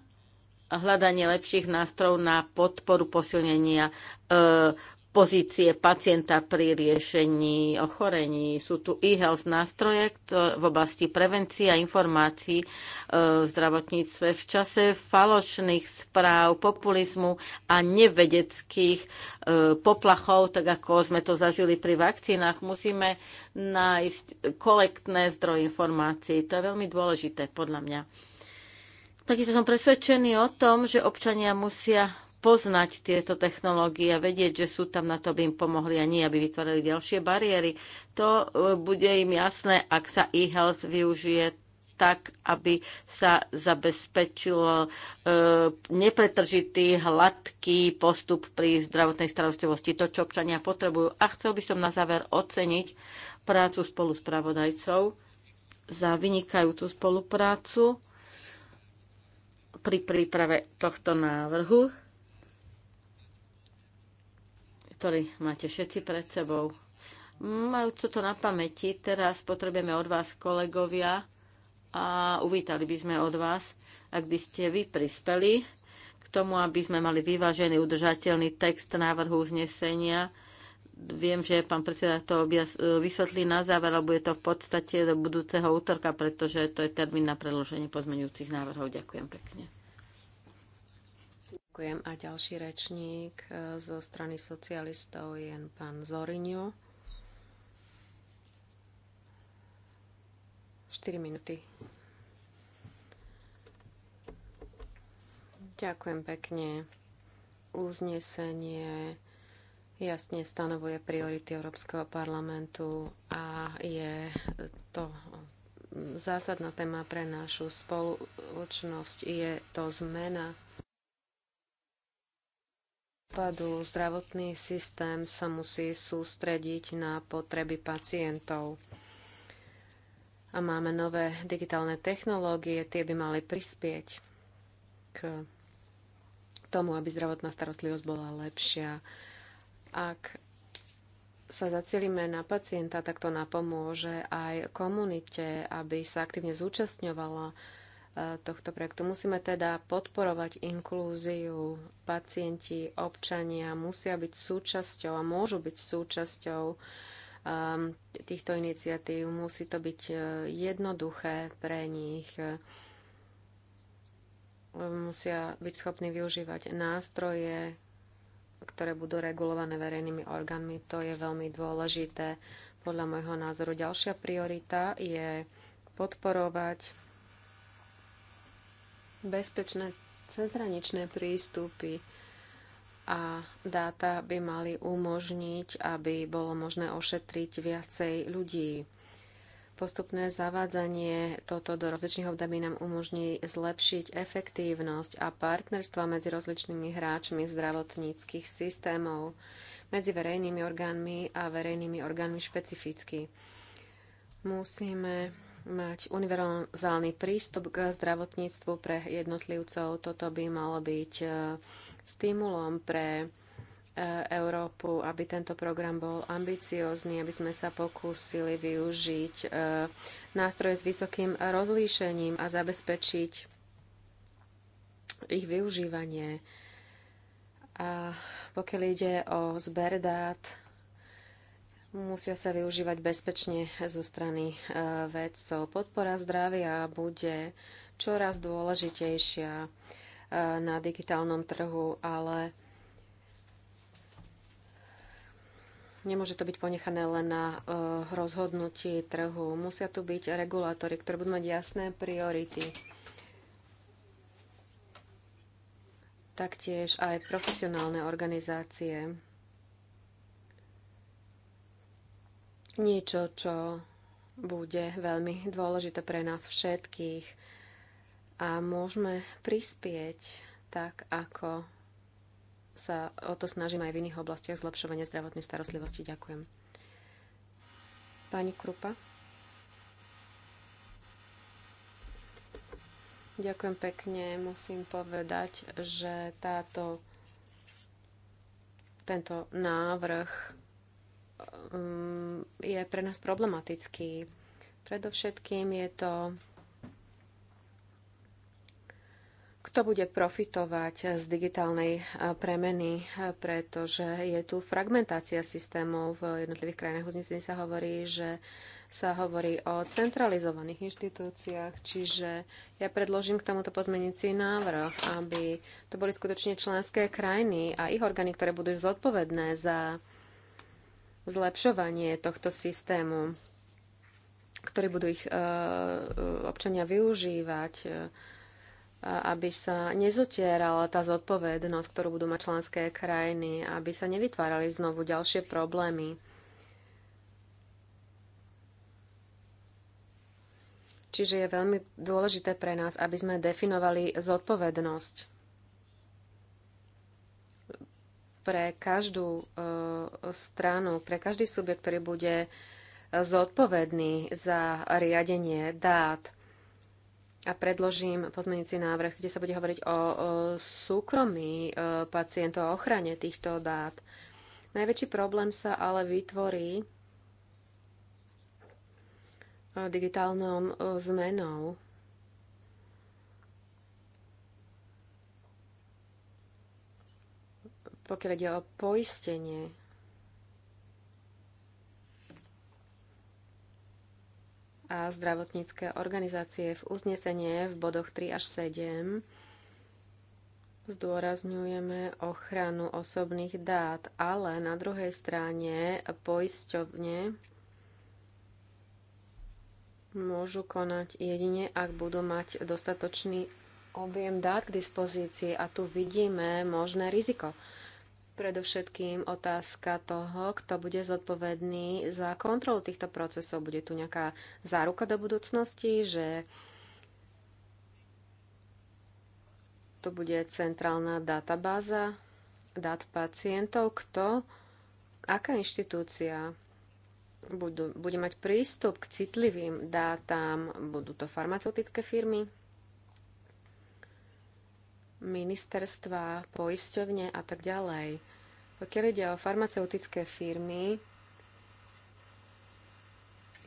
hľadanie lepších nástrojov na podporu posilnenia e, pozície pacienta pri riešení ochorení. Sú tu e-health nástroje v oblasti prevencie a informácií e, v zdravotníctve v čase falošných správ, populizmu a nevedeckých e, poplachov, tak ako sme to zažili pri vakcínach. Musíme nájsť kolektné zdroje informácií. To je veľmi dôležité podľa mňa. Takisto som presvedčený o tom, že občania musia poznať tieto technológie a vedieť, že sú tam na to, aby im pomohli a nie, aby vytvorili ďalšie bariéry. To e, bude im jasné, ak sa e-health využije tak, aby sa zabezpečil e, nepretržitý, hladký postup pri zdravotnej starostlivosti, to, čo občania potrebujú. A chcel by som na záver oceniť prácu spolu s pravodajcov za vynikajúcu spoluprácu pri príprave tohto návrhu, ktorý máte všetci pred sebou. Majú toto na pamäti, teraz potrebujeme od vás, kolegovia, a uvítali by sme od vás, ak by ste vy prispeli k tomu, aby sme mali vyvážený, udržateľný text návrhu uznesenia, viem, že pán predseda to vysvetlí na záver, ale bude to v podstate do budúceho útorka, pretože to je termín na predloženie pozmeňujúcich návrhov. Ďakujem pekne. Ďakujem. A ďalší rečník e, zo strany socialistov je pán Zoriňu. 4 minúty. Ďakujem pekne. Uznesenie jasne stanovuje priority Európskeho parlamentu a je to zásadná téma pre našu spoločnosť. Je to zmena prípadu zdravotný systém sa musí sústrediť na potreby pacientov. A máme nové digitálne technológie, tie by mali prispieť k tomu, aby zdravotná starostlivosť bola lepšia. Ak sa zacielíme na pacienta, tak to napomôže aj komunite, aby sa aktívne zúčastňovala e, tohto projektu. Musíme teda podporovať inklúziu. Pacienti, občania musia byť súčasťou a môžu byť súčasťou um, týchto iniciatív. Musí to byť e, jednoduché pre nich. Musia byť schopní využívať nástroje, ktoré budú regulované verejnými orgánmi. To je veľmi dôležité. Podľa môjho názoru ďalšia priorita je podporovať bezpečné cezhraničné prístupy a dáta by mali umožniť, aby bolo možné ošetriť viacej ľudí. Postupné zavádzanie toto do rozličných období nám umožní zlepšiť efektívnosť a partnerstva medzi rozličnými hráčmi v zdravotníckých systémov, medzi verejnými orgánmi a verejnými orgánmi špecificky. Musíme mať univerzálny prístup k zdravotníctvu pre jednotlivcov. Toto by malo byť eh, stimulom pre E, Európu, aby tento program bol ambiciózny, aby sme sa pokúsili využiť e, nástroje s vysokým rozlíšením a zabezpečiť ich využívanie. A pokiaľ ide o zber dát, musia sa využívať bezpečne zo strany e, vedcov. Podpora zdravia bude čoraz dôležitejšia na digitálnom trhu, ale Nemôže to byť ponechané len na e, rozhodnutí trhu. Musia tu byť regulátory, ktoré budú mať jasné priority. Taktiež aj profesionálne organizácie. Niečo, čo bude veľmi dôležité pre nás všetkých a môžeme prispieť tak, ako sa o to snažím aj v iných oblastiach zlepšovania zdravotnej starostlivosti. Ďakujem. Pani Krupa. Ďakujem pekne. Musím povedať, že táto, tento návrh mm, je pre nás problematický. Predovšetkým je to kto bude profitovať z digitálnej e, premeny, e, pretože je tu fragmentácia systémov v jednotlivých krajinách. Uznesení sa hovorí, že sa hovorí o centralizovaných inštitúciách, čiže ja predložím k tomuto pozmenujúci návrh, aby to boli skutočne členské krajiny a ich orgány, ktoré budú zodpovedné za zlepšovanie tohto systému, ktorý budú ich e, občania využívať aby sa nezotierala tá zodpovednosť, ktorú budú mať členské krajiny, aby sa nevytvárali znovu ďalšie problémy. Čiže je veľmi dôležité pre nás, aby sme definovali zodpovednosť pre každú e, stranu, pre každý subjekt, ktorý bude zodpovedný za riadenie dát a predložím pozmeňujúci návrh, kde sa bude hovoriť o, o súkromí e, pacientov a ochrane týchto dát. Najväčší problém sa ale vytvorí e, digitálnou e, zmenou. Pokiaľ ide o poistenie a zdravotnícke organizácie. V uznesenie v bodoch 3 až 7 zdôrazňujeme ochranu osobných dát, ale na druhej strane poisťovne môžu konať jedine, ak budú mať dostatočný objem dát k dispozícii a tu vidíme možné riziko. Predovšetkým otázka toho, kto bude zodpovedný za kontrolu týchto procesov. Bude tu nejaká záruka do budúcnosti, že to bude centrálna databáza dát pacientov, kto, aká inštitúcia budú, bude mať prístup k citlivým dátam, budú to farmaceutické firmy, ministerstva, poisťovne a tak ďalej. Pokiaľ ide o farmaceutické firmy,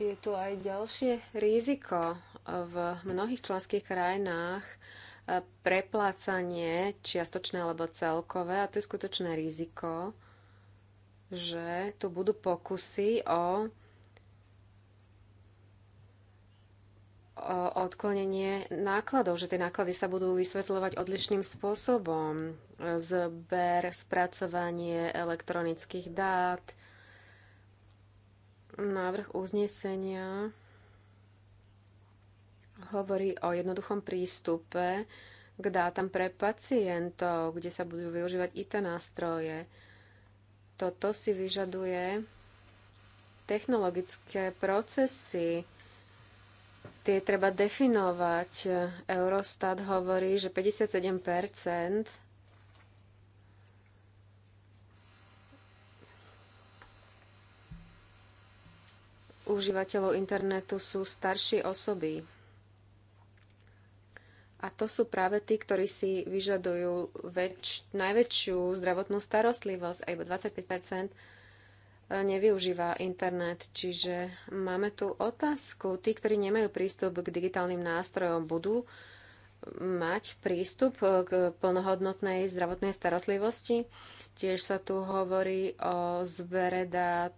je tu aj ďalšie riziko v mnohých členských krajinách eh, preplácanie čiastočné alebo celkové a to je skutočné riziko, že tu budú pokusy o odklonenie nákladov, že tie náklady sa budú vysvetľovať odlišným spôsobom. Zber, spracovanie elektronických dát, návrh uznesenia hovorí o jednoduchom prístupe k dátam pre pacientov, kde sa budú využívať IT nástroje. Toto si vyžaduje technologické procesy, tie treba definovať. Eurostat hovorí, že 57 užívateľov internetu sú starší osoby. A to sú práve tí, ktorí si vyžadujú väč- najväčšiu zdravotnú starostlivosť, a 25 nevyužíva internet. Čiže máme tu otázku. Tí, ktorí nemajú prístup k digitálnym nástrojom, budú mať prístup k plnohodnotnej zdravotnej starostlivosti. Tiež sa tu hovorí o zbere dát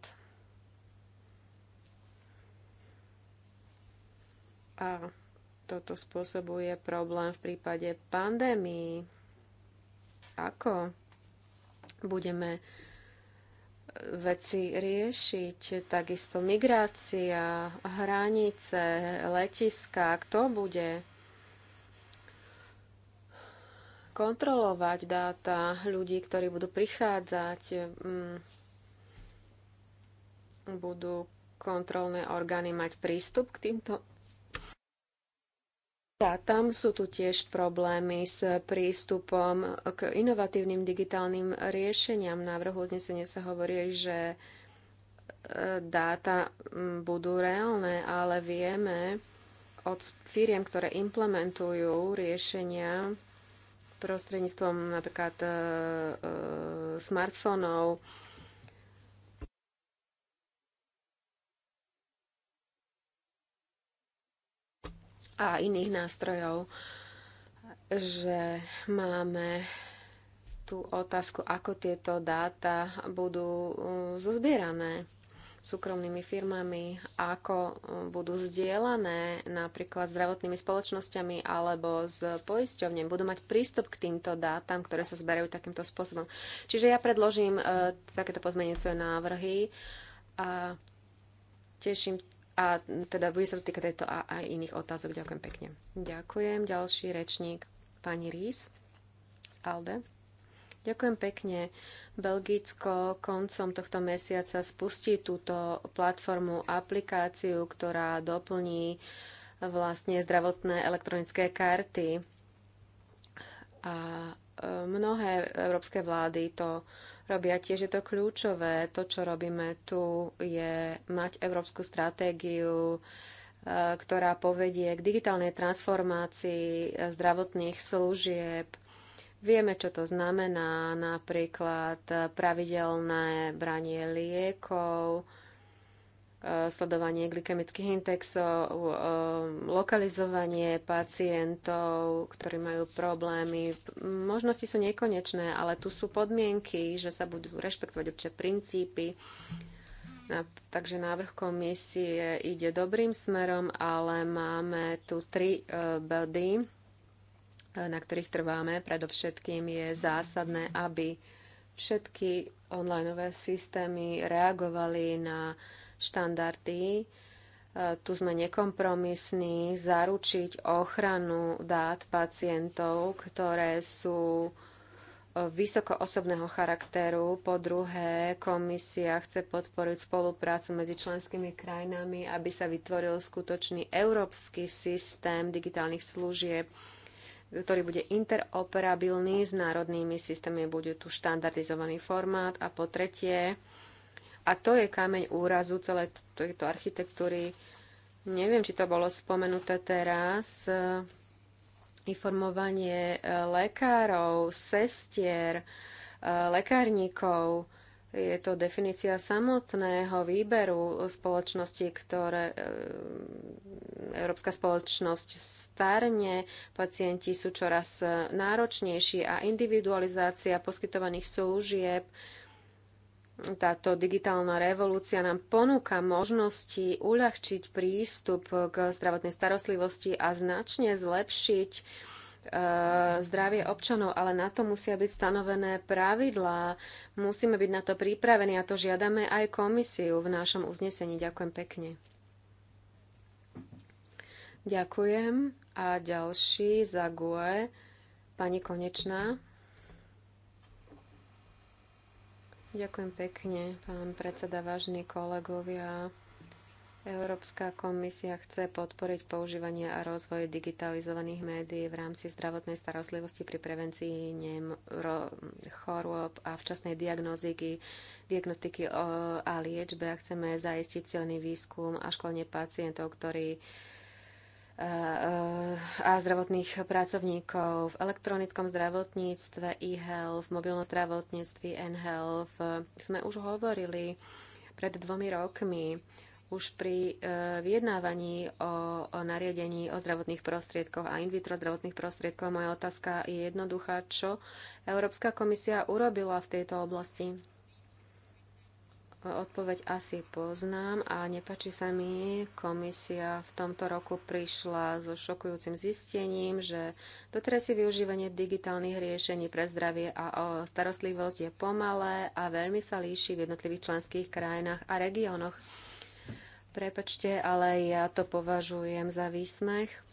a toto spôsobuje problém v prípade pandémii. Ako budeme veci riešiť, takisto migrácia, hranice, letiska, kto bude kontrolovať dáta ľudí, ktorí budú prichádzať, mm, budú kontrolné orgány mať prístup k týmto a tam sú tu tiež problémy s prístupom k inovatívnym digitálnym riešeniam. návrhu uznesenia sa hovorí, že e, dáta budú reálne, ale vieme od firiem, ktoré implementujú riešenia prostredníctvom napríklad e, e, smartfónov, a iných nástrojov, že máme tú otázku, ako tieto dáta budú mm, zozbierané súkromnými firmami, ako mm, budú zdieľané napríklad zdravotnými spoločnosťami alebo s poisťovňami, budú mať prístup k týmto dátam, ktoré sa zberajú takýmto spôsobom. Čiže ja predložím e, takéto pozmenujúce návrhy a teším a teda bude sa to týkať tejto a aj iných otázok. Ďakujem pekne. Ďakujem. Ďalší rečník, pani Rís z ALDE. Ďakujem pekne. Belgicko koncom tohto mesiaca spustí túto platformu, aplikáciu, ktorá doplní vlastne zdravotné elektronické karty. A mnohé európske vlády to robia tiež. Je to kľúčové. To, čo robíme tu, je mať európsku stratégiu, eh, ktorá povedie k digitálnej transformácii eh, zdravotných služieb. Vieme, čo to znamená, napríklad eh, pravidelné branie liekov, Eh, sledovanie glykemických indexov, eh, lokalizovanie pacientov, ktorí majú problémy. Možnosti sú nekonečné, ale tu sú podmienky, že sa budú rešpektovať určite princípy. Takže návrh komisie ide dobrým smerom, ale máme tu tri eh, body, na ktorých trváme. Predovšetkým je zásadné, aby všetky onlineové systémy reagovali na uh, štandardy. E, tu sme nekompromisní zaručiť ochranu dát pacientov, ktoré sú e, vysoko osobného charakteru. Po druhé, komisia chce podporiť spoluprácu medzi členskými krajinami, aby sa vytvoril skutočný európsky systém digitálnych služieb, ktorý bude interoperabilný s národnými systémami, bude tu štandardizovaný formát. A po tretie, a to je kameň úrazu celé tejto architektúry. Neviem, či to bolo spomenuté teraz. Eh, informovanie eh, lekárov, sestier, eh, lekárnikov. Je to definícia samotného výberu spoločnosti, ktoré Európska spoločnosť starne, pacienti sú čoraz náročnejší a individualizácia poskytovaných služieb táto digitálna revolúcia nám ponúka možnosti uľahčiť prístup k zdravotnej starostlivosti a značne zlepšiť e, zdravie občanov, ale na to musia byť stanovené pravidlá. Musíme byť na to pripravení a to žiadame aj komisiu v našom uznesení. Ďakujem pekne. Ďakujem. A ďalší za GUE, pani Konečná. Ďakujem pekne, pán predseda, vážni kolegovia. Európska komisia chce podporiť používanie a rozvoj digitalizovaných médií v rámci zdravotnej starostlivosti pri prevencii nem, ro, chorôb a včasnej diagnostiky, diagnostiky a liečbe a chceme zaistiť silný výskum a školenie pacientov, ktorí a zdravotných pracovníkov v elektronickom zdravotníctve, e-health, v mobilnom zdravotníctve, n-health. Sme už hovorili pred dvomi rokmi už pri e, vyjednávaní o, o nariadení o zdravotných prostriedkoch a in vitro zdravotných prostriedkoch. Moja otázka je jednoduchá. Čo Európska komisia urobila v tejto oblasti? Odpoveď asi poznám a nepačí sa mi. Komisia v tomto roku prišla so šokujúcim zistením, že doteraz využívanie digitálnych riešení pre zdravie a starostlivosť je pomalé a veľmi sa líši v jednotlivých členských krajinách a regiónoch. Prepačte, ale ja to považujem za výsmech.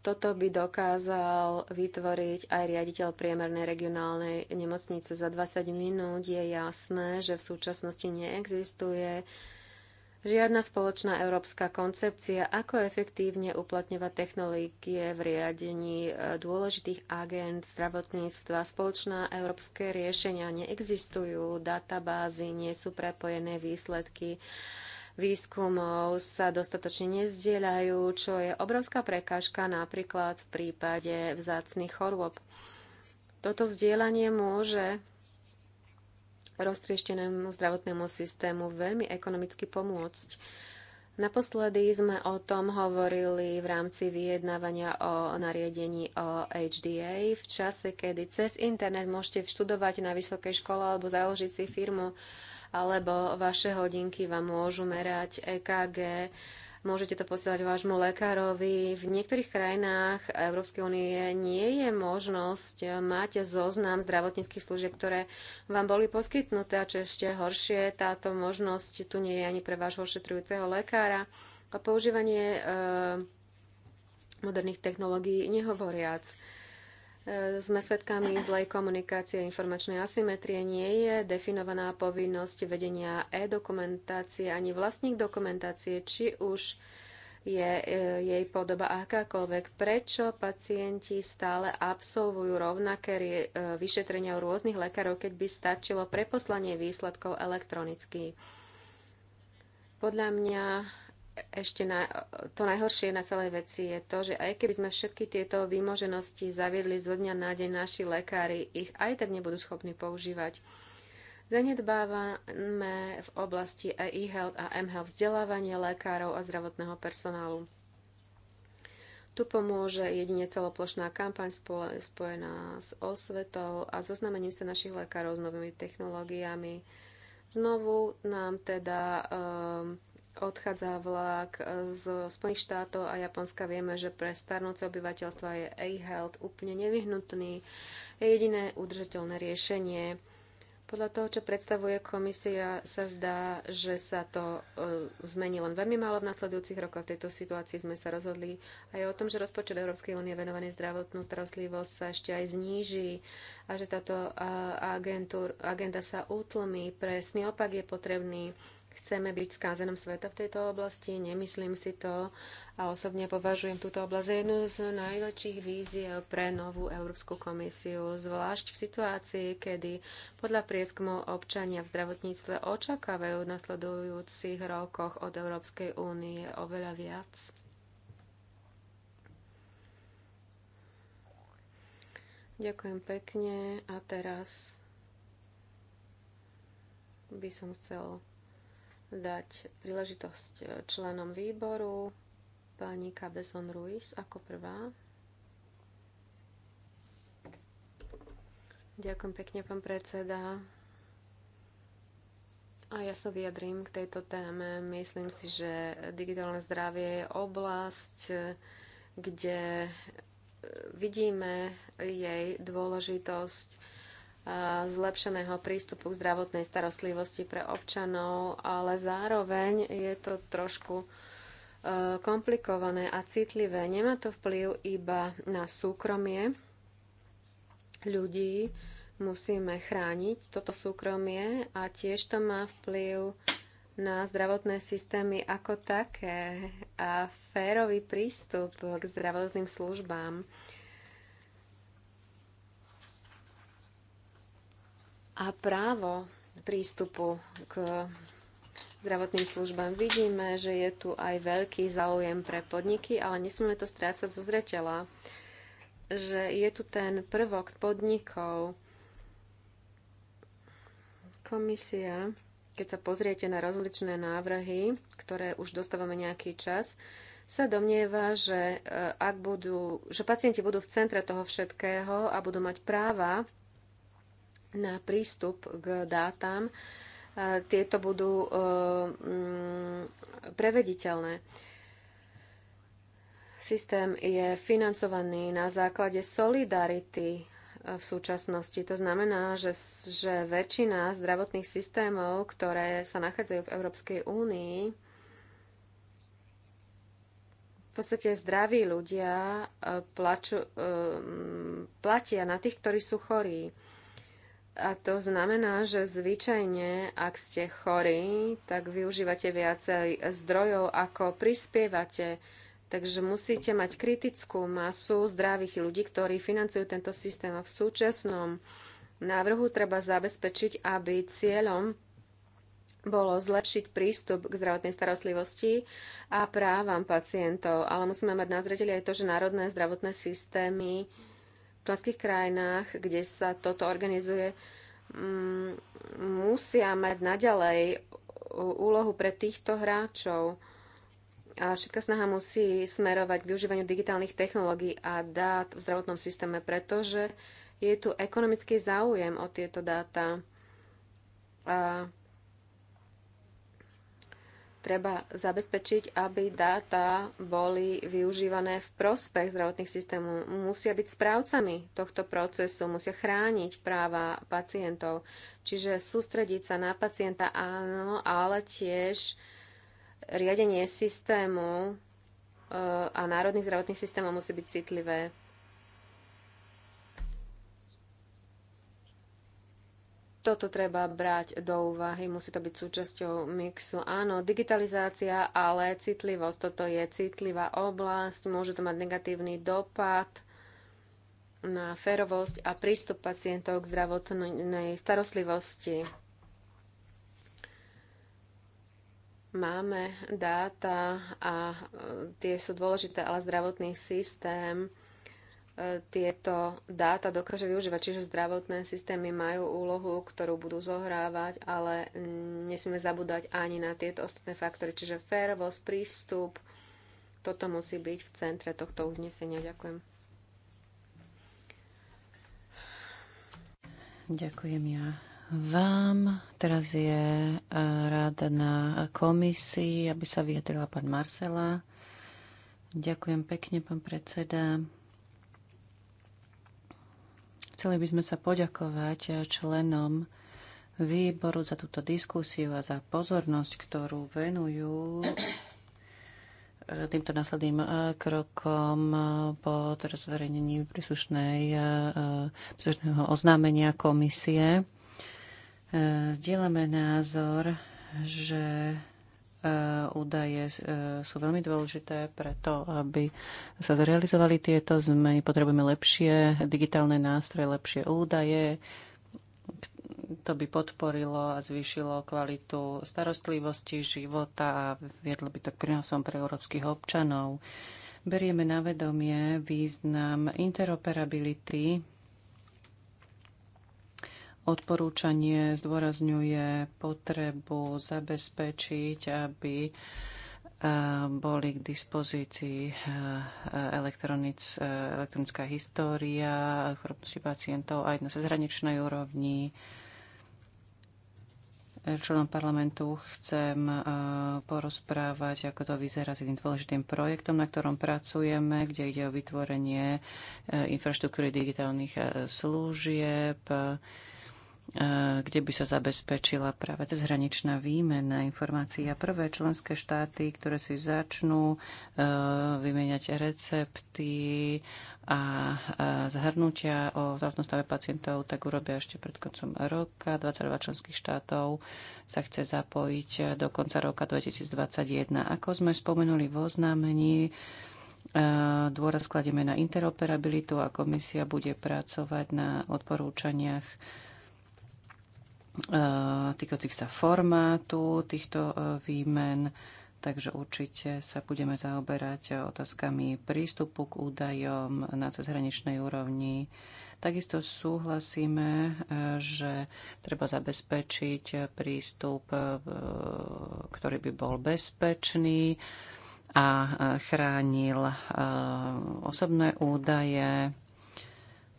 Toto by dokázal vytvoriť aj riaditeľ priemernej regionálnej nemocnice. Za 20 minút je jasné, že v súčasnosti neexistuje žiadna spoločná európska koncepcia, ako efektívne uplatňovať technológie v riadení e, dôležitých agent zdravotníctva. Spoločná európske riešenia neexistujú, databázy nie sú prepojené výsledky výskumov sa dostatočne nezdieľajú, čo je obrovská prekážka napríklad v prípade vzácných chorôb. Toto vzdielanie môže roztrieštenému zdravotnému systému veľmi ekonomicky pomôcť. Naposledy sme o tom hovorili v rámci vyjednávania o nariadení o HDA v čase, kedy cez internet môžete študovať na vysokej škole alebo založiť si firmu alebo vaše hodinky vám môžu merať EKG, môžete to posielať vášmu lekárovi. V niektorých krajinách Európskej únie nie je možnosť mať zoznam zdravotníckých služieb, ktoré vám boli poskytnuté a čo ešte horšie, táto možnosť tu nie je ani pre vášho ošetrujúceho lekára. A používanie e, moderných technológií nehovoriac. E, sme svedkami zlej komunikácie informačnej asymetrie. Nie je definovaná povinnosť vedenia e-dokumentácie ani vlastník dokumentácie, či už je e, jej podoba akákoľvek. Prečo pacienti stále absolvujú rovnaké e, vyšetrenia u rôznych lekárov, keď by stačilo preposlanie výsledkov elektronicky? Podľa mňa ešte na, to najhoršie na celej veci je to, že aj keby sme všetky tieto výmoženosti zaviedli zo dňa na deň, naši lekári ich aj tak nebudú schopní používať. Zanedbávame v oblasti e-health a m-health vzdelávanie lekárov a zdravotného personálu. Tu pomôže jedine celoplošná kampaň spojená s osvetou a zoznamením sa našich lekárov s novými technológiami. Znovu nám teda um, odchádza vlak e, z Spojených štátov a Japonska. Vieme, že pre starnúce obyvateľstva je e-health úplne nevyhnutný. Je jediné udržateľné riešenie. Podľa toho, čo predstavuje komisia, sa zdá, že sa to e, zmení len veľmi málo v nasledujúcich rokoch. V tejto situácii sme sa rozhodli aj o tom, že rozpočet Európskej únie venovaný zdravotnú starostlivosť sa ešte aj zníži a že táto agentúr, agenda sa utlmi. Presný opak je potrebný chceme byť skázenom sveta v tejto oblasti, nemyslím si to a osobne považujem túto oblasť za jednu z najväčších víziev pre novú Európsku komisiu, zvlášť v situácii, kedy podľa prieskumu občania v zdravotníctve očakávajú v nasledujúcich rokoch od Európskej únie oveľa viac. Ďakujem pekne a teraz by som chcel dať príležitosť e, členom výboru pani Cabezon Ruiz ako prvá. Ďakujem pekne, pán predseda. A ja sa vyjadrím k tejto téme. Myslím si, že digitálne zdravie je oblasť, e, kde e, vidíme jej dôležitosť zlepšeného prístupu k zdravotnej starostlivosti pre občanov, ale zároveň je to trošku e, komplikované a citlivé. Nemá to vplyv iba na súkromie ľudí, musíme chrániť toto súkromie a tiež to má vplyv na zdravotné systémy ako také a férový prístup k zdravotným službám. a právo prístupu k zdravotným službám. Vidíme, že je tu aj veľký záujem pre podniky, ale nesmieme to strácať zo zreteľa, že je tu ten prvok podnikov. Komisia, keď sa pozriete na rozličné návrhy, ktoré už dostávame nejaký čas, sa domnieva, že, e, ak budú, že pacienti budú v centre toho všetkého a budú mať práva na prístup k dátam, e, tieto budú e, mm, prevediteľné. Systém je financovaný na základe solidarity e, v súčasnosti. To znamená, že, že väčšina zdravotných systémov, ktoré sa nachádzajú v Európskej únii, v podstate zdraví ľudia plaču, platia na tých, ktorí sú chorí. A to znamená, že zvyčajne, ak ste chorí, tak využívate viacej zdrojov, ako prispievate. Takže musíte mať kritickú masu zdravých ľudí, ktorí financujú tento systém. A v súčasnom návrhu treba zabezpečiť, aby cieľom bolo zlepšiť prístup k zdravotnej starostlivosti a právam pacientov. Ale musíme mať na zreteli aj to, že národné zdravotné systémy členských krajinách, kde sa toto organizuje, mm, musia mať naďalej úlohu pre týchto hráčov. A všetká snaha musí smerovať k využívaniu digitálnych technológií a dát v zdravotnom systéme, pretože je tu ekonomický záujem o tieto dáta. A treba zabezpečiť, aby dáta boli využívané v prospech zdravotných systémov. Musia byť správcami tohto procesu, musia chrániť práva pacientov. Čiže sústrediť sa na pacienta áno, ale tiež riadenie systému e, a národných zdravotných systémov musí byť citlivé. Toto treba brať do úvahy, musí to byť súčasťou mixu. Áno, digitalizácia, ale citlivosť. Toto je citlivá oblasť, môže to mať negatívny dopad na férovosť a prístup pacientov k zdravotnej starostlivosti. Máme dáta a e, tie sú dôležité, ale zdravotný systém tieto dáta dokáže využívať. Čiže zdravotné systémy majú úlohu, ktorú budú zohrávať, ale nesmieme zabúdať ani na tieto ostatné faktory. Čiže férovosť, prístup, toto musí byť v centre tohto uznesenia. Ďakujem. Ďakujem ja vám. Teraz je e, rada na komisii, aby sa vyjadrila pán Marcela. Ďakujem pekne, pán predseda. Chceli by sme sa poďakovať eh, členom výboru za túto diskusiu a za pozornosť, ktorú venujú eh, týmto následným eh, krokom po teraz zverejnení príslušného oznámenia komisie. Zdieľame názor, že Eh, údaje eh, sú veľmi dôležité, preto aby sa zrealizovali tieto zmeny, potrebujeme lepšie digitálne nástroje, lepšie údaje. To by podporilo a zvýšilo kvalitu starostlivosti života a viedlo by to k prínosom pre európskych občanov. Berieme na vedomie význam interoperability Odporúčanie zdôrazňuje potrebu zabezpečiť, aby eh, boli k dispozícii eh, elektronic, eh, elektronická história chorobnosti pacientov aj na cezhraničnej úrovni. Členom parlamentu chcem porozprávať, ako to vyzerá s jedným dôležitým projektom, na ktorom pracujeme, kde ide o vytvorenie infraštruktúry digitálnych služieb E, kde by sa zabezpečila práve cezhraničná výmena informácií. A prvé členské štáty, ktoré si začnú e, vymeniať recepty a zhrnutia o zdravotnom stave pacientov, tak urobia ešte pred koncom roka. 22 členských štátov sa chce zapojiť do konca roka 2021. Ako sme spomenuli v oznámení, e, dôraz kladieme na interoperabilitu a komisia bude pracovať na odporúčaniach Eh, týkajúcich sa formátu týchto eh, výmen, takže určite sa budeme zaoberať otázkami prístupu k údajom na cezhraničnej úrovni. Takisto súhlasíme, eh, že treba zabezpečiť prístup, ktorý by bol bezpečný a chránil osobné údaje,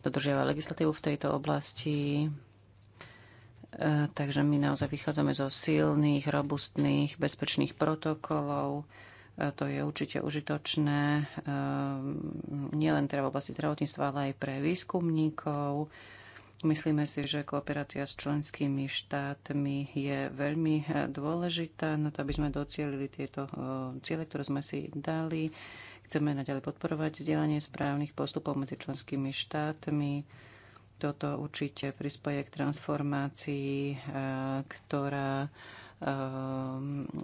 dodržiava legislatívu v tejto oblasti E, takže my naozaj vychádzame zo silných, robustných, bezpečných protokolov. E, to je určite užitočné e, nielen teda v oblasti zdravotníctva, ale aj pre výskumníkov. Myslíme si, že kooperácia s členskými štátmi je veľmi dôležitá na to, aby sme docielili tieto ciele, ktoré sme si dali. Chceme naďalej podporovať vzdielanie správnych postupov medzi členskými štátmi toto určite prispoje k transformácii, e, ktorá e,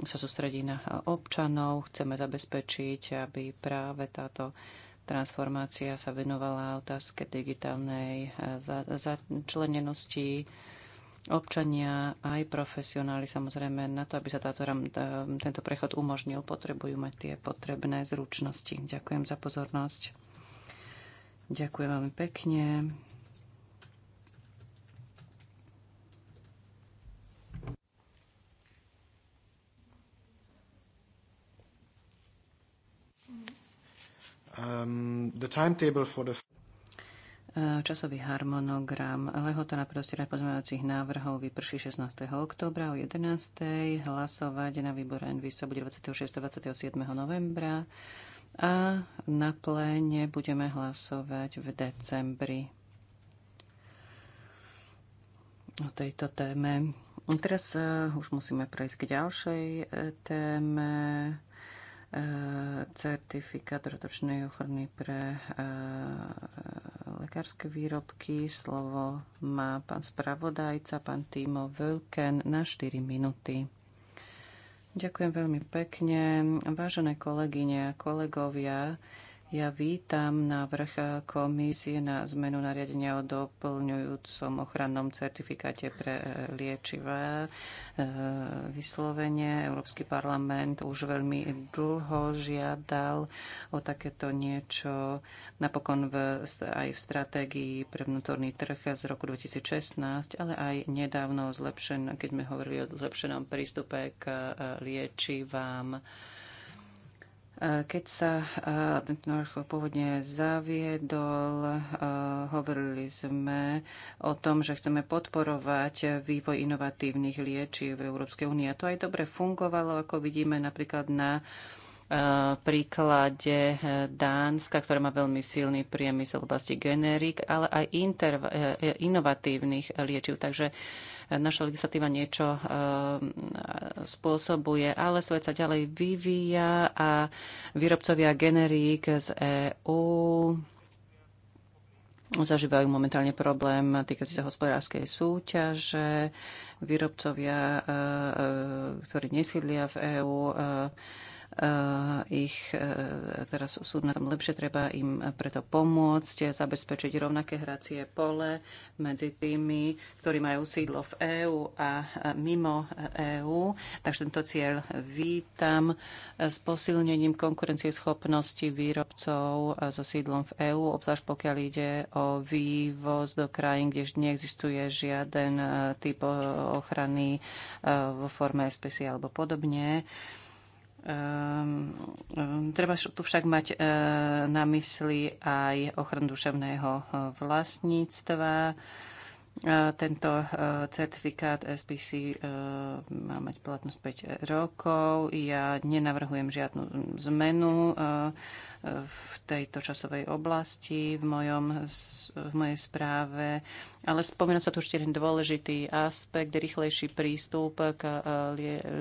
sa sústredí na občanov. Chceme zabezpečiť, aby práve táto transformácia sa venovala otázke digitálnej e, začlenenosti občania aj profesionáli samozrejme na to, aby sa táto, tento prechod umožnil, potrebujú mať tie potrebné zručnosti. Ďakujem za pozornosť. Ďakujem veľmi pekne. Um, the timetable for the uh, časový harmonogram. Lehota na prostierať pozmeňovacích návrhov vyprší 16. oktobra o 11. Hlasovať na výbore sa bude 26. 27. novembra a na pléne budeme hlasovať v decembri o tejto téme. Teraz uh, už musíme prejsť k ďalšej uh, téme certifikát rotočnej ochrany pre eh, lekárske výrobky. Slovo má pán spravodajca, pán Timo Völken na 4 minúty. Ďakujem veľmi pekne. Vážené kolegyne a kolegovia, ja vítam návrh komisie na zmenu nariadenia o doplňujúcom ochrannom certifikáte pre e, liečivé. E, vyslovene Európsky parlament už veľmi dlho žiadal o takéto niečo. Napokon v, aj v stratégii pre vnútorný trh z roku 2016, ale aj nedávno zlepšen, keď sme hovorili o zlepšenom prístupe k e, liečivám keď sa e, tento návrh pôvodne zaviedol, e, hovorili sme o tom, že chceme podporovať vývoj inovatívnych liečiv v Európskej únii. A to aj dobre fungovalo, ako vidíme napríklad na e, príklade Dánska, ktoré má veľmi silný priemysel v oblasti generík, ale aj inovatívnych liečiv. Takže naša legislatíva niečo eh, spôsobuje, ale svet sa ďalej vyvíja a výrobcovia generík z EÚ zažívajú momentálne problém týkajúci sa hospodárskej súťaže. Výrobcovia, eh, eh, ktorí nesídlia v EÚ, Eh, ich eh, teraz sú na tom lepšie, treba im preto pomôcť, zabezpečiť rovnaké hracie pole medzi tými, ktorí majú sídlo v EÚ a mimo EÚ. Takže tento cieľ vítam s posilnením konkurencieschopnosti výrobcov eh, so sídlom v EÚ, obzvlášť pokiaľ ide o vývoz do krajín, kde neexistuje žiaden typ ochrany vo forme SPC alebo podobne. Ehm, ehm, treba tu však mať ehm, na mysli aj ochranu duševného eh, vlastníctva tento e, certifikát SPC e, má mať platnosť 5 rokov. Ja nenavrhujem žiadnu zmenu e, v tejto časovej oblasti v, mojom, v mojej správe, ale spomína sa tu ešte jeden dôležitý aspekt, rýchlejší prístup k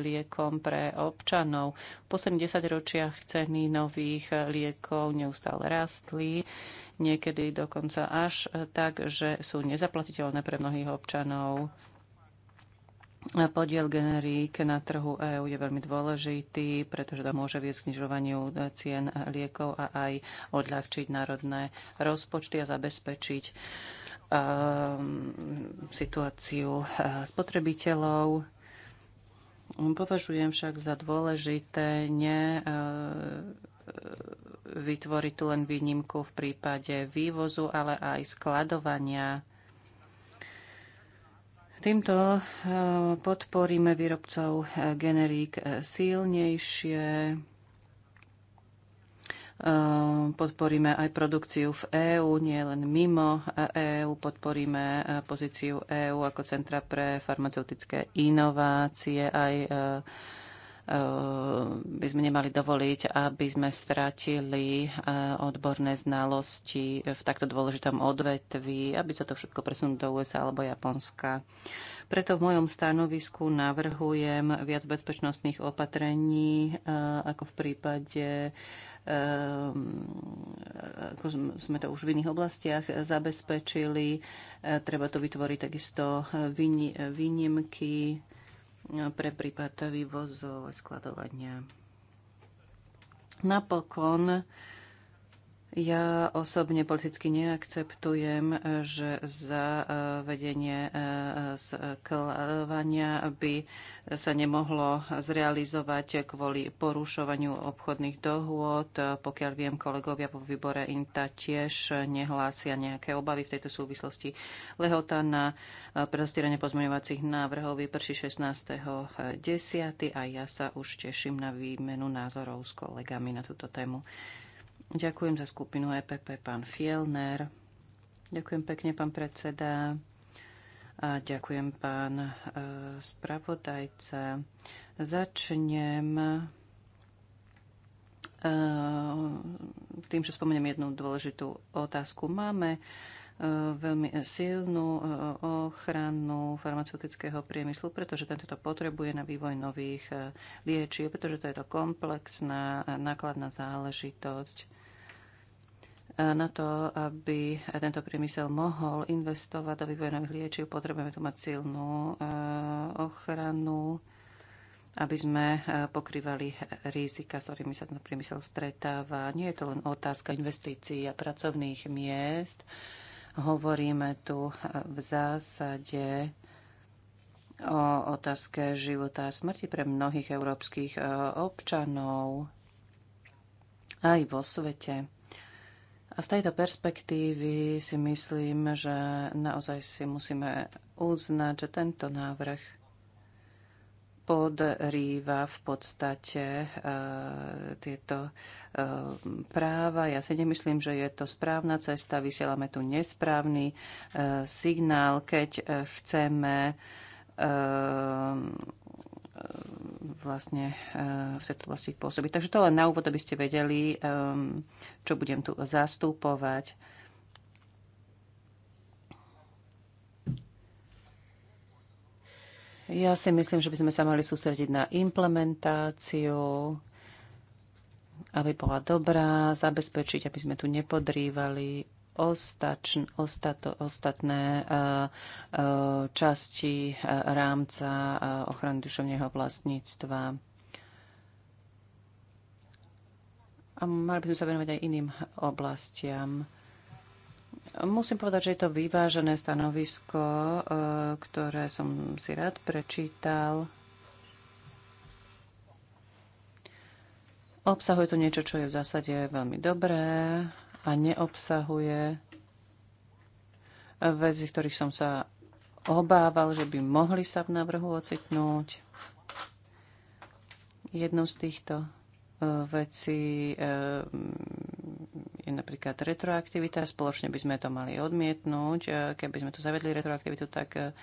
liekom pre občanov. V posledných desaťročiach ročiach ceny nových liekov neustále rastli niekedy dokonca až eh, tak, že sú nezaplatiteľné pre mnohých občanov. Podiel generík na trhu EÚ je veľmi dôležitý, pretože to môže viesť k znižovaniu eh, cien liekov a aj odľahčiť národné rozpočty a zabezpečiť um, situáciu eh, spotrebiteľov. Považujem však za dôležité ne, uh, vytvoriť tu len výnimku v prípade vývozu, ale aj skladovania. Týmto eh, podporíme výrobcov eh, generík eh, silnejšie. Podporíme aj produkciu v EÚ, nie len mimo EÚ. E podporíme pozíciu EÚ ako Centra pre farmaceutické inovácie, aj Eh, by sme nemali dovoliť, aby sme stratili eh, odborné znalosti v takto dôležitom odvetvi, aby sa to všetko presunulo do USA alebo Japonska. Preto v mojom stanovisku navrhujem viac bezpečnostných opatrení, eh, ako v prípade ako sme to už v iných oblastiach zabezpečili. Treba tu vytvoriť takisto výnimky, pre prípad vývozu skladovania. Napokon ja osobne politicky neakceptujem, že za e, vedenie e, sklávania by sa nemohlo zrealizovať kvôli porušovaniu obchodných dohôd. Pokiaľ viem, kolegovia vo výbore INTA tiež nehlásia nejaké obavy v tejto súvislosti. Lehota na e, prestieranie pozmeňovacích návrhov vyprší 16.10. a ja sa už teším na výmenu názorov s kolegami na túto tému. Ďakujem za skupinu EPP, pán Fielner. Ďakujem pekne, pán predseda. A ďakujem, pán e, spravodajca. Začnem e, tým, že spomeniem jednu dôležitú otázku. Máme e, veľmi silnú ochranu farmaceutického priemyslu, pretože tento to potrebuje na vývoj nových liečiv, pretože to je to komplexná, nákladná záležitosť. Na to, aby tento priemysel mohol investovať do vývoja nových liečiv, potrebujeme tu mať silnú eh, ochranu, aby sme eh, pokrývali rizika, s ktorými sa ten priemysel stretáva. Nie je to len otázka investícií a pracovných miest. Hovoríme tu eh, v zásade o otázke života a smrti pre mnohých európskych občanov aj vo svete. A z tejto perspektívy si myslím, že naozaj si musíme uznať, že tento návrh podrýva v podstate e, tieto e, práva. Ja si nemyslím, že je to správna cesta. Vysielame tu nesprávny e, signál, keď chceme E, vlastne e, v tejto oblasti pôsobiť. Takže to len na úvod, aby ste vedeli, e, čo budem tu zastupovať. Ja si myslím, že by sme sa mali sústrediť na implementáciu, aby bola dobrá, zabezpečiť, aby sme tu nepodrývali ostačn, ostato, ostatné e, e, časti e, rámca ochrany duševného vlastníctva. A mali by sme sa venovať aj iným oblastiam. Musím povedať, že je to vyvážené stanovisko, ktoré som si rád prečítal. Obsahuje to niečo, čo je v zásade veľmi dobré a neobsahuje veci, ktorých som sa obával, že by mohli sa v návrhu ocitnúť. Jednou z týchto e, vecí e, je napríklad retroaktivita. Spoločne by sme to mali odmietnúť. E, keby sme tu zavedli retroaktivitu, tak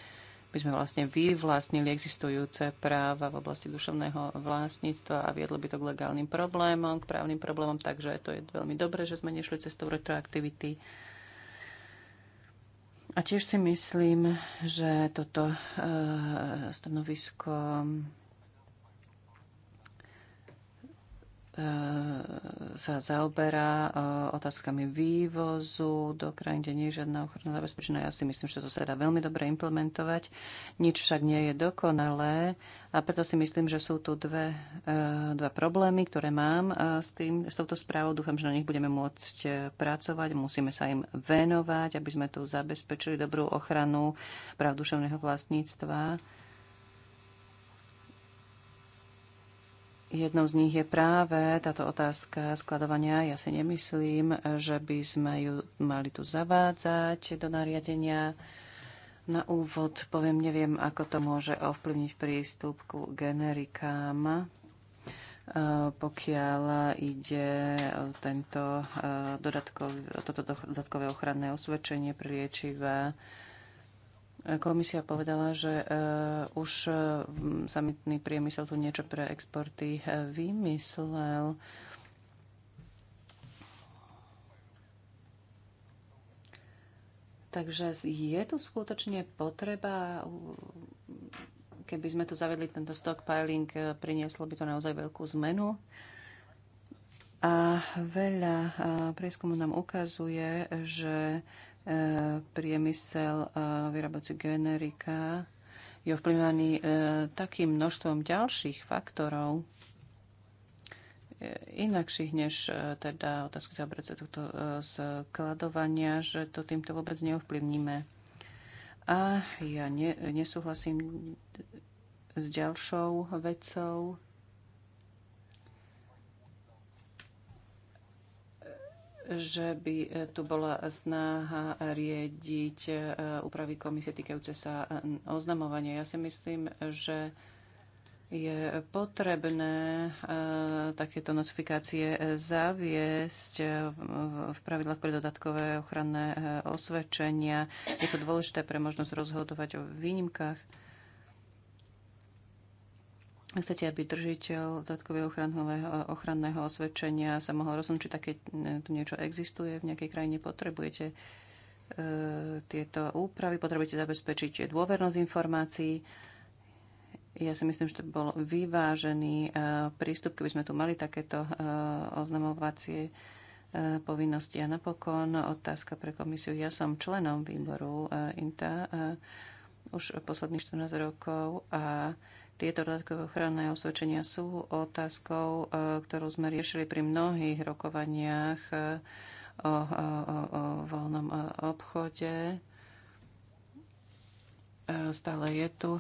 by sme vlastne vyvlastnili existujúce práva v oblasti duševného vlastníctva a viedlo by to k legálnym problémom, k právnym problémom, takže to je veľmi dobré, že sme nešli cestou retroaktivity. A tiež si myslím, že toto eh, stanovisko E, sa zaoberá e, otázkami vývozu do krajín, kde nie je žiadna ochrana zabezpečená. Ja si myslím, že to sa dá veľmi dobre implementovať. Nič však nie je dokonalé a preto si myslím, že sú tu dve, e, dva problémy, ktoré mám s, tým, s touto správou. Dúfam, že na nich budeme môcť pracovať. Musíme sa im venovať, aby sme tu zabezpečili dobrú ochranu práv duševného vlastníctva Jednou z nich je práve táto otázka skladovania. Ja si nemyslím, že by sme ju mali tu zavádzať do nariadenia. Na úvod poviem, neviem, ako to môže ovplyvniť prístup ku generikám, e, pokiaľ ide o tento e, dodatkov, toto dodatkové ochranné osvedčenie pri liečiva Komisia povedala, že eh, už eh, samitný priemysel tu niečo pre exporty eh, vymyslel. Takže je tu skutočne potreba, keby sme tu zavedli tento stockpiling, prinieslo by to naozaj veľkú zmenu. A veľa prieskumu nám ukazuje, že E, priemysel vyrábajúci generika je ovplyvňovaný e, takým množstvom ďalších faktorov, e, inakších než teda otázky zabrať sa tohto skladovania, že to týmto vôbec neovplyvníme. A ja ne, nesúhlasím s ďalšou vecou, že by e, tu bola snaha riediť e, úpravy komisie týkajúce sa e, oznamovania. Ja si myslím, že je potrebné takéto notifikácie zaviesť v pravidlách pre dodatkové ochranné osvedčenia. Je to dôležité pre možnosť rozhodovať o výnimkách chcete, aby držiteľ dodatkového ochranného, ochranného osvedčenia sa mohol rozhodnúť, či také tu niečo existuje v nejakej krajine, potrebujete e, tieto úpravy, potrebujete zabezpečiť dôvernosť informácií. Ja si myslím, že to bol vyvážený e, prístup, keby sme tu mali takéto e, oznamovacie e, povinnosti. A napokon otázka pre komisiu. Ja som členom výboru e, INTA e, už posledných 14 rokov a tieto dodatkové ochranné osvedčenia sú otázkou, e, ktorú sme riešili pri mnohých rokovaniach e, o, o, o, o voľnom e, obchode. Stále je tu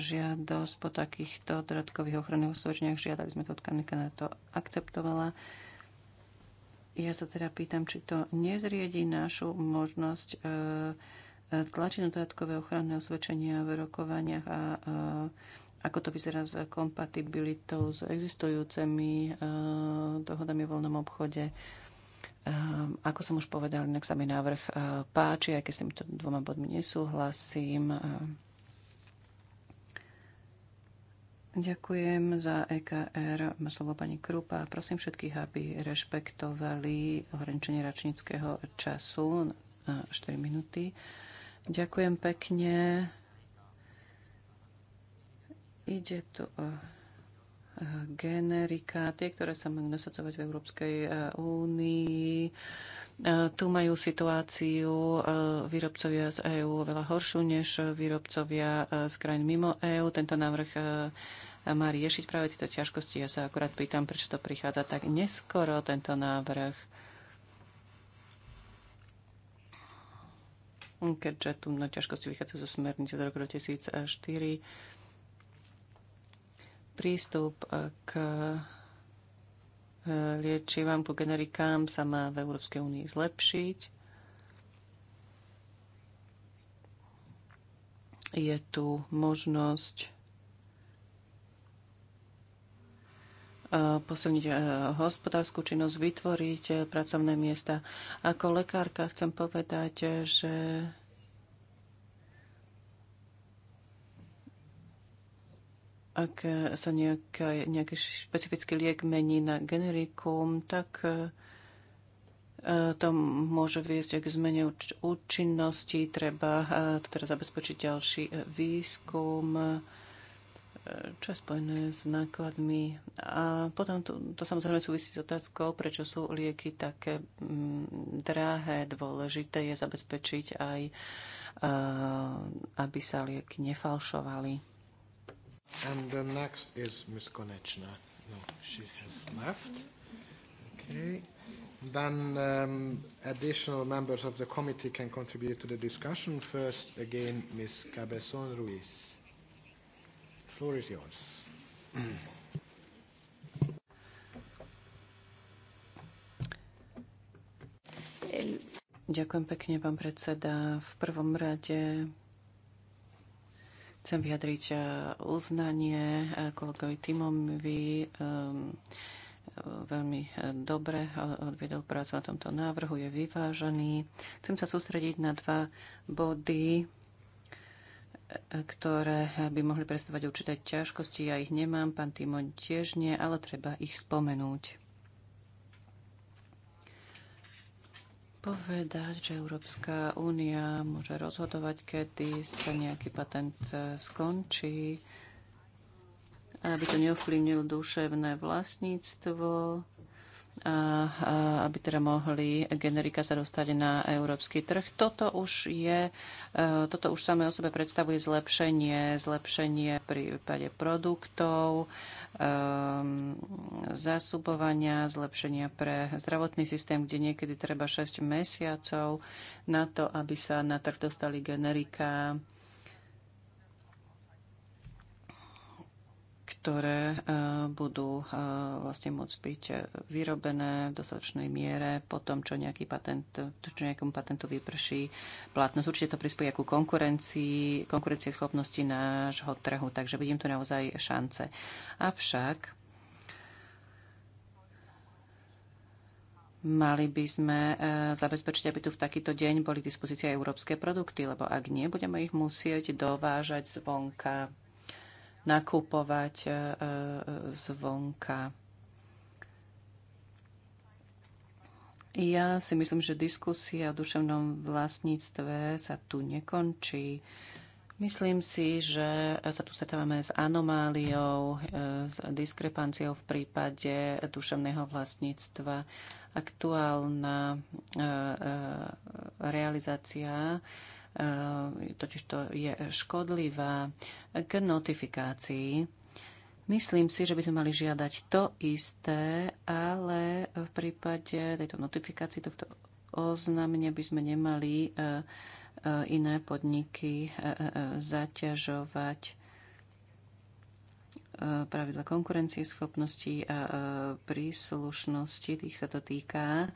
žiadosť po takýchto dodatkových ochranných osvedčeniach. Žiadali sme to od Kanada, to akceptovala. Ja sa teda pýtam, či to nezriedi našu možnosť e, tlačí na dodatkové ochranné osvedčenia v rokovaniach a ako to vyzerá s kompatibilitou s existujúcimi e, dohodami o voľnom obchode. E, ako som už povedal, inak sa mi návrh e, páči, aj keď s týmito dvoma bodmi nesúhlasím. Ďakujem za EKR, slovo pani Krupa. Prosím všetkých, aby rešpektovali ohraničenie račníckého času na 4 minúty. Ďakujem pekne. Ide tu o eh, generika, tie, ktoré sa majú nasadzovať v Európskej eh, únii. Eh, tu majú situáciu výrobcovia z EÚ veľa horšiu než výrobcovia z krajín mimo EÚ. Tento návrh má riešiť práve tieto ťažkosti. Ja sa akurát pýtam, prečo to prichádza tak neskoro, tento návrh keďže tu na ťažkosti vychádzajú zo smernice do roku 2004. Prístup e, k e, liečivám, ku generikám sa má v Európskej únii zlepšiť. Je tu možnosť E, posilniť e, hospodárskú činnosť, vytvoriť e, pracovné miesta. Ako lekárka chcem povedať, že ak sa nejaká, nejaký špecifický liek mení na generikum, tak to môže viesť k zmene účinnosti, treba teda zabezpečiť ďalší výskum čo je spojené s nákladmi. A potom to, to samozrejme súvisí s otázkou, prečo sú lieky také mm, drahé. Dôležité je zabezpečiť aj, aby sa lieky nefalšovali. And the next is Ms. Konečná. No, she has left. Okay. Then um, additional members of the committee can contribute to the discussion. First, again, Ms. Cabezon Ruiz floor is yours. Ďakujem pekne, pán predseda. V prvom rade chcem vyjadriť eh, uznanie eh, kolegovi Timovi. Ehm, eh, veľmi dobre odvedol prácu na tomto návrhu, je vyvážený. Chcem sa sústrediť na dva body ktoré by mohli predstavovať určité ťažkosti. Ja ich nemám, pán Timon tiež nie, ale treba ich spomenúť. Povedať, že Európska únia môže rozhodovať, kedy sa nejaký patent e, skončí, aby to neovplyvnilo duševné vlastníctvo, a aby teda mohli generika sa dostať na európsky trh. Toto už je, e, toto už samé o sebe predstavuje zlepšenie, zlepšenie v prípade produktov, e, zásubovania, zlepšenia pre zdravotný systém, kde niekedy treba 6 mesiacov na to, aby sa na trh dostali generika ktoré e, budú e, vlastne môcť byť e, vyrobené v dostatočnej miere po tom, čo, nejaký patent, čo nejakému patentu vyprší platnosť. Určite to prispieje ku konkurencii, konkurencie schopnosti nášho trhu, takže vidím tu naozaj šance. Avšak Mali by sme zabezpečiť, aby tu v takýto deň boli k dispozícii európske produkty, lebo ak nie, budeme ich musieť dovážať zvonka nakupovať e, e, zvonka. Ja si myslím, že diskusia o duševnom vlastníctve sa tu nekončí. Myslím si, že sa tu stretávame s anomáliou, e, s diskrepanciou v prípade duševného vlastníctva. Aktuálna realizácia Eh, totiž to je škodlivá k notifikácii. Myslím si, že by sme mali žiadať to isté, ale v prípade tejto notifikácii, tohto oznámenia by sme nemali eh, eh, iné podniky zaťažovať pravidla konkurencie, schopnosti a príslušnosti, tých sa to týka.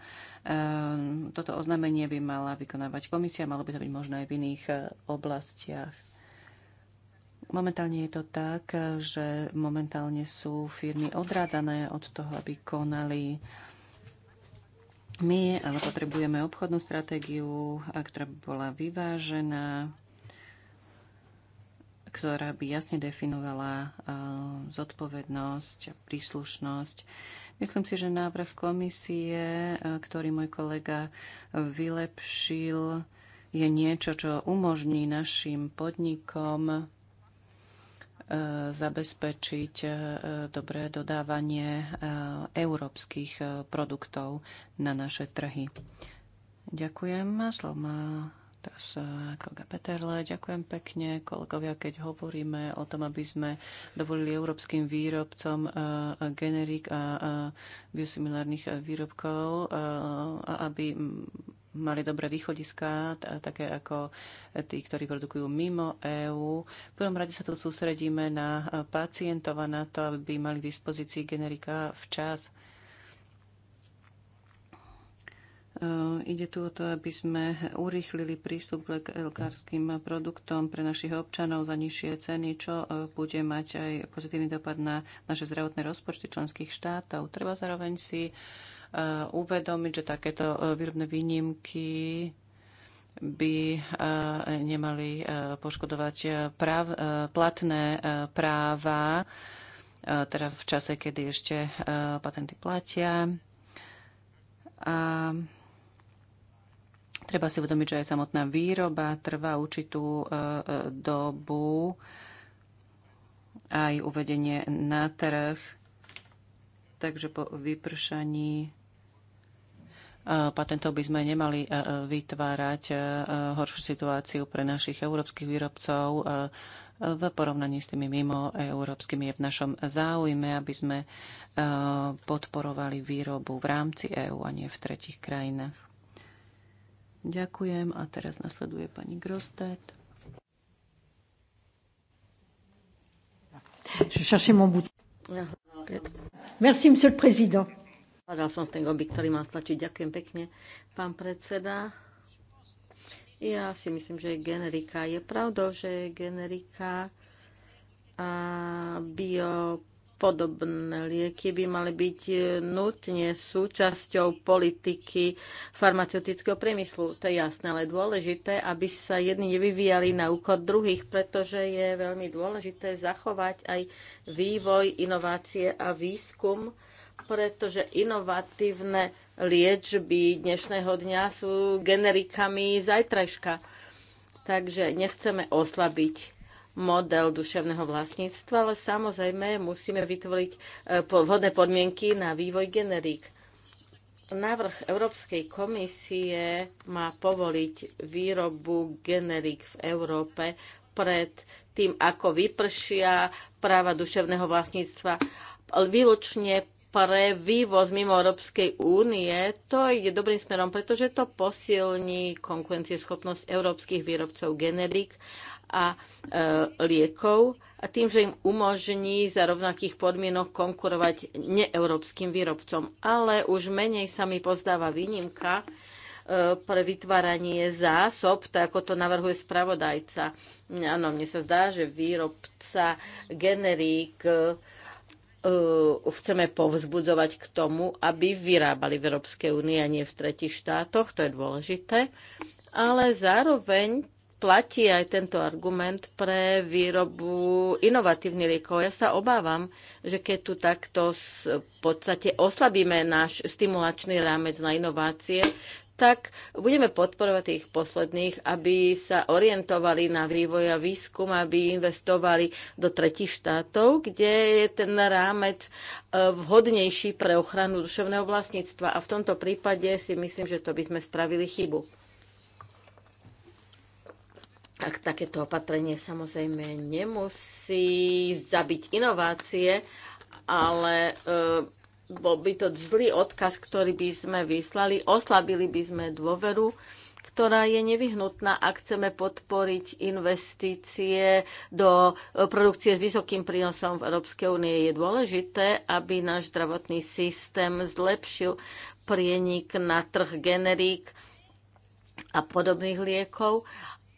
Toto oznámenie by mala vykonávať komisia, malo by to byť možno aj v iných e, oblastiach. Momentálne je to tak, že momentálne sú firmy odrádzané od toho, aby konali my ale potrebujeme obchodnú stratégiu, ktorá by bola vyvážená, ktorá by jasne definovala eh, zodpovednosť, a príslušnosť. Myslím si, že návrh komisie, eh, ktorý môj kolega vylepšil, je niečo, čo umožní našim podnikom eh, zabezpečiť dobré dodávanie európskych produktov na naše trhy. Ďakujem. Slovo má Teraz kolega Peterle, ďakujem pekne. Kolegovia, keď hovoríme o tom, aby sme dovolili európskym výrobcom eh, generík a biosimilárnych eh, výrobkov, eh, a aby mali dobré východiska také ako tí, ktorí produkujú mimo EÚ. V prvom rade sa tu sústredíme na pacientov a na to, aby mali k dispozícii generika včas. Eh, ide tu o to, aby sme urýchlili prístup k lekárským produktom pre našich občanov za nižšie ceny, čo eh, bude mať aj pozitívny dopad na naše zdravotné rozpočty členských štátov. Treba zároveň si eh, uvedomiť, že takéto výrobné výnimky by nemali poškodovať práv, platné práva, teda v čase, kedy ešte patenty platia. A Treba si uvedomiť, že aj samotná výroba trvá určitú e, e, dobu, aj uvedenie na trh. Takže po vypršaní e, patentov by sme nemali vytvárať horšiu situáciu pre našich európskych výrobcov v porovnaní s tými mimo európskymi. Je v našom záujme, aby sme podporovali výrobu v rámci EÚ a nie v tretich krajinách. Ďakujem a teraz nasleduje pani Grostet. Je cherchais mon bout. Merci, monsieur le président. Hľadal som z ten gombík, ktorý mám stlačiť. Ďakujem pekne, pán predseda. Ja si myslím, že generika je pravdou, že generika a bio Podobné lieky by mali byť e, nutne súčasťou politiky farmaceutického priemyslu. To je jasné, ale dôležité, aby sa jedni nevyvíjali na úkor druhých, pretože je veľmi dôležité zachovať aj vývoj, inovácie a výskum, pretože inovatívne liečby dnešného dňa sú generikami zajtrajška. Takže nechceme oslabiť model duševného vlastníctva, ale samozrejme musíme vytvoriť e, vhodné podmienky na vývoj generík. Návrh Európskej komisie má povoliť výrobu generík v Európe pred tým, ako vypršia práva duševného vlastníctva výlučne pre vývoz mimo Európskej únie, to ide dobrým smerom, pretože to posilní konkurencieschopnosť európskych výrobcov generík a e, liekov a tým, že im umožní za rovnakých podmienok konkurovať neeurópskym výrobcom. Ale už menej sa mi pozdáva výnimka e, pre vytváranie zásob, tak ako to navrhuje spravodajca. Áno, mne sa zdá, že výrobca generík e, e chceme povzbudzovať k tomu, aby vyrábali v Európskej únii a nie v tretich štátoch, to je dôležité, ale zároveň platí aj tento argument pre výrobu inovatívnych liekov. Ja sa obávam, že keď tu takto v podstate oslabíme náš stimulačný rámec na inovácie, tak budeme podporovať tých posledných, aby sa orientovali na vývoj a výskum, aby investovali do tretich štátov, kde je ten rámec e, vhodnejší pre ochranu duševného vlastníctva. A v tomto prípade si myslím, že to by sme spravili chybu ak takéto opatrenie samozrejme nemusí zabiť inovácie, ale e, bol by to zlý odkaz, ktorý by sme vyslali, oslabili by sme dôveru, ktorá je nevyhnutná, ak chceme podporiť investície do e, produkcie s vysokým prínosom v Európskej únie. Je dôležité, aby náš zdravotný systém zlepšil prienik na trh generík a podobných liekov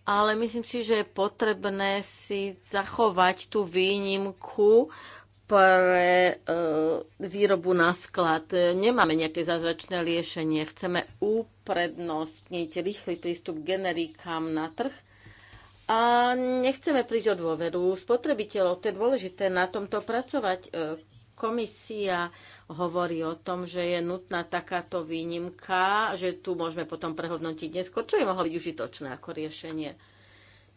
ale myslím si, že je potrebné si zachovať tú výnimku pre e, výrobu na sklad. Nemáme nejaké zázračné riešenie. Chceme uprednostniť rýchly prístup k generíkám na trh a nechceme prísť o dôveru spotrebiteľov. To je dôležité na tomto pracovať. E, Komisia hovorí o tom, že je nutná takáto výnimka, že tu môžeme potom prehodnotiť neskôr, čo je mohlo byť užitočné ako riešenie.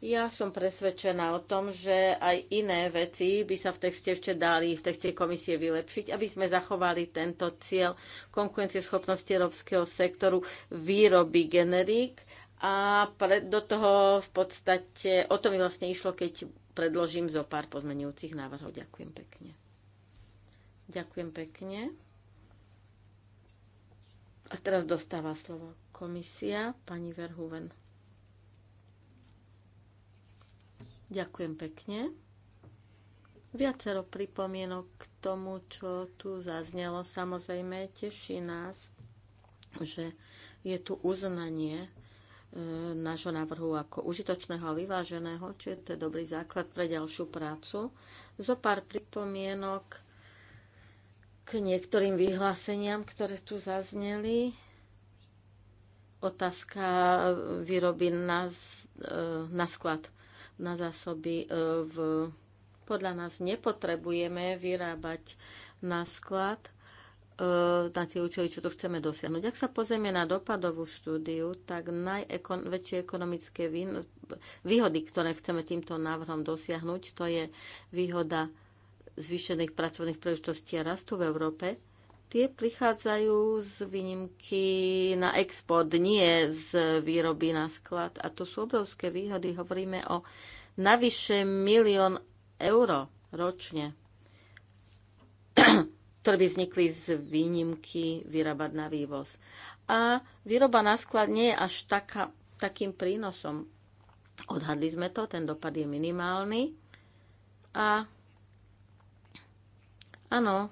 Ja som presvedčená o tom, že aj iné veci by sa v texte ešte dali v texte komisie vylepšiť, aby sme zachovali tento cieľ konkurencieschopnosti európskeho sektoru výroby generík a pre, do toho v podstate o to mi vlastne išlo, keď predložím zo pár pozmenujúcich návrhov. Ďakujem pekne. Ďakujem pekne. A teraz dostáva slovo komisia, pani Verhuven. Ďakujem pekne. Viacero pripomienok k tomu, čo tu zaznelo. Samozrejme, teší nás, že je tu uznanie e, nášho návrhu ako užitočného a vyváženého, čiže to je dobrý základ pre ďalšiu prácu. Zo pár pripomienok niektorým vyhláseniam, ktoré tu zazneli. Otázka výroby na, e, na sklad, na zásoby. E, v, podľa nás nepotrebujeme vyrábať na sklad e, na tie účely, čo to chceme dosiahnuť. Ak sa pozrieme na dopadovú štúdiu, tak najväčšie ekonomické výhody, ktoré chceme týmto návrhom dosiahnuť, to je výhoda zvýšených pracovných príležitostí a rastu v Európe, tie prichádzajú z výnimky na export, nie z výroby na sklad. A to sú obrovské výhody. Hovoríme o navyše milión eur ročne, ktoré by vznikli z výnimky vyrábať na vývoz. A výroba na sklad nie je až taká, takým prínosom. Odhadli sme to, ten dopad je minimálny a Áno,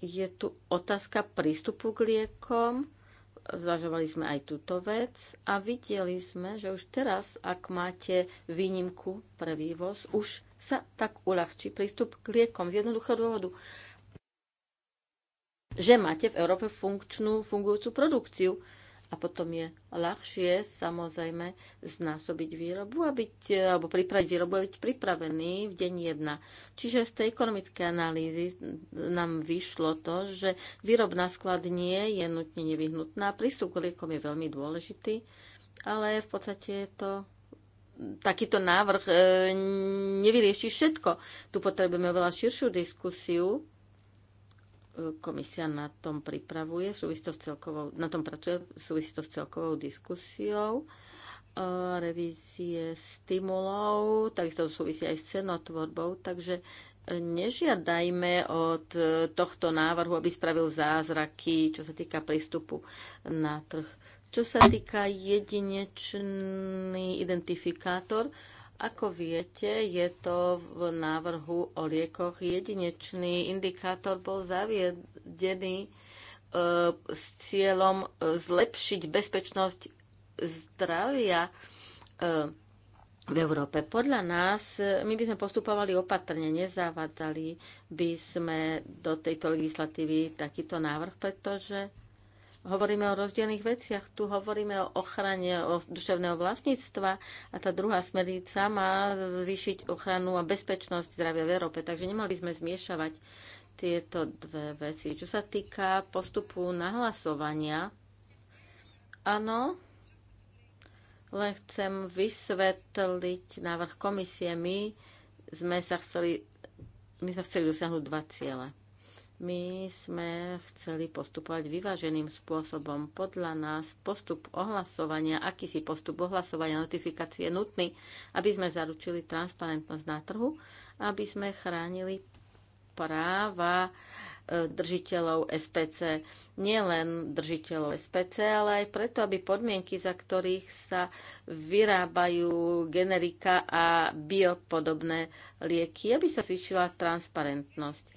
je tu otázka prístupu k liekom. Zvažovali sme aj túto vec a videli sme, že už teraz, ak máte výnimku pre vývoz, už sa tak uľahčí prístup k liekom z jednoduchého dôvodu že máte v Európe funkčnú, fungujúcu produkciu a potom je ľahšie samozrejme znásobiť výrobu a byť, alebo pripraviť výrobu a byť pripravený v deň 1. Čiže z tej ekonomickej analýzy nám vyšlo to, že výrobná sklad nie je nutne nevyhnutná, prístup k liekom je veľmi dôležitý, ale v podstate je to takýto návrh e, nevyrieši všetko. Tu potrebujeme veľa širšiu diskusiu komisia na tom pripravuje, s celkovou, na tom pracuje to s celkovou diskusiou eh, revízie stimulov, takisto súvisí aj s cenotvorbou, takže eh, nežiadajme od eh, tohto návrhu, aby spravil zázraky, čo sa týka prístupu na trh. Čo sa týka jedinečný identifikátor, ako viete, je to v návrhu o liekoch jedinečný indikátor bol zaviedený e, s cieľom e, zlepšiť bezpečnosť zdravia e, v Európe. Podľa nás, e, my by sme postupovali opatrne, nezavádzali by sme do tejto legislatívy takýto návrh, pretože hovoríme o rozdielných veciach. Tu hovoríme o ochrane o duševného vlastníctva a tá druhá smernica má zvýšiť ochranu a bezpečnosť zdravia v Európe. Takže nemali by sme zmiešavať tieto dve veci. Čo sa týka postupu nahlasovania, áno, len chcem vysvetliť návrh komisie. My sme sa chceli, my sme chceli dosiahnuť dva ciele my sme chceli postupovať vyváženým spôsobom. Podľa nás postup ohlasovania, akýsi postup ohlasovania notifikácie je nutný, aby sme zaručili transparentnosť na trhu, aby sme chránili práva e, držiteľov SPC. Nielen držiteľov SPC, ale aj preto, aby podmienky, za ktorých sa vyrábajú generika a biopodobné lieky, aby sa zvýšila transparentnosť.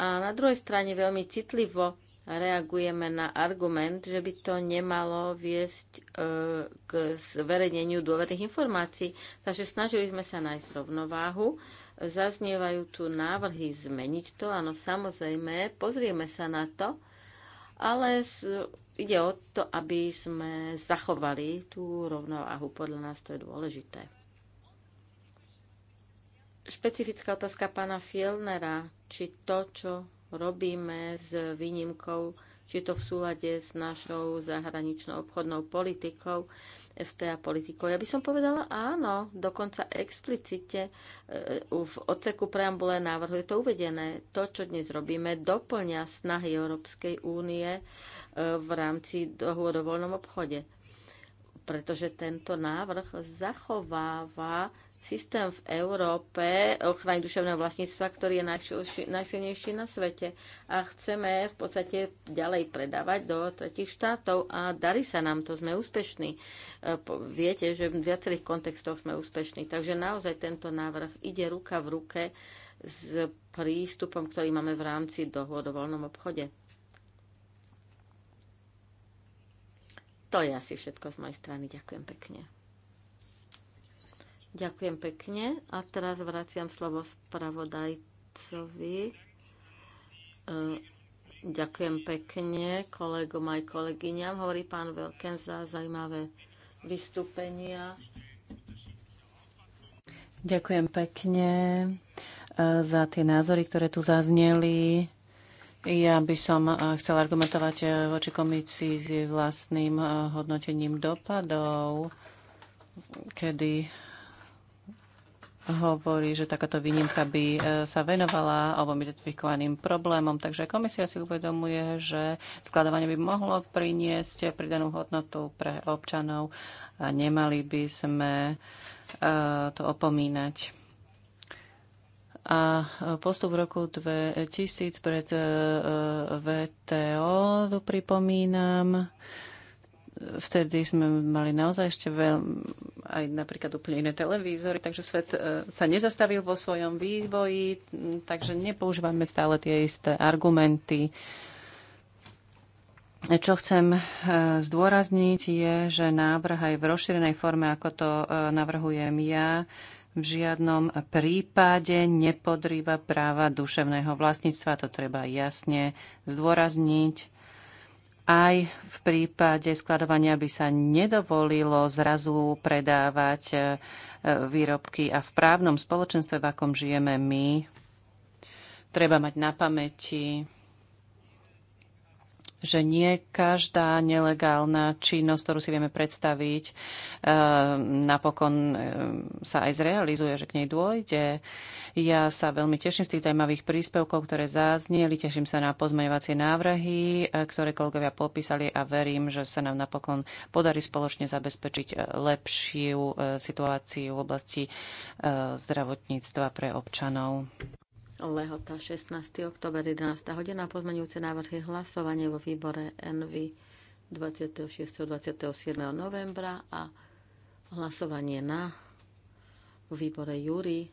A na druhej strane veľmi citlivo reagujeme na argument, že by to nemalo viesť e, k zverejneniu dôverných informácií. Takže snažili sme sa nájsť rovnováhu. Zaznievajú tu návrhy zmeniť to, áno, samozrejme, pozrieme sa na to, ale ide o to, aby sme zachovali tú rovnováhu. Podľa nás to je dôležité. Špecifická otázka pána Fielnera, či to, čo robíme s výnimkou, či to v súlade s našou zahraničnou obchodnou politikou, FTA politikou. Ja by som povedala áno, dokonca explicite e, v odseku preambule návrhu je to uvedené. To, čo dnes robíme, doplňa snahy Európskej únie e, v rámci dohôd o voľnom obchode. Pretože tento návrh zachováva systém v Európe ochrany duševného vlastníctva, ktorý je najsilnejší na svete. A chceme v podstate ďalej predávať do tretich štátov a darí sa nám to, sme úspešní. E, viete, že v viacerých kontextoch sme úspešní. Takže naozaj tento návrh ide ruka v ruke s prístupom, ktorý máme v rámci dohod o voľnom obchode. To je asi všetko z mojej strany. Ďakujem pekne. Ďakujem pekne. A teraz vraciam slovo spravodajcovi. E, ďakujem pekne kolegom aj kolegyňam. Hovorí pán Velken za zaujímavé vystúpenia. Ďakujem pekne e, za tie názory, ktoré tu zazneli. Ja by som e, chcela argumentovať voči komícii s jej vlastným hodnotením dopadov, kedy hovorí, že takáto výnimka by e, sa venovala alebo identifikovaným problémom. Takže komisia si uvedomuje, že skladovanie by mohlo priniesť pridanú hodnotu pre občanov a nemali by sme e, to opomínať. A postup v roku 2000 pred e, VTO, tu pripomínam, vtedy sme mali naozaj ešte veľ, aj napríklad úplne iné televízory, takže svet e, sa nezastavil vo svojom vývoji, takže nepoužívame stále tie isté argumenty. Čo chcem e, zdôrazniť je, že návrh aj v rozšírenej forme, ako to e, navrhujem ja, v žiadnom prípade nepodrýva práva duševného vlastníctva. To treba jasne zdôrazniť aj v prípade skladovania by sa nedovolilo zrazu predávať e, výrobky a v právnom spoločenstve, v akom žijeme my, treba mať na pamäti, že nie každá nelegálna činnosť, ktorú si vieme predstaviť, eh, napokon eh, sa aj zrealizuje, že k nej dôjde. Ja sa veľmi teším z tých zaujímavých príspevkov, ktoré zázneli, Teším sa na pozmeňovacie návrhy, eh, ktoré kolegovia popísali a verím, že sa nám napokon podarí spoločne zabezpečiť lepšiu situáciu v oblasti zdravotníctva pre občanov. Lehota 16. oktober 11. hodina. Pozmenujúce návrhy hlasovanie vo výbore NV 26. 27. novembra a hlasovanie na výbore Júri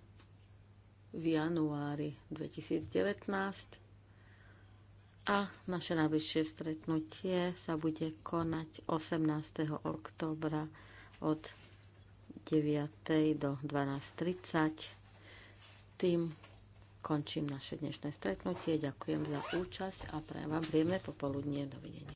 v januári 2019 a naše najbližšie stretnutie sa bude konať 18. oktobra od 9. do 12.30. Tým Končím naše dnešné stretnutie. Ďakujem za účasť a prajem vám príjemné popoludnie. Dovidenia.